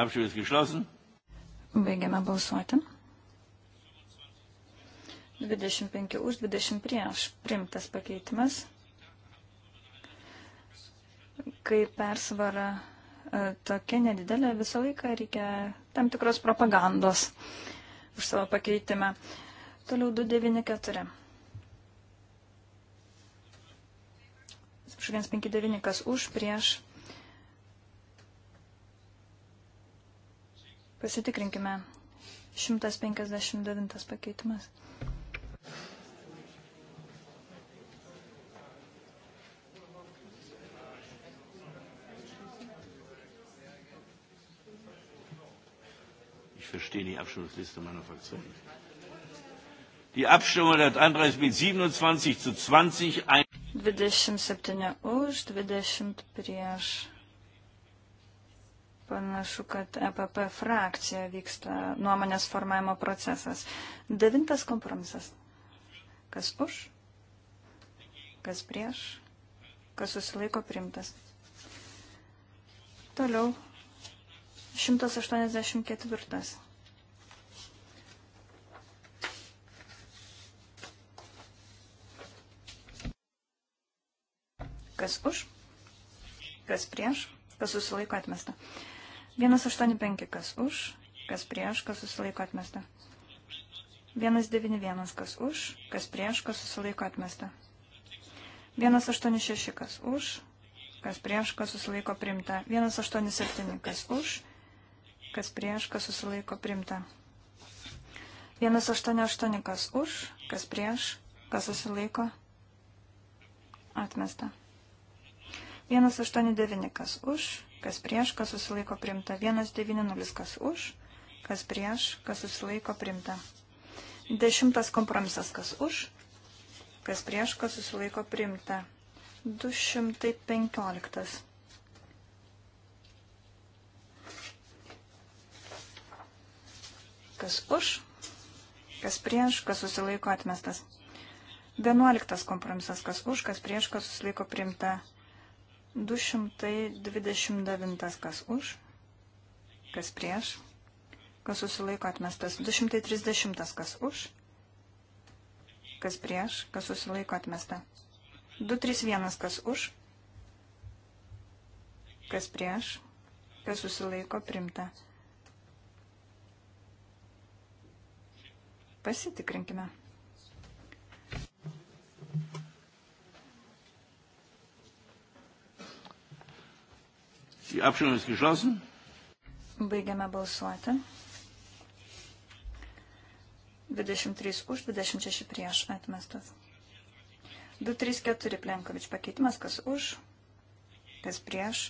Abstimmung ist geschlossen. Baigiame balsuoti. 25 už, 20 prieš primtas pakeitimas, kai persvara e, tokia nedidelė, visą laiką reikia tam tikros propagandos už savo pakeitimą. Toliau 294. Už 159, kas už, prieš. Pasitikrinkime. 159 pakeitimas. verstehe die Abstimmungsliste meiner Fraktion nicht. Die Abstimmung hat Andreas mit 27 zu 20 ein. 27 už, 20 prieš. Panašu, kad EPP frakcija vyksta nuomonės formavimo procesas. Devintas kompromisas. Kas už? Kas prieš? Kas susilaiko primtas? Toliau 184. Kas už, kas prieš, kas susilaiko atmesta. 185 kas už, kas prieš, kas susilaiko atmesta. 191 kas už, kas prieš, kas susilaiko atmesta. 186 kas už, kas prieš, kas susilaiko primta. 187 kas už, kas prieš, kas susilaiko primta. 188, kas už, kas prieš, kas susilaiko atmesta. 189, kas už, kas prieš, kas susilaiko primta. 190, kas už, kas prieš, kas susilaiko primta. Dešimtas kompromisas, kas už, kas prieš, kas susilaiko primta. 215. Kas už, kas prieš, kas susilaiko atmestas. Vienuoliktas kompromisas, kas už, kas prieš, kas susilaiko priimta. 229, kas už, kas prieš, kas susilaiko atmestas. 230, kas už, kas prieš, kas susilaiko atmesta. 231, kas už, kas prieš, kas susilaiko primta. Pasitikrinkime. Die Abstimmung ist geschlossen. Baigiame balsuoti. 23 už, 26 prieš atmestas. 234 Plenkovič pakeitimas, kas už, kas prieš,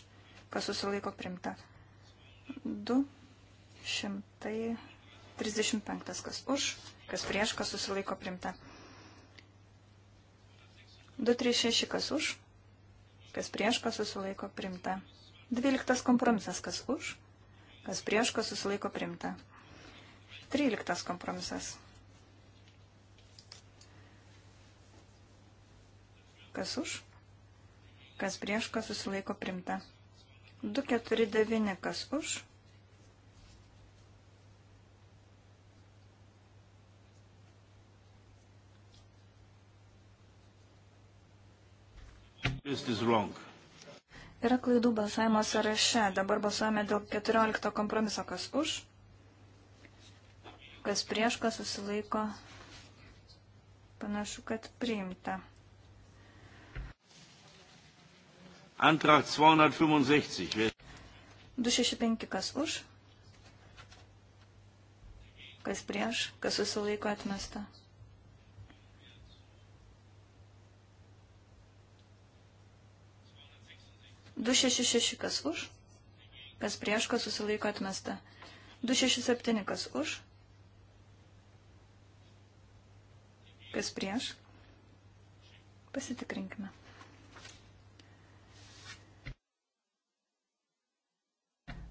kas susilaiko primta. 235 kas už, kas prieš, kas susilaiko primta. 236, kas už, kas prieš, kas susilaiko primta. 12 kompromisas, kas už, kas prieš, kas susilaiko primta. 13 kompromisas. Kas už, kas prieš, kas susilaiko primta. 249, kas už, Yra klaidų balsavimo sąraše. Dabar balsuojame dėl 14 kompromiso. Kas už? Kas prieš, kas susilaiko? Panašu, kad priimta. Antrag 265. 265 kas už, kas prieš, kas susilaiko atmesta. 266 kas už, kas prieš, kas susilaiko atmesta. 267 kas už, kas prieš. Pasitikrinkime.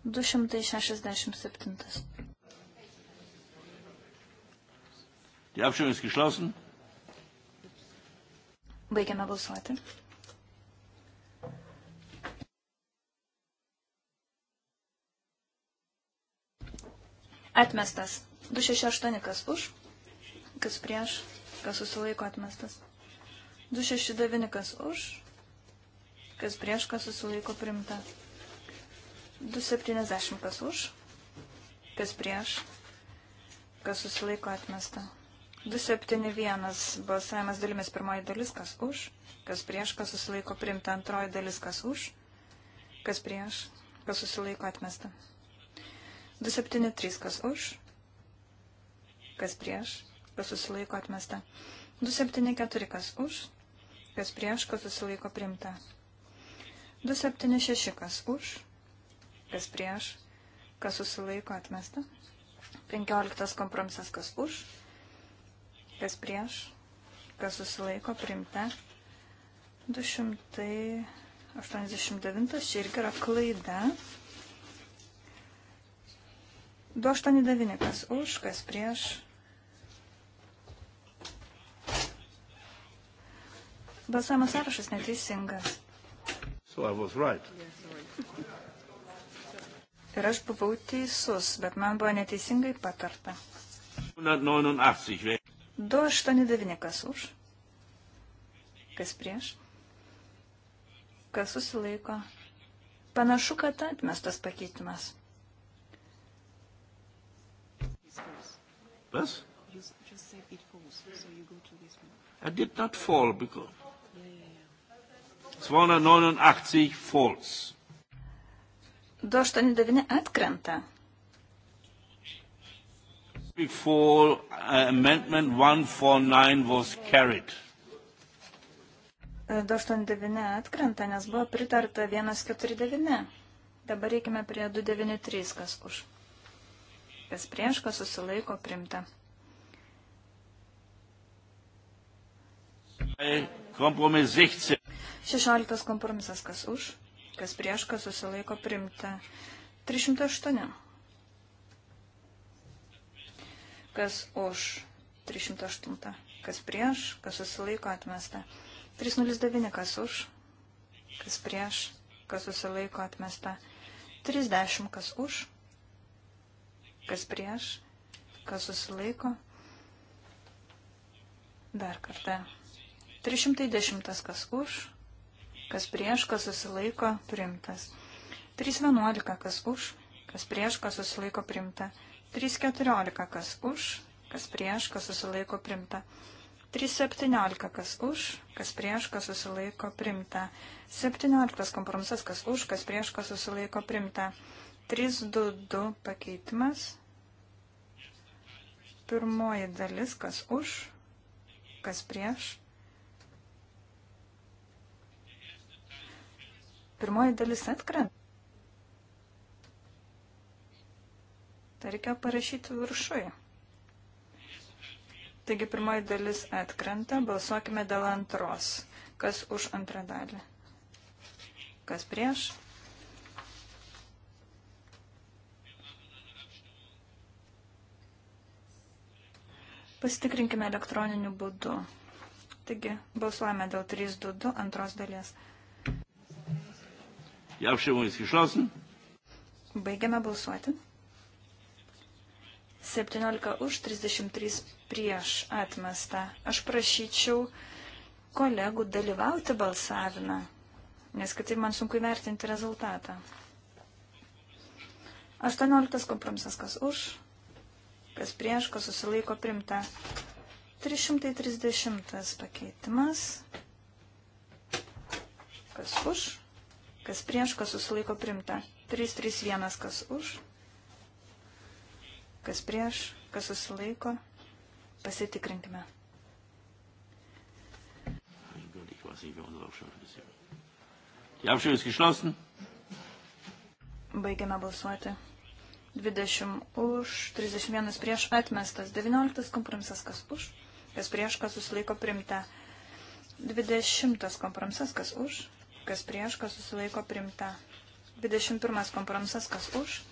Du šimtai šešiasdešimt septintas. Die Abstimmung ist geschlossen. Baigiame balsuoti. Atmestas. 268 kas už, kas prieš, kas susilaiko atmestas. 269 kas už, kas prieš, kas susilaiko primta. 270 kas už, kas prieš, kas susilaiko atmesta. 271 balsavimas dalimis pirmoji dalis, kas už, kas prieš, kas susilaiko primta antroji dalis, kas už, kas prieš, kas susilaiko atmesta. 273 kas už, kas prieš, kas susilaiko atmesta. 274 kas už, kas prieš, kas susilaiko primta. 276 kas už, kas prieš, kas susilaiko atmesta. 15 kompromisas kas už, kas prieš, kas susilaiko primta. 289 čia irgi yra klaida. 289 kas už, kas prieš. Balsavimo sąrašas neteisingas. So I was right. Ir aš buvau teisus, bet man buvo neteisingai patarta. 289 kas už, kas prieš, kas susilaiko. Panašu, kad atmestas pakeitimas. Yes? You just said it falls, so you go to this one. I did not fall because. Yeah, yeah, yeah. 289 falls. 289 atkrenta. Before uh, amendment 149 was carried. 289 uh, atkrenta, nes buvo pritarta 149. Dabar reikime prie 293, kas už kas prieš, kas susilaiko primta. Kompromis 16. 16 kompromisas, kas už, kas prieš, kas susilaiko primta. 308. Kas už 308, kas prieš, kas susilaiko atmesta. 309, kas už, kas prieš, kas susilaiko atmesta. 30, kas už, kas prieš, kas susilaiko. Dar kartą. 310 kas už, kas prieš, kas susilaiko, primtas. 311 kas už, kas prieš, kas susilaiko, primta. 314 kas už, kas prieš, kas susilaiko, primta. 317 kas už, kas prieš, kas susilaiko, primta. 17 kompromisas kas už, kas prieš, kas susilaiko, primta. 322 pakeitimas Pirmoji dalis, kas už, kas prieš. Pirmoji dalis atkrenta. Tai reikia parašyti viršuje. Taigi pirmoji dalis atkrenta, balsuokime dėl antros. Kas už antrą dalį? Kas prieš? Kas prieš? Pasitikrinkime elektroniniu būdu. Taigi, balsuojame dėl 322 antros dalies. Baigiame balsuoti. 17 už 33 prieš atmestą. Aš prašyčiau kolegų dalyvauti balsavime, nes kitaip man sunku įvertinti rezultatą. 18 kompromisas kas už, kas prieš, kas susilaiko primta. 330 pakeitimas, kas už, kas prieš, kas susilaiko primta. 331 kas už, kas prieš, kas susilaiko, pasitikrinkime. Die Abstimmung ist geschlossen. Baigiame balsuoti. 20 už, 31 prieš atmestas, 19 kompromisas kas už, kas prieš, kas susilaiko primta, 20 kompromisas kas už, kas prieš, kas susilaiko primta, 21 kompromisas kas už,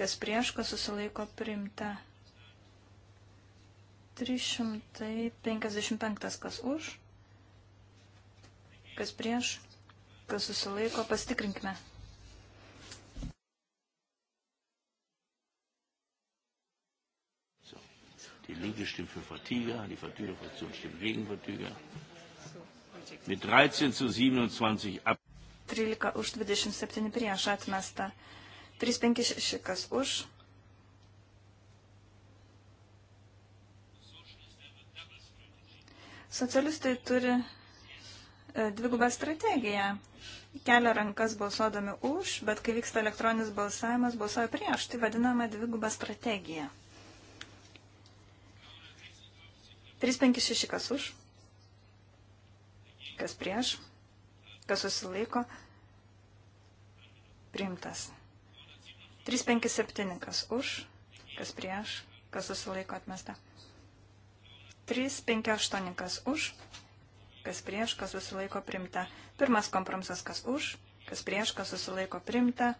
kas prieš, kas susilaiko primta, 355 kas už, kas prieš, kas susilaiko, pastikrinkime. Die Linke stimmt für Vertiger, die Vertiger-Fraktion stimmt gegen Vertiger. Mit 13 zu 27 ab. 13 už 27 prieš atmesta. 356 kas už. Socialistai turi e, dvigubą strategiją. Kelia rankas balsuodami už, bet kai vyksta elektroninis balsavimas, balsuoja prieš. Tai vadinama dvigubą strategiją. 356 kas už, kas prieš, kas susilaiko, priimtas. 357 kas už, kas prieš, kas susilaiko atmesta. 358 kas už, kas prieš, kas susilaiko primta. Pirmas kompromisas kas už, kas prieš, kas susilaiko primta.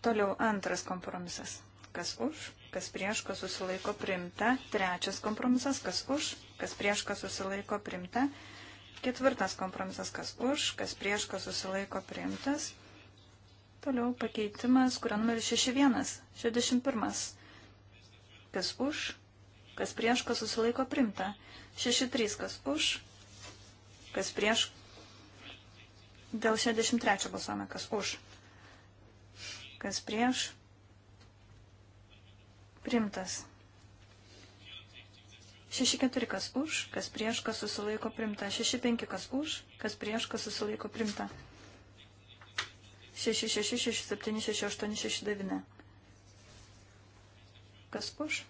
Toliau antras kompromisas. Kas už, kas prieš, kas susilaiko primta. Trečias kompromisas. Kas už, kas prieš, kas susilaiko primta. Ketvirtas kompromisas. Kas už, kas prieš, kas susilaiko primtas. Toliau pakeitimas, kurio numeris 61, 61. Kas už, kas prieš, kas susilaiko primta. 63, kas už, kas prieš. Dėl 63 balsuojame, kas už Kas prieš? Primtas. 6-4 kas už, kas prieš, kas susilaiko primta. 6-5 kas už, kas prieš, kas susilaiko primta. 6-6-6-7-6-8-6-9. Kas už?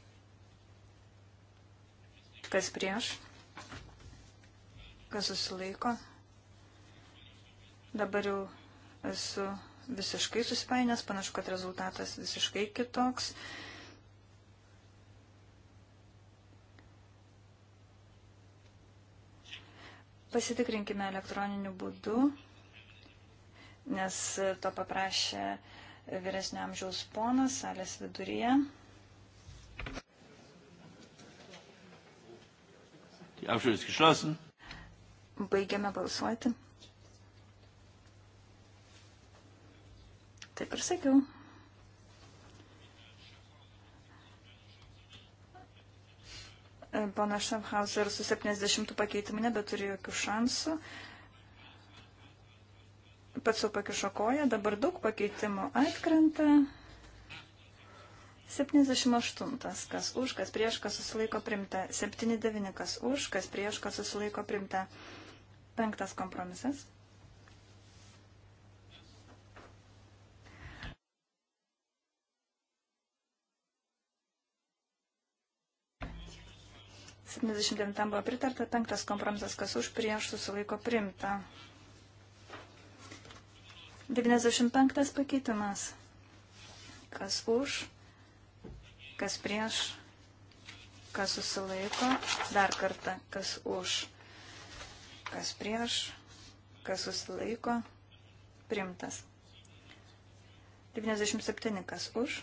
Kas prieš? Kas susilaiko? Dabar jau esu visiškai susipainęs, panašu, kad rezultatas visiškai kitoks. Pasitikrinkime elektroniniu būdu, nes to paprašė vyresnio amžiaus ponas salės viduryje. Baigiame balsuoti. Taip ir sakiau. Pana Šafhauser su 70 pakeitimu nebeturi jokių šansų. Pats jau pakišo koją, dabar daug pakeitimų atkrenta. 78. Kas už, kas prieš, kas susilaiko primta. 79. Kas už, kas prieš, kas susilaiko primta. Penktas kompromisas. 79 buvo pritarta, penktas kompromisas, kas už, prieš, susilaiko primta. 95 pakeitimas, kas už, kas prieš, kas susilaiko, dar kartą, kas už, kas prieš, kas susilaiko, primtas. 97 kas už,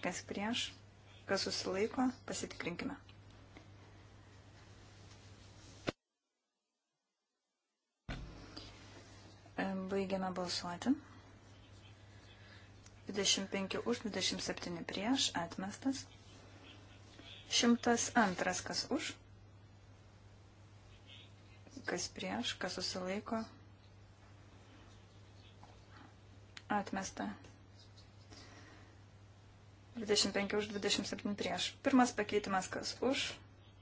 kas prieš, kas susilaiko, pasitikrinkime. Baigiame balsuoti. 25 už, 27 prieš, atmestas. 102 kas už, kas prieš, kas susilaiko, atmesta. 25 už 27 prieš. Pirmas pakeitimas kas už,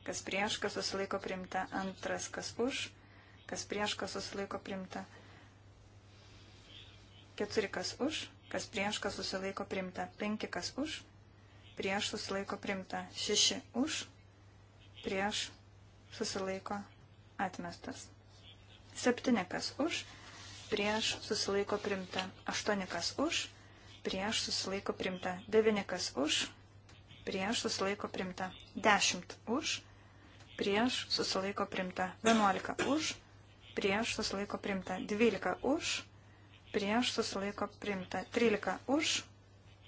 kas prieš, kas susilaiko primta. Antras kas už, kas prieš, kas susilaiko primta. Keturi kas už, kas prieš, kas susilaiko primta. Penki kas už, prieš susilaiko primta. Šeši už, prieš susilaiko atmestas. Septyni kas už, prieš susilaiko primta. Aštuoni kas už, prieš susilaiko primta prieš susilaiko primta. 9 kas už, prieš susilaiko primta. 10 už, prieš susilaiko primta. 11 už, prieš susilaiko primta. 12 už, prieš susilaiko primta. 13 už,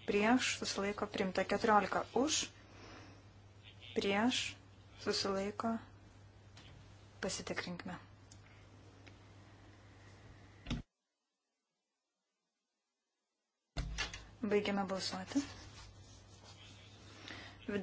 prieš susilaiko primta. 14 už, prieš susilaiko. Pasitikrinkime. Baigiame balsuoti. 20,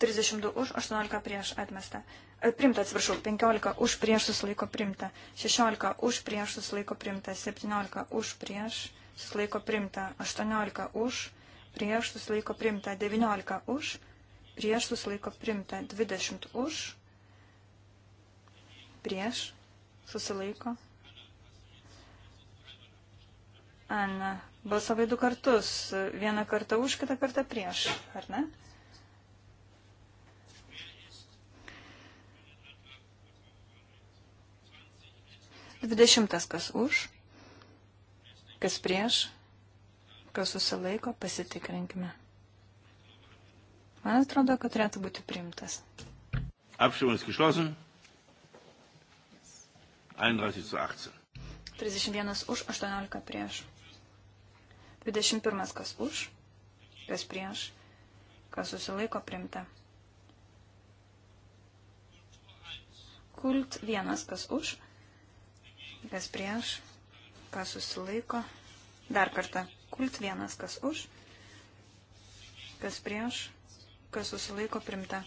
32 už, 18 prieš atmesta. E, primta, atsiprašau, 15 už prieš susilaiko primta, 16 už prieš susilaiko primta, 17 už prieš susilaiko primta, 18 už prieš susilaiko primta, 19 už prieš susilaiko primta, 20 už prieš susilaiko. Ana Balsavai du kartus. Vieną kartą už, kitą kartą prieš, ar ne? Dvidešimtas kas už, kas prieš, kas susilaiko, pasitikrinkime. Man atrodo, kad turėtų būti priimtas. Abstimmung ist geschlossen. 31 zu 18. 31 už, 18 prieš. 21. Kas už, kas prieš, kas susilaiko primta. Kult 1. Kas už, kas prieš, kas susilaiko. Dar kartą. Kult 1. Kas už, kas prieš, kas susilaiko primta.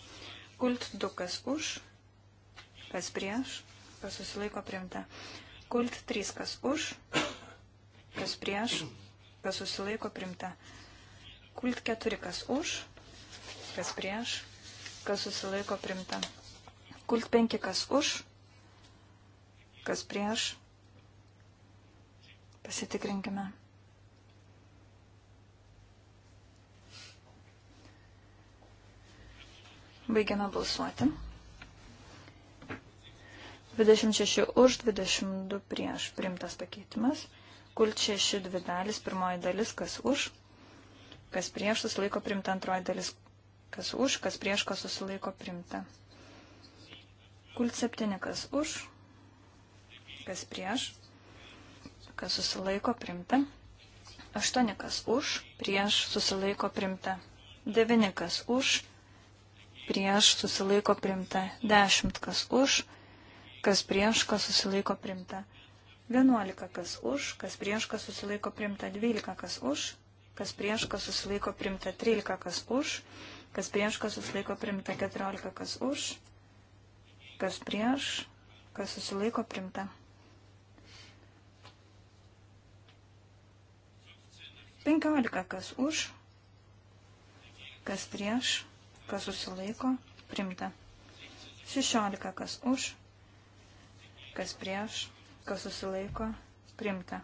Kult 2. Kas už, kas prieš, kas susilaiko primta. Kult 3. Kas už, kas prieš, kas susilaiko primta. Kult 4, kas už, kas prieš, kas susilaiko primta. Kult 5, kas už, kas prieš. Pasitikrinkime. Baigiame balsuoti. 26 už, 22 prieš primtas pakeitimas. Kult šeši dvi dalis, pirmoji dalis, kas už, kas prieš susilaiko primta, antroji dalis, kas už, kas prieš, kas susilaiko primta. Kult septyni, kas už, kas prieš, kas susilaiko primta. Aštuoni, kas už, prieš susilaiko primta. Devini, kas už, prieš susilaiko primta. Dešimt, kas už, kas prieš, kas susilaiko primta. 10, 11 kas už, kas prieš, kas susilaiko primta 12 kas už, kas prieš, kas susilaiko primta 13 kas už, kas prieš, kas susilaiko primta 14 kas už, kas prieš, kas susilaiko primta. 15 kas už, kas prieš, kas susilaiko primta. 16 kas už, kas prieš, kas susilaiko, primta.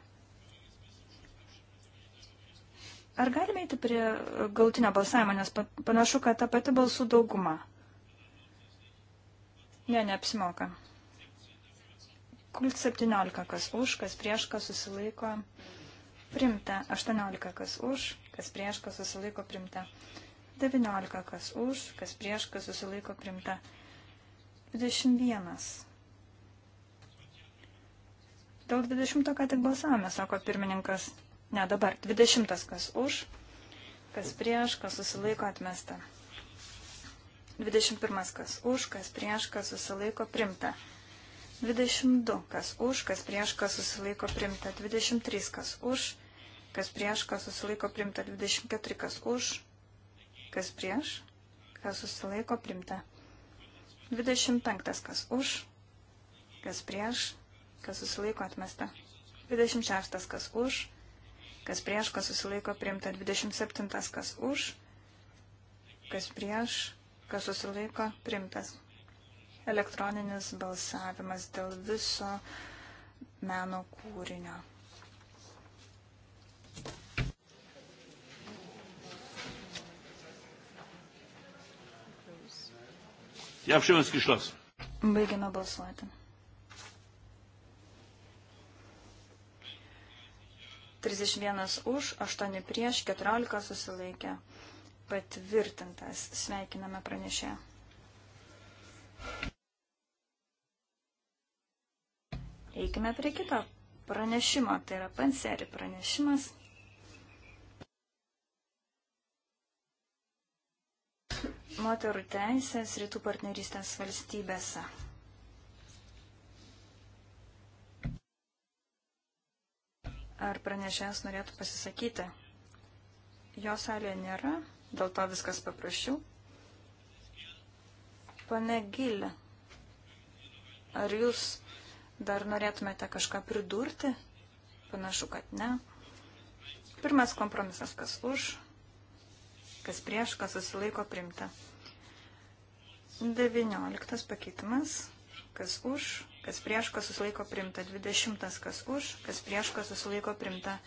Ar galime eiti prie galutinio balsavimo, nes panašu, kad ta pati balsų dauguma. Ne, neapsimoka. Kult 17, kas už, kas prieš, kas susilaiko, primta. 18, kas už, kas prieš, kas susilaiko, primta. 19, kas už, kas prieš, kas susilaiko, primta. 21 Dėl 20 ką tik balsavome, sako pirmininkas. Ne, dabar 20 kas už, kas prieš, kas susilaiko atmesta. 21 kas už, kas prieš, kas susilaiko primta. 22 kas už, kas prieš, kas susilaiko primta. 23 kas už, kas prieš, kas susilaiko primta. 24 kas už, kas prieš, kas susilaiko primta. 25 kas už, kas prieš, kas susilaiko atmesta. 26 kas už, kas prieš, kas susilaiko priimta. 27 kas už, kas prieš, kas susilaiko priimtas. Elektroninis balsavimas dėl viso meno kūrinio. Die Abstimmung ist geschlossen. Baigiame balsuoti. 31 už, 8 prieš, 14 susilaikė. Patvirtintas. Sveikiname pranešę. Eikime prie kito pranešimo. Tai yra panseri pranešimas. Moterų teisės rytų partnerystės valstybėse. Ar pranešęs norėtų pasisakyti? Jo salėje nėra, dėl to viskas paprašiau. Pane Gilė, ar jūs dar norėtumėte kažką pridurti? Panašu, kad ne. Pirmas kompromisas, kas už, kas prieš, kas susilaiko primta. Devynioliktas pakeitimas, kas už, kas prieš, kas susilaiko primta, 20, kas už, kas prieš, kas susilaiko primta,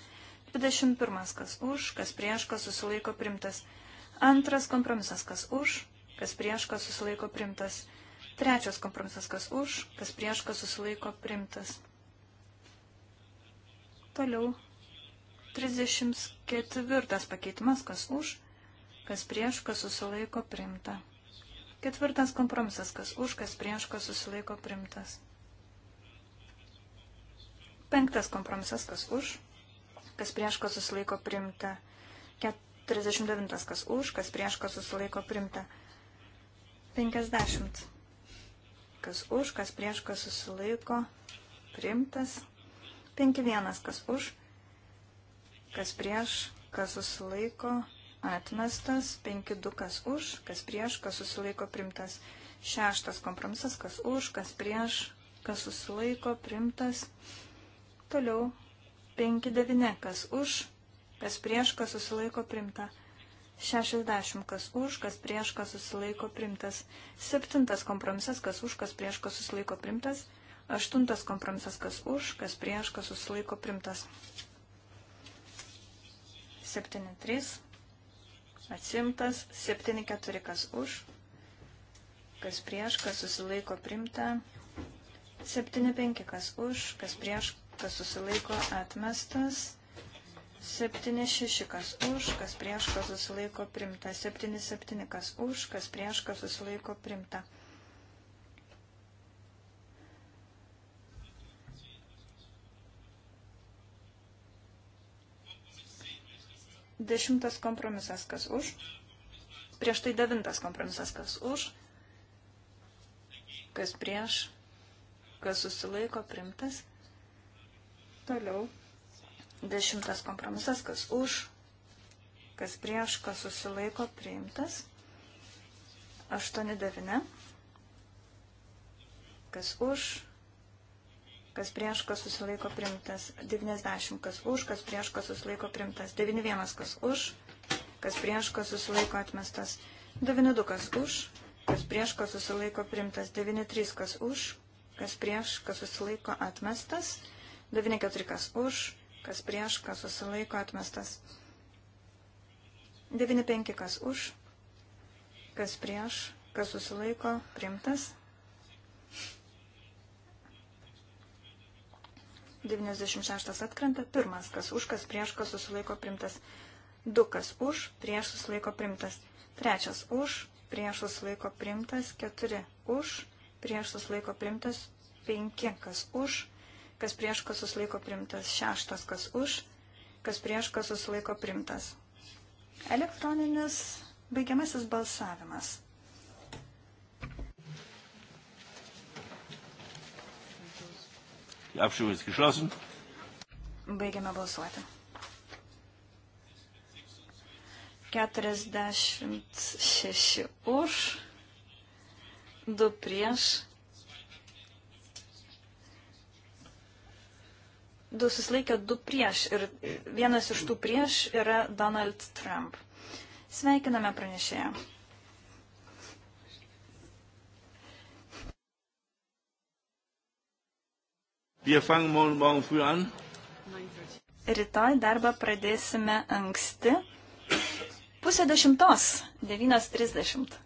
21, kas už, kas prieš, kas susilaiko primtas, antras kompromisas, kas už, kas prieš, kas susilaiko primtas, trečias kompromisas, kas už, kas prieš, kas susilaiko primtas. Toliau 34 pakeitimas, kas už, kas prieš, kas susilaiko primta. Ketvirtas kompromisas, kas už, kas prieš, kas susilaiko primtas. Penktas kompromisas, kas už, kas prieš, kas susilaiko primta. 49, kas už, kas prieš, kas susilaiko primta. 50, kas už, kas prieš, kas susilaiko primtas. 51, kas už, kas prieš, kas susilaiko atmestas. 52, kas už, kas prieš, kas susilaiko primtas. Šeštas kompromisas, kas už, kas prieš, kas susilaiko primtas. Toliau 5-9, kas už, kas prieš, kas susilaiko primta. 60, kas už, kas prieš, kas susilaiko primtas. 7 kompromisas, kas už, kas prieš, kas susilaiko primtas. 8 kompromisas, kas už, kas prieš, kas susilaiko primtas. 7-3, atsimtas. 7-4, kas už, kas prieš, kas susilaiko primta. 7-5, kas už, kas prieš, kas susilaiko atmestas. 7-6 kas už, kas prieš, kas susilaiko primta. 7-7 kas už, kas prieš, kas susilaiko primta. Dešimtas kompromisas kas už. Prieš tai devintas kompromisas kas už. Kas prieš, kas susilaiko primtas. Toliau dešimtas kompromisas, kas už, kas prieš, kas susilaiko priimtas. 8-9. Kas už, kas prieš, kas susilaiko primtas. 90, kas už, kas prieš, kas susilaiko primtas. 91, kas už, kas prieš, kas susilaiko atmestas. 92, kas už, kas prieš, kas susilaiko primtas. 93, kas už, kas prieš, kas susilaiko atmestas. 94, 94 kas už, kas prieš, kas susilaiko atmestas. 95 kas už, kas prieš, kas susilaiko priimtas. 96 atkrenta, pirmas kas už, kas prieš, kas susilaiko priimtas. 2 kas už, prieš susilaiko priimtas. 3 už, prieš susilaiko priimtas. 4 už, prieš susilaiko priimtas. 5 kas už, kas prieš, kas susilaiko primtas. Šeštas, kas už, kas prieš, kas susilaiko primtas. Elektroninis baigiamasis balsavimas. Die Abstimmung ist geschlossen. Baigiame balsuoti. 46 už, 2 prieš, du susilaikė du prieš ir vienas iš tų prieš yra Donald Trump. Sveikiname pranešėją. Rytoj darbą pradėsime anksti. Pusė dešimtos, 9.30.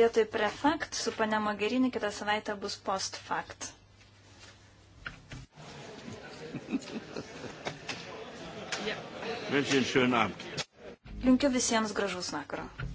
Vietoj prefakt su pane Mogherini kitą savaitę bus post fakt. Linkiu visiems gražus vakaro.